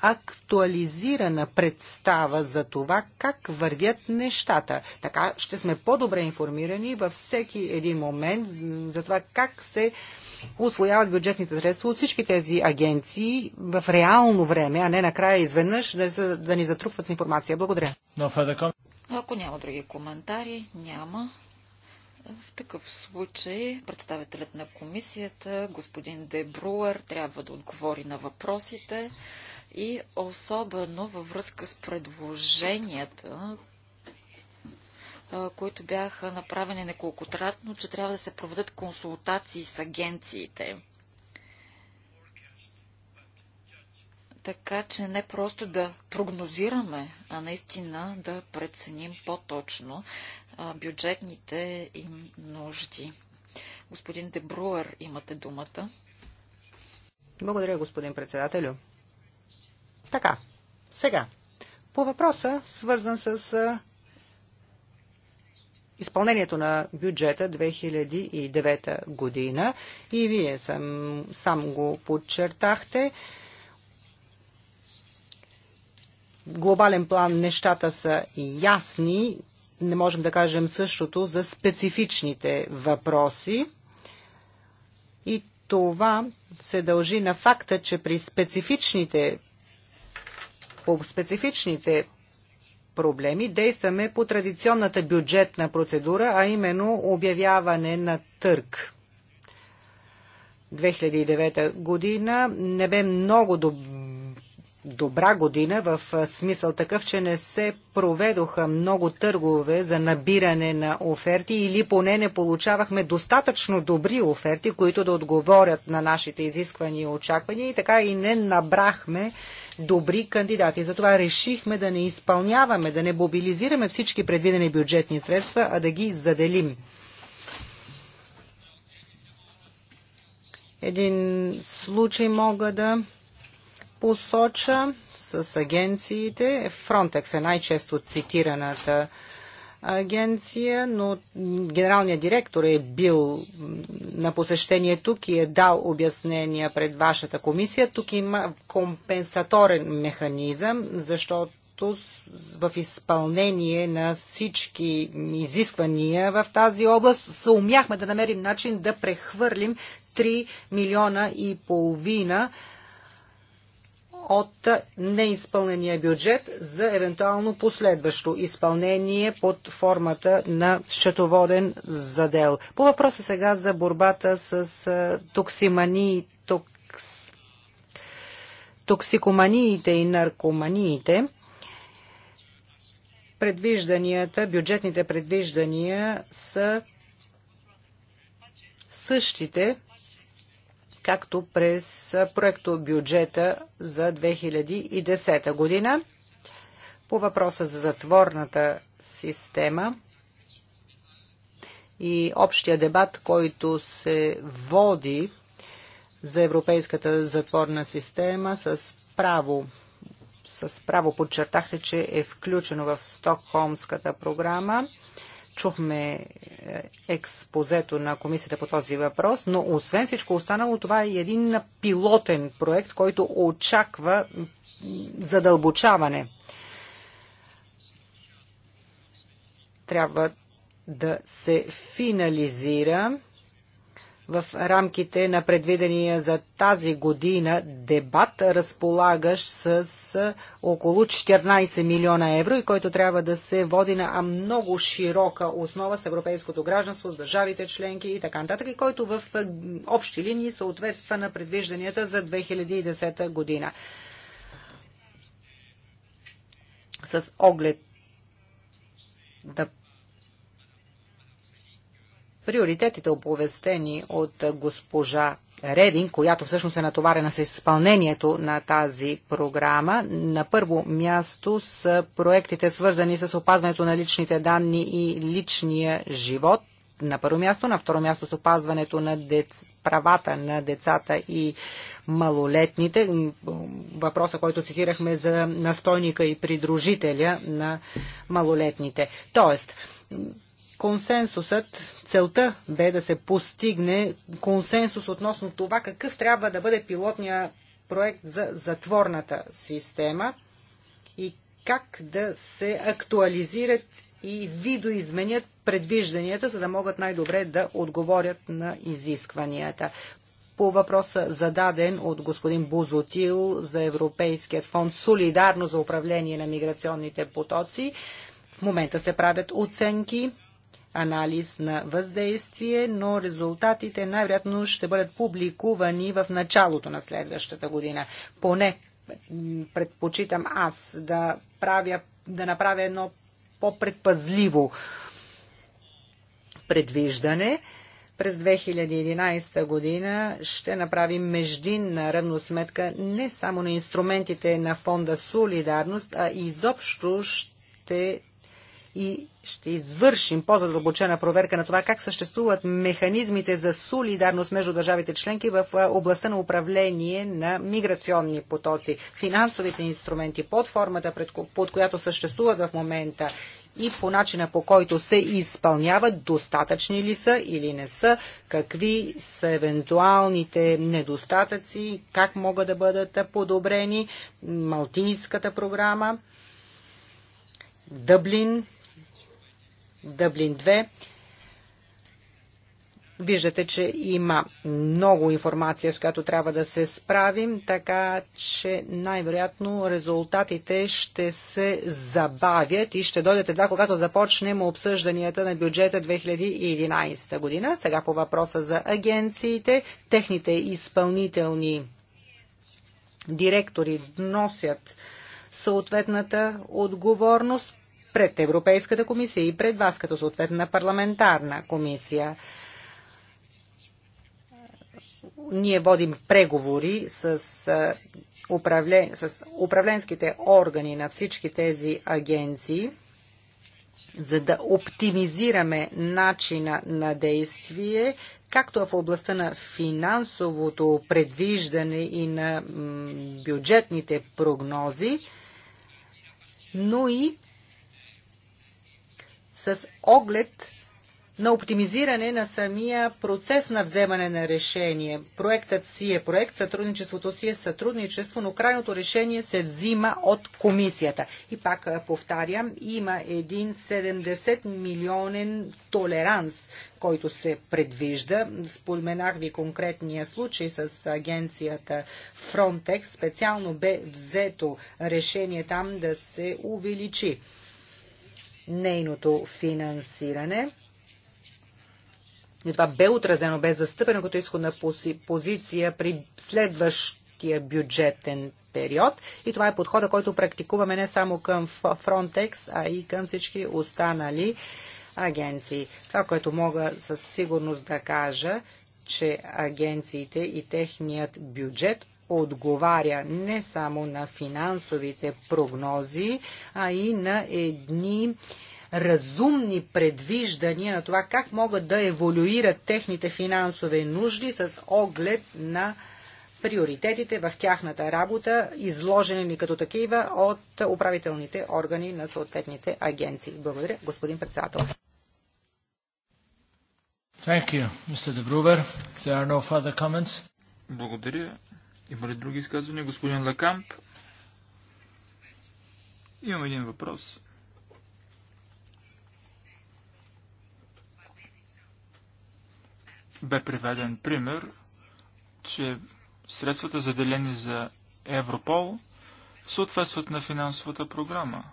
актуализирана представа за това как вървят нещата. Така ще сме по-добре информирани във всеки един момент за това как се освояват бюджетните средства от всички тези агенции в реално време, а не накрая изведнъж да, да ни затрупват с информация. Благодаря. Ако няма други коментари, няма. В такъв случай представителят на комисията, господин Дебруер, трябва да отговори на въпросите и особено във връзка с предложенията, които бяха направени неколкотратно, че трябва да се проведат консултации с агенциите. Така че не просто да прогнозираме, а наистина да преценим по-точно бюджетните им нужди. Господин Дебруер, имате думата. Благодаря, господин председателю. Така, сега. По въпроса, свързан с изпълнението на бюджета 2009 година и вие сам, сам го подчертахте. Глобален план нещата са ясни, не можем да кажем същото за специфичните въпроси. И това се дължи на факта, че при специфичните, по специфичните проблеми действаме по традиционната бюджетна процедура, а именно обявяване на търг. 2009 година не бе много добър добра година в смисъл такъв, че не се проведоха много търгове за набиране на оферти или поне не получавахме достатъчно добри оферти, които да отговорят на нашите изисквания и очаквания и така и не набрахме добри кандидати. Затова решихме да не изпълняваме, да не мобилизираме всички предвидени бюджетни средства, а да ги заделим. Един случай мога да посоча с агенциите. Фронтекс е най-често цитираната агенция, но генералният директор е бил на посещение тук и е дал обяснения пред вашата комисия. Тук има компенсаторен механизъм, защото в изпълнение на всички изисквания в тази област се умяхме да намерим начин да прехвърлим 3 милиона и половина от неизпълнения бюджет за евентуално последващо изпълнение под формата на счетоводен задел. По въпроса сега за борбата с токсимании, токс... токсикоманиите и наркоманиите, предвижданията, бюджетните предвиждания са същите, както през проекто бюджета за 2010 година. По въпроса за затворната система и общия дебат, който се води за европейската затворна система с право с право подчертахте, че е включено в Стокхолмската програма чухме е, експозето на комисията по този въпрос, но освен всичко останало, това е един пилотен проект, който очаква задълбочаване. Трябва да се финализира в рамките на предвидения за тази година дебат, разполагаш с около 14 милиона евро и който трябва да се води на много широка основа с европейското гражданство, с държавите членки и така нататък, и който в общи линии съответства на предвижданията за 2010 година. С оглед да приоритетите, оповестени от госпожа Редин, която всъщност е натоварена с изпълнението на тази програма. На първо място са проектите свързани с опазването на личните данни и личния живот. На първо място, на второ място с опазването на дец... правата на децата и малолетните. Въпроса, който цитирахме за настойника и придружителя на малолетните. Тоест, консенсусът, целта бе да се постигне консенсус относно това какъв трябва да бъде пилотния проект за затворната система и как да се актуализират и видоизменят предвижданията, за да могат най-добре да отговорят на изискванията. По въпроса зададен от господин Бузотил за Европейският фонд Солидарно за управление на миграционните потоци, в момента се правят оценки анализ на въздействие, но резултатите най-вероятно ще бъдат публикувани в началото на следващата година. Поне предпочитам аз да, правя, да направя едно по-предпазливо предвиждане. През 2011 година ще направим междинна равносметка не само на инструментите на фонда Солидарност, а изобщо ще и ще извършим по-задълбочена проверка на това как съществуват механизмите за солидарност между държавите членки в областта на управление на миграционни потоци. Финансовите инструменти под формата, под която съществуват в момента и по начина по който се изпълняват, достатъчни ли са или не са, какви са евентуалните недостатъци, как могат да бъдат подобрени Малтийската програма, Дъблин, Дъблин 2. Виждате, че има много информация, с която трябва да се справим, така че най-вероятно резултатите ще се забавят и ще дойдете да, когато започнем обсъжданията на бюджета 2011 година. Сега по въпроса за агенциите, техните изпълнителни директори носят съответната отговорност пред Европейската комисия и пред вас като съответна парламентарна комисия. Ние водим преговори с, управлен... с управленските органи на всички тези агенции за да оптимизираме начина на действие, както в областта на финансовото предвиждане и на бюджетните прогнози, но и с оглед на оптимизиране на самия процес на вземане на решение. Проектът си е проект, сътрудничеството си е сътрудничество, но крайното решение се взима от комисията. И пак повтарям, има един 70 милионен толеранс, който се предвижда. Споменах ви конкретния случай с агенцията Frontex. Специално бе взето решение там да се увеличи нейното финансиране. И това бе отразено, бе застъпено като изходна позиция при следващия бюджетен период. И това е подхода, който практикуваме не само към Frontex, а и към всички останали агенции. Това, което мога със сигурност да кажа, че агенциите и техният бюджет отговаря не само на финансовите прогнози, а и на едни разумни предвиждания на това как могат да еволюират техните финансови нужди с оглед на приоритетите в тяхната работа, изложени ни като такива от управителните органи на съответните агенции. Благодаря, господин председател. Thank you, Mr. De There are no further comments. Благодаря. Има ли други изказвания? Господин Лакамп? Имам един въпрос. Бе приведен пример, че средствата заделени за Европол съответстват на финансовата програма.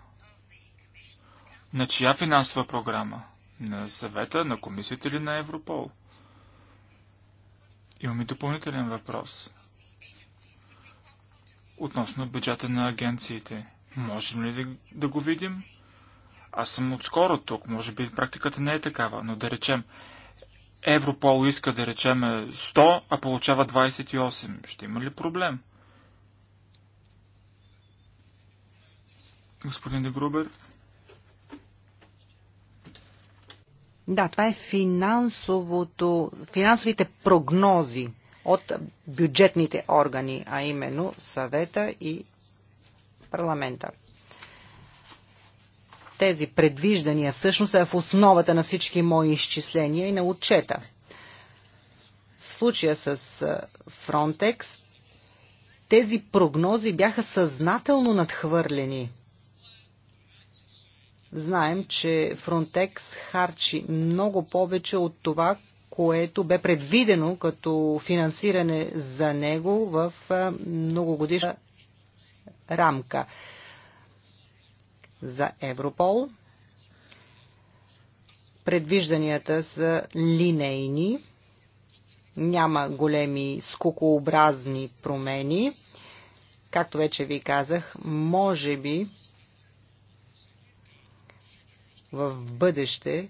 На чия финансова програма? На съвета, на комисията или на Европол? Имам и допълнителен въпрос относно бюджета на агенциите. Можем ли да, го видим? Аз съм отскоро тук, може би практиката не е такава, но да речем, Европол иска да речем 100, а получава 28. Ще има ли проблем? Господин Дегрубер? Да, това е финансовото, финансовите прогнози от бюджетните органи, а именно съвета и парламента. Тези предвиждания всъщност са в основата на всички мои изчисления и на отчета. В случая с Фронтекс, тези прогнози бяха съзнателно надхвърлени. Знаем, че Фронтекс харчи много повече от това, което бе предвидено като финансиране за него в многогодишна рамка за Европол. Предвижданията са линейни, няма големи скукообразни промени. Както вече ви казах, може би в бъдеще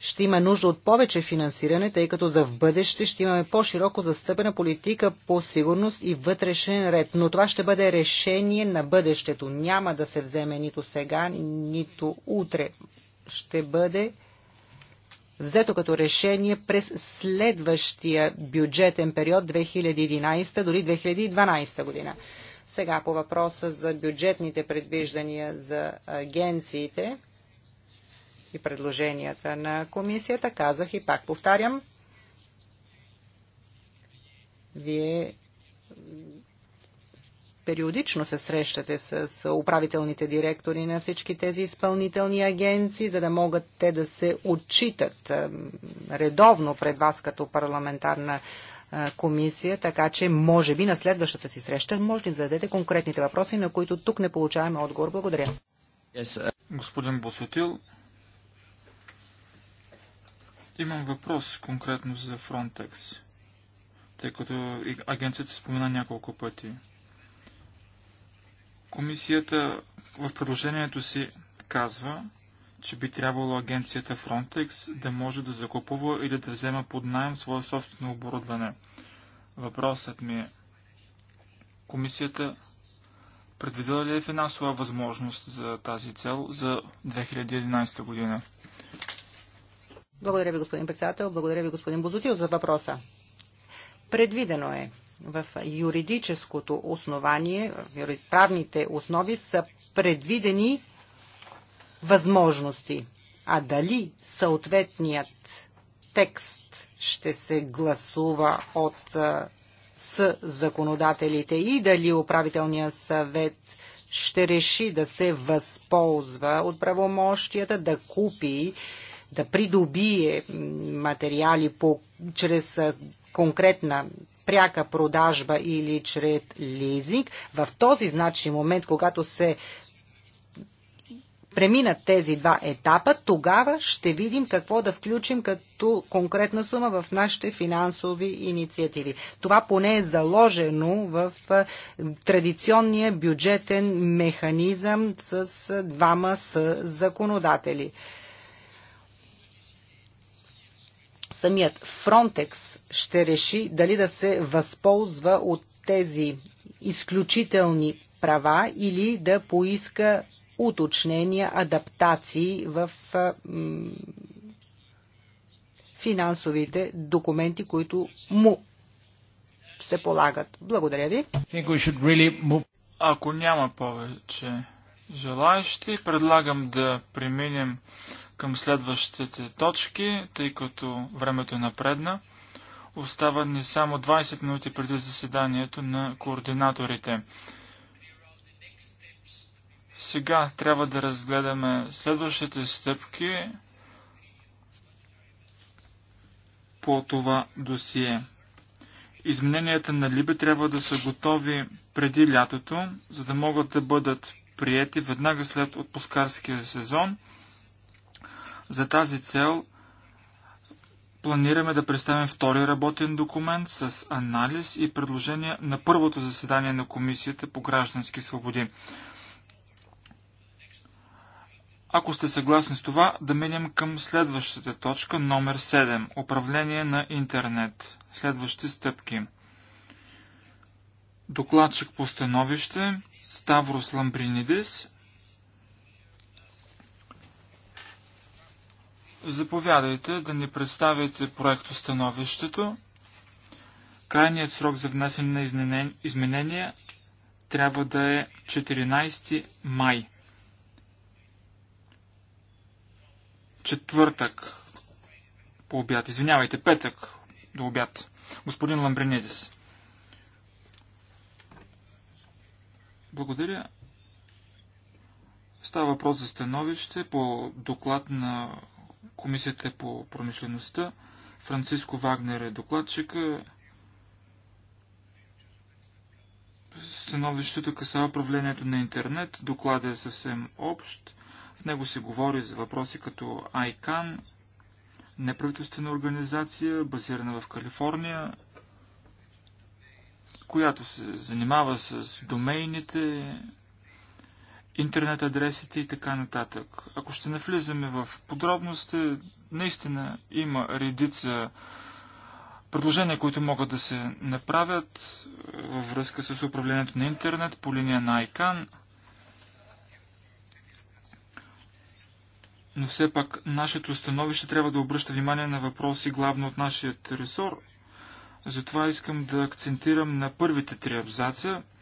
ще има нужда от повече финансиране, тъй като за в бъдеще ще имаме по-широко застъпена политика по сигурност и вътрешен ред. Но това ще бъде решение на бъдещето. Няма да се вземе нито сега, нито утре. Ще бъде взето като решение през следващия бюджетен период 2011 дори 2012 година. Сега по въпроса за бюджетните предвиждания за агенциите и предложенията на комисията. Казах и пак повтарям, вие периодично се срещате с управителните директори на всички тези изпълнителни агенции, за да могат те да се отчитат редовно пред вас като парламентарна комисия, така че може би на следващата си среща може да зададете конкретните въпроси, на които тук не получаваме отговор. Благодаря. Yes, uh... Господин Босотил, Имам въпрос конкретно за Frontex, тъй като агенцията спомена няколко пъти. Комисията в предложението си казва, че би трябвало агенцията Frontex да може да закупува или да взема под найем свое собствено оборудване. Въпросът ми е, комисията предвидела ли е финансова възможност за тази цел за 2011 година? Благодаря ви, господин председател. Благодаря ви, господин Бозутил, за въпроса. Предвидено е в юридическото основание, в правните основи са предвидени възможности. А дали съответният текст ще се гласува от с законодателите и дали управителният съвет ще реши да се възползва от правомощията да купи да придобие материали по, чрез конкретна пряка продажба или чрез лизинг, в този значи момент, когато се преминат тези два етапа, тогава ще видим какво да включим като конкретна сума в нашите финансови инициативи. Това поне е заложено в традиционния бюджетен механизъм с двама с законодатели. самият Фронтекс ще реши дали да се възползва от тези изключителни права или да поиска уточнения, адаптации в финансовите документи, които му се полагат. Благодаря ви. Ако няма повече желаящи, предлагам да преминем към следващите точки, тъй като времето е напредна. Остава ни само 20 минути преди заседанието на координаторите. Сега трябва да разгледаме следващите стъпки по това досие. Измененията на Либе трябва да са готови преди лятото, за да могат да бъдат приети веднага след отпускарския сезон – за тази цел планираме да представим втори работен документ с анализ и предложения на първото заседание на Комисията по граждански свободи. Ако сте съгласни с това, да минем към следващата точка, номер 7. Управление на интернет. Следващи стъпки. Докладчик по становище Ставрос Ламбринидис. Заповядайте да ни представите проекто становището. Крайният срок за внасяне на изменения трябва да е 14 май. Четвъртък по обяд. Извинявайте, петък до обяд. Господин Ламбринидис. Благодаря. Става въпрос за становище по доклад на Комисията е по промишлеността. Франциско Вагнер е докладчика. Становището касава управлението на интернет. Докладът е съвсем общ. В него се говори за въпроси като ICANN, неправителствена организация, базирана в Калифорния, която се занимава с домейните, интернет адресите и така нататък. Ако ще навлизаме в подробности, наистина има редица предложения, които могат да се направят е, във връзка с управлението на интернет по линия на ICANN. Но все пак нашето становище трябва да обръща внимание на въпроси главно от нашия ресор. Затова искам да акцентирам на първите три абзаца –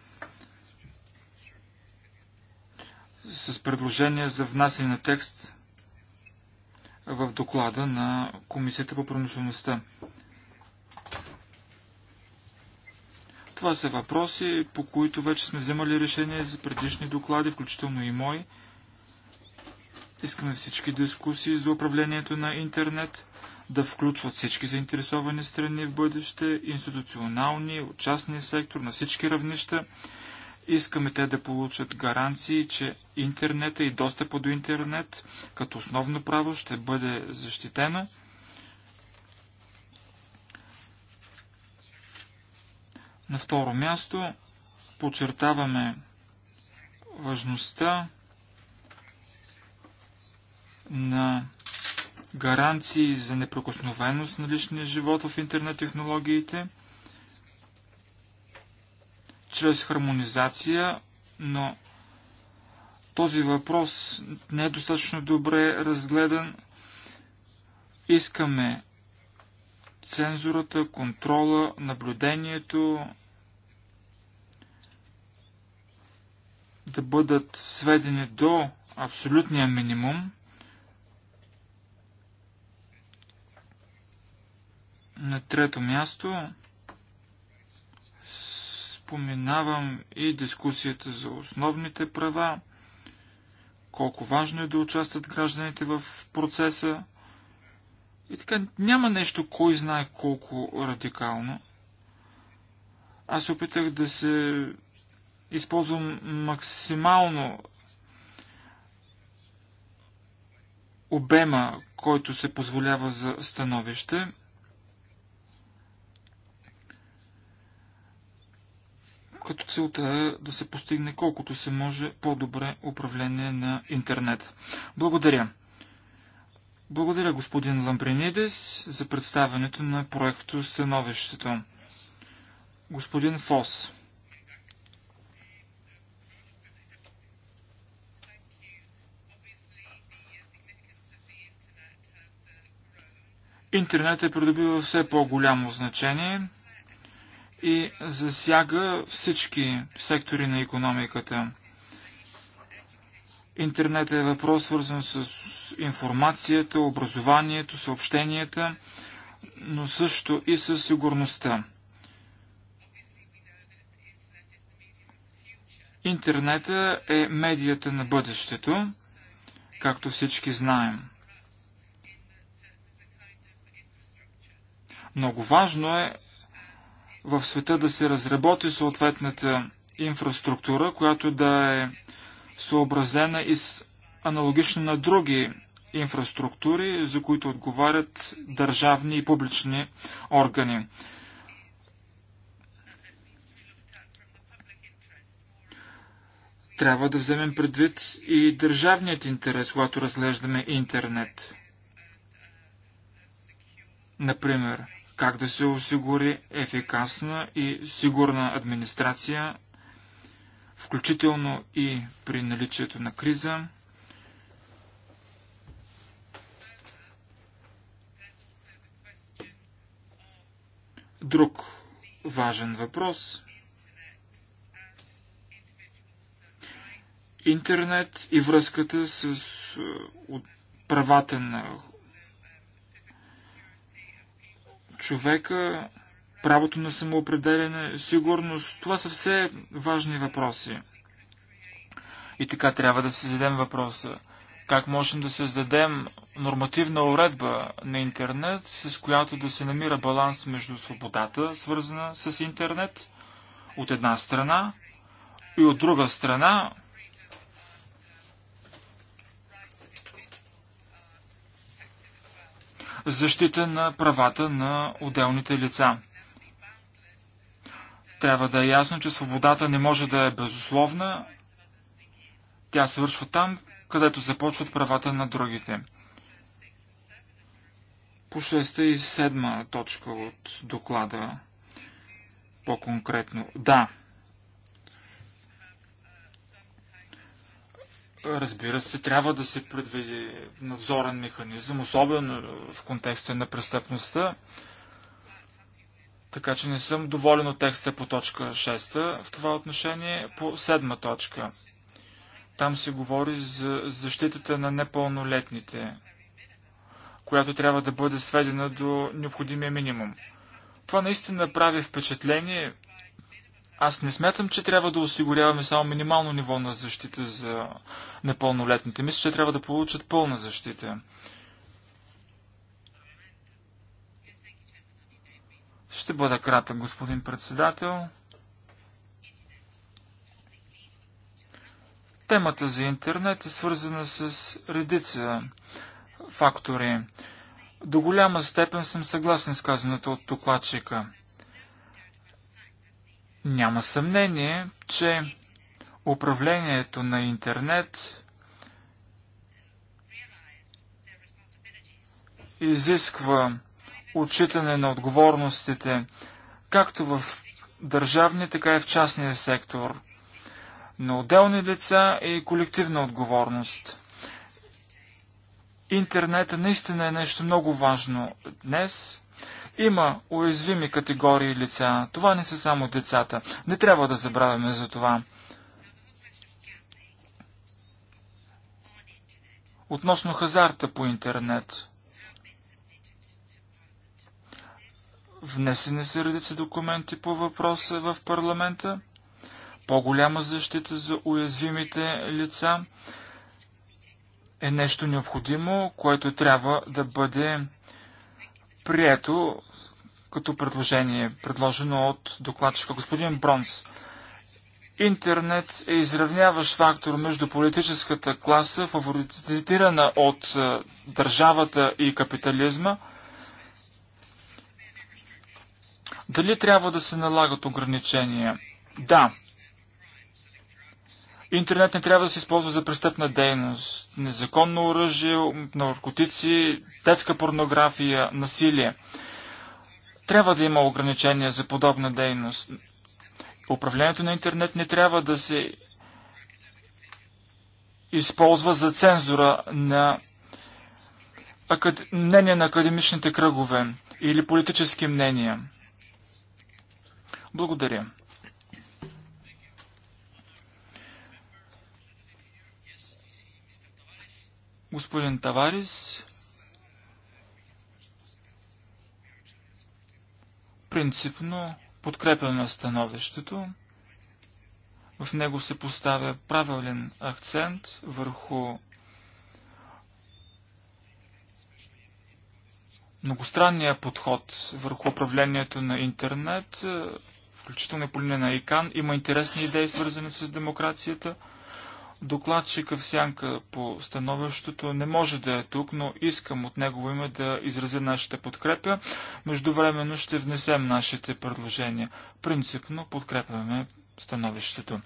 с предложение за внасяне на текст в доклада на Комисията по промишлеността. Това са въпроси, по които вече сме вземали решение за предишни доклади, включително и мои. Искаме всички дискусии за управлението на интернет да включват всички заинтересовани страни в бъдеще, институционални, частния сектор, на всички равнища. Искаме те да получат гаранции, че интернета и достъпа до интернет като основно право ще бъде защитена. На второ място подчертаваме важността на гаранции за неприкосновеност на личния живот в интернет технологиите – чрез хармонизация, но този въпрос не е достатъчно добре разгледан. Искаме цензурата, контрола, наблюдението да бъдат сведени до абсолютния минимум. На трето място споменавам и дискусията за основните права, колко важно е да участват гражданите в процеса. И така, няма нещо, кой знае колко радикално. Аз се опитах да се използвам максимално обема, който се позволява за становище – като целта е да се постигне колкото се може по-добре управление на интернет. Благодаря. Благодаря господин Ламбринидес за представянето на проекто Становището. Господин Фос. Интернет е придобива все по-голямо значение и засяга всички сектори на економиката. Интернет е въпрос свързан с информацията, образованието, съобщенията, но също и със сигурността. Интернета е медията на бъдещето, както всички знаем. Много важно е в света да се разработи съответната инфраструктура, която да е съобразена и с аналогична на други инфраструктури, за които отговарят държавни и публични органи. Трябва да вземем предвид и държавният интерес, когато разглеждаме интернет. Например, как да се осигури ефикасна и сигурна администрация, включително и при наличието на криза. Друг важен въпрос. Интернет и връзката с правата на човека, правото на самоопределене, сигурност. Това са все важни въпроси. И така трябва да си зададем въпроса. Как можем да създадем нормативна уредба на интернет, с която да се намира баланс между свободата, свързана с интернет, от една страна, и от друга страна, защита на правата на отделните лица. Трябва да е ясно, че свободата не може да е безусловна. Тя свършва там, където започват правата на другите. По 6 и 7 точка от доклада по-конкретно. Да, Разбира се, трябва да се предвиди надзорен механизъм, особено в контекста на престъпността. Така че не съм доволен от текста по точка 6 в това отношение. По седма точка. Там се говори за защитата на непълнолетните, която трябва да бъде сведена до необходимия минимум. Това наистина прави впечатление, аз не смятам, че трябва да осигуряваме само минимално ниво на защита за непълнолетните. Мисля, че трябва да получат пълна защита. Ще бъда кратък, господин председател. Темата за интернет е свързана с редица фактори. До голяма степен съм съгласен с казаната от докладчика. Няма съмнение, че управлението на интернет изисква отчитане на отговорностите, както в държавния, така и в частния сектор, на отделни лица е и колективна отговорност. Интернет наистина е нещо много важно днес има уязвими категории лица. Това не са само децата. Не трябва да забравяме за това. Относно хазарта по интернет. Внесени са редица документи по въпроса в парламента. По-голяма защита за уязвимите лица е нещо необходимо, което трябва да бъде прието като предложение, предложено от докладчика господин Бронс. Интернет е изравняващ фактор между политическата класа, фаворитизирана от е, държавата и капитализма. Дали трябва да се налагат ограничения? Да. Интернет не трябва да се използва за престъпна дейност. Незаконно оръжие, наркотици, детска порнография, насилие трябва да има ограничения за подобна дейност. Управлението на интернет не трябва да се използва за цензура на акад... мнения на академичните кръгове или политически мнения. Благодаря. Господин Таварис. Принципно подкрепяме становището. В него се поставя правилен акцент върху многостранния подход върху управлението на интернет, включително по линия на ИКАН. Има интересни идеи, свързани с демокрацията – Докладчика в сянка по становището не може да е тук, но искам от негово име да изразя нашата подкрепя. Междувременно ще внесем нашите предложения. Принципно подкрепяме становището.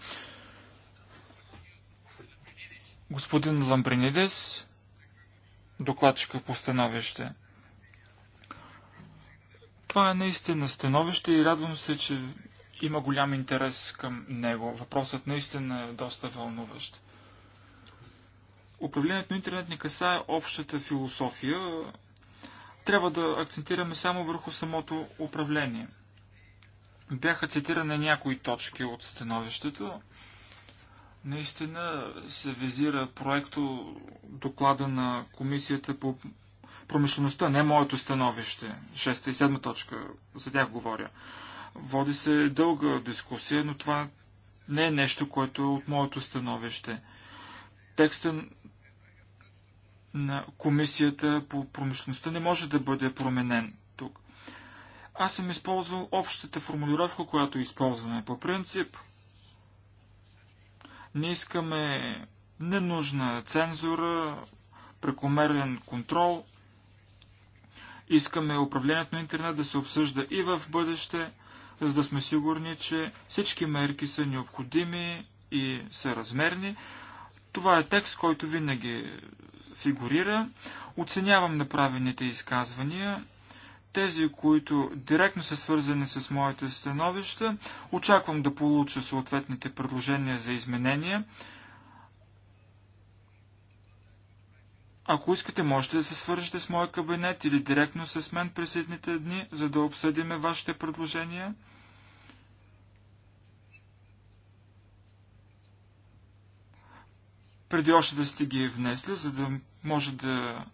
Господин Ламбринидес, докладчика по становище. Това е наистина становище и радвам се, че има голям интерес към него. Въпросът наистина е доста вълнуващ. Управлението на интернет не касае общата философия. Трябва да акцентираме само върху самото управление. Бяха цитирани някои точки от становището. Наистина се визира проекто доклада на Комисията по промишлеността, не моето становище. Шеста и седма точка, за тях говоря. Води се дълга дискусия, но това не е нещо, което е от моето становище. Текстът на комисията по промишлеността не може да бъде променен тук. Аз съм използвал общата формулировка, която използваме по принцип. Не искаме ненужна цензура, прекомерен контрол. Искаме управлението на интернет да се обсъжда и в бъдеще за да сме сигурни, че всички мерки са необходими и са размерни. Това е текст, който винаги фигурира. Оценявам направените изказвания. Тези, които директно са свързани с моите становища, очаквам да получа съответните предложения за изменения. Ако искате, можете да се свържете с моя кабинет или директно с мен през едните дни, за да обсъдиме вашите предложения. преди още да сте ги внесли, за да може да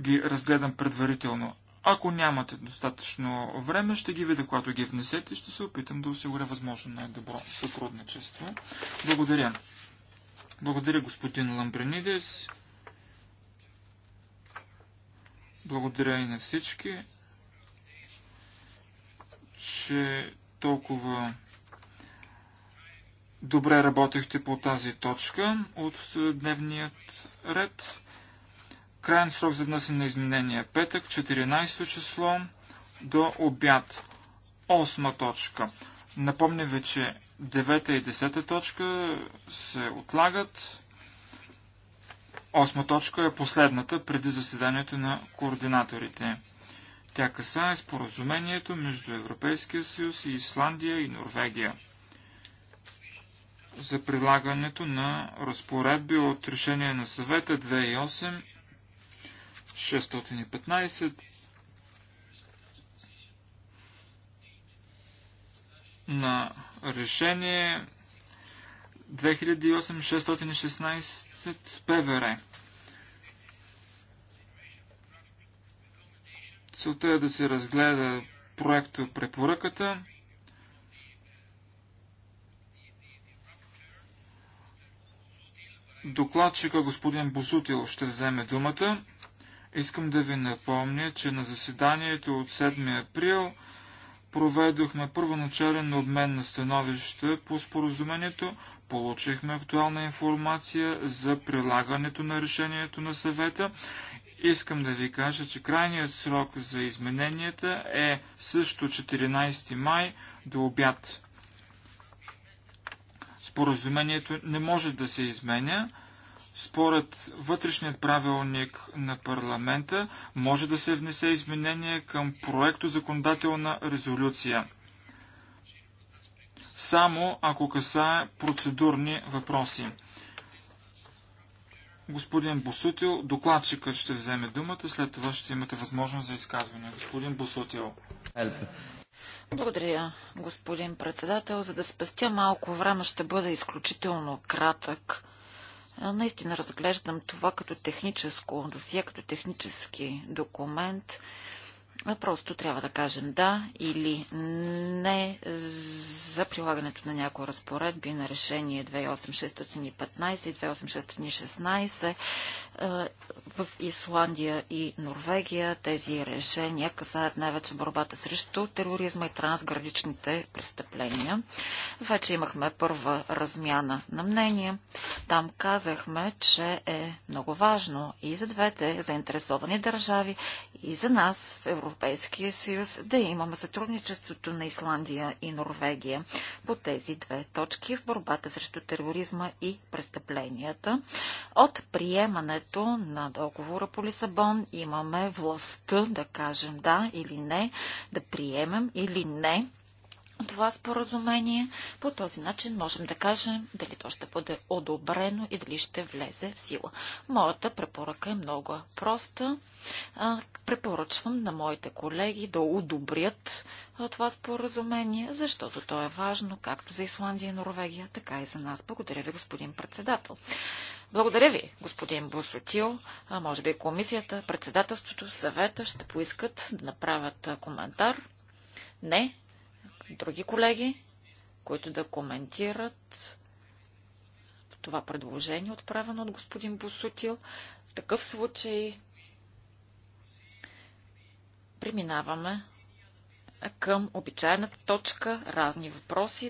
ги разгледам предварително. Ако нямате достатъчно време, ще ги видя, когато ги внесете и ще се опитам да осигуря възможно най-добро сътрудничество. Благодаря. Благодаря господин Ламбренидес. Благодаря и на всички, че толкова Добре работехте по тази точка от е, дневният ред. Крайен срок за внасяне на изменения е петък, 14 число до обяд. Осма точка. Напомня ви, че 9 и 10 точка се отлагат. Осма точка е последната преди заседанието на координаторите. Тя касае споразумението между Европейския съюз и Исландия и Норвегия за прилагането на разпоредби от решение на съвета 2008 615 на решение 2008-616 ПВР. Целта е да се разгледа проекта препоръката Докладчика господин Босутил ще вземе думата. Искам да ви напомня, че на заседанието от 7 април проведохме първоначален обмен на становища по споразумението, получихме актуална информация за прилагането на решението на съвета. Искам да ви кажа, че крайният срок за измененията е също 14 май до обяд. Споразумението не може да се изменя. Според вътрешният правилник на парламента може да се внесе изменение към проекто законодателна резолюция. Само ако касае процедурни въпроси. Господин Босутил, докладчикът ще вземе думата, след това ще имате възможност за изказване. Господин Босутил. Благодаря, господин председател. За да спестя малко време, ще бъда изключително кратък. Наистина разглеждам това като техническо досие, като технически документ. Просто трябва да кажем да или не за прилагането на някои разпоредби на решение 28615 и 28616 е, в Исландия и Норвегия. Тези решения касаят най-вече борбата срещу тероризма и трансграничните престъпления. Вече имахме първа размяна на мнение. Там казахме, че е много важно и за двете заинтересовани държави, и за нас в Европейския Европейския съюз, да имаме сътрудничеството на Исландия и Норвегия по тези две точки в борбата срещу тероризма и престъпленията. От приемането на договора по Лисабон имаме властта да кажем да или не, да приемем или не това споразумение. По този начин можем да кажем дали то ще бъде одобрено и дали ще влезе в сила. Моята препоръка е много проста. Препоръчвам на моите колеги да одобрят това споразумение, защото то е важно както за Исландия и Норвегия, така и за нас. Благодаря ви, господин председател. Благодаря ви, господин Босотил. Може би комисията, председателството, съвета ще поискат да направят коментар. Не, други колеги, които да коментират това предложение, отправено от господин Босутил. В такъв случай преминаваме към обичайната точка разни въпроси.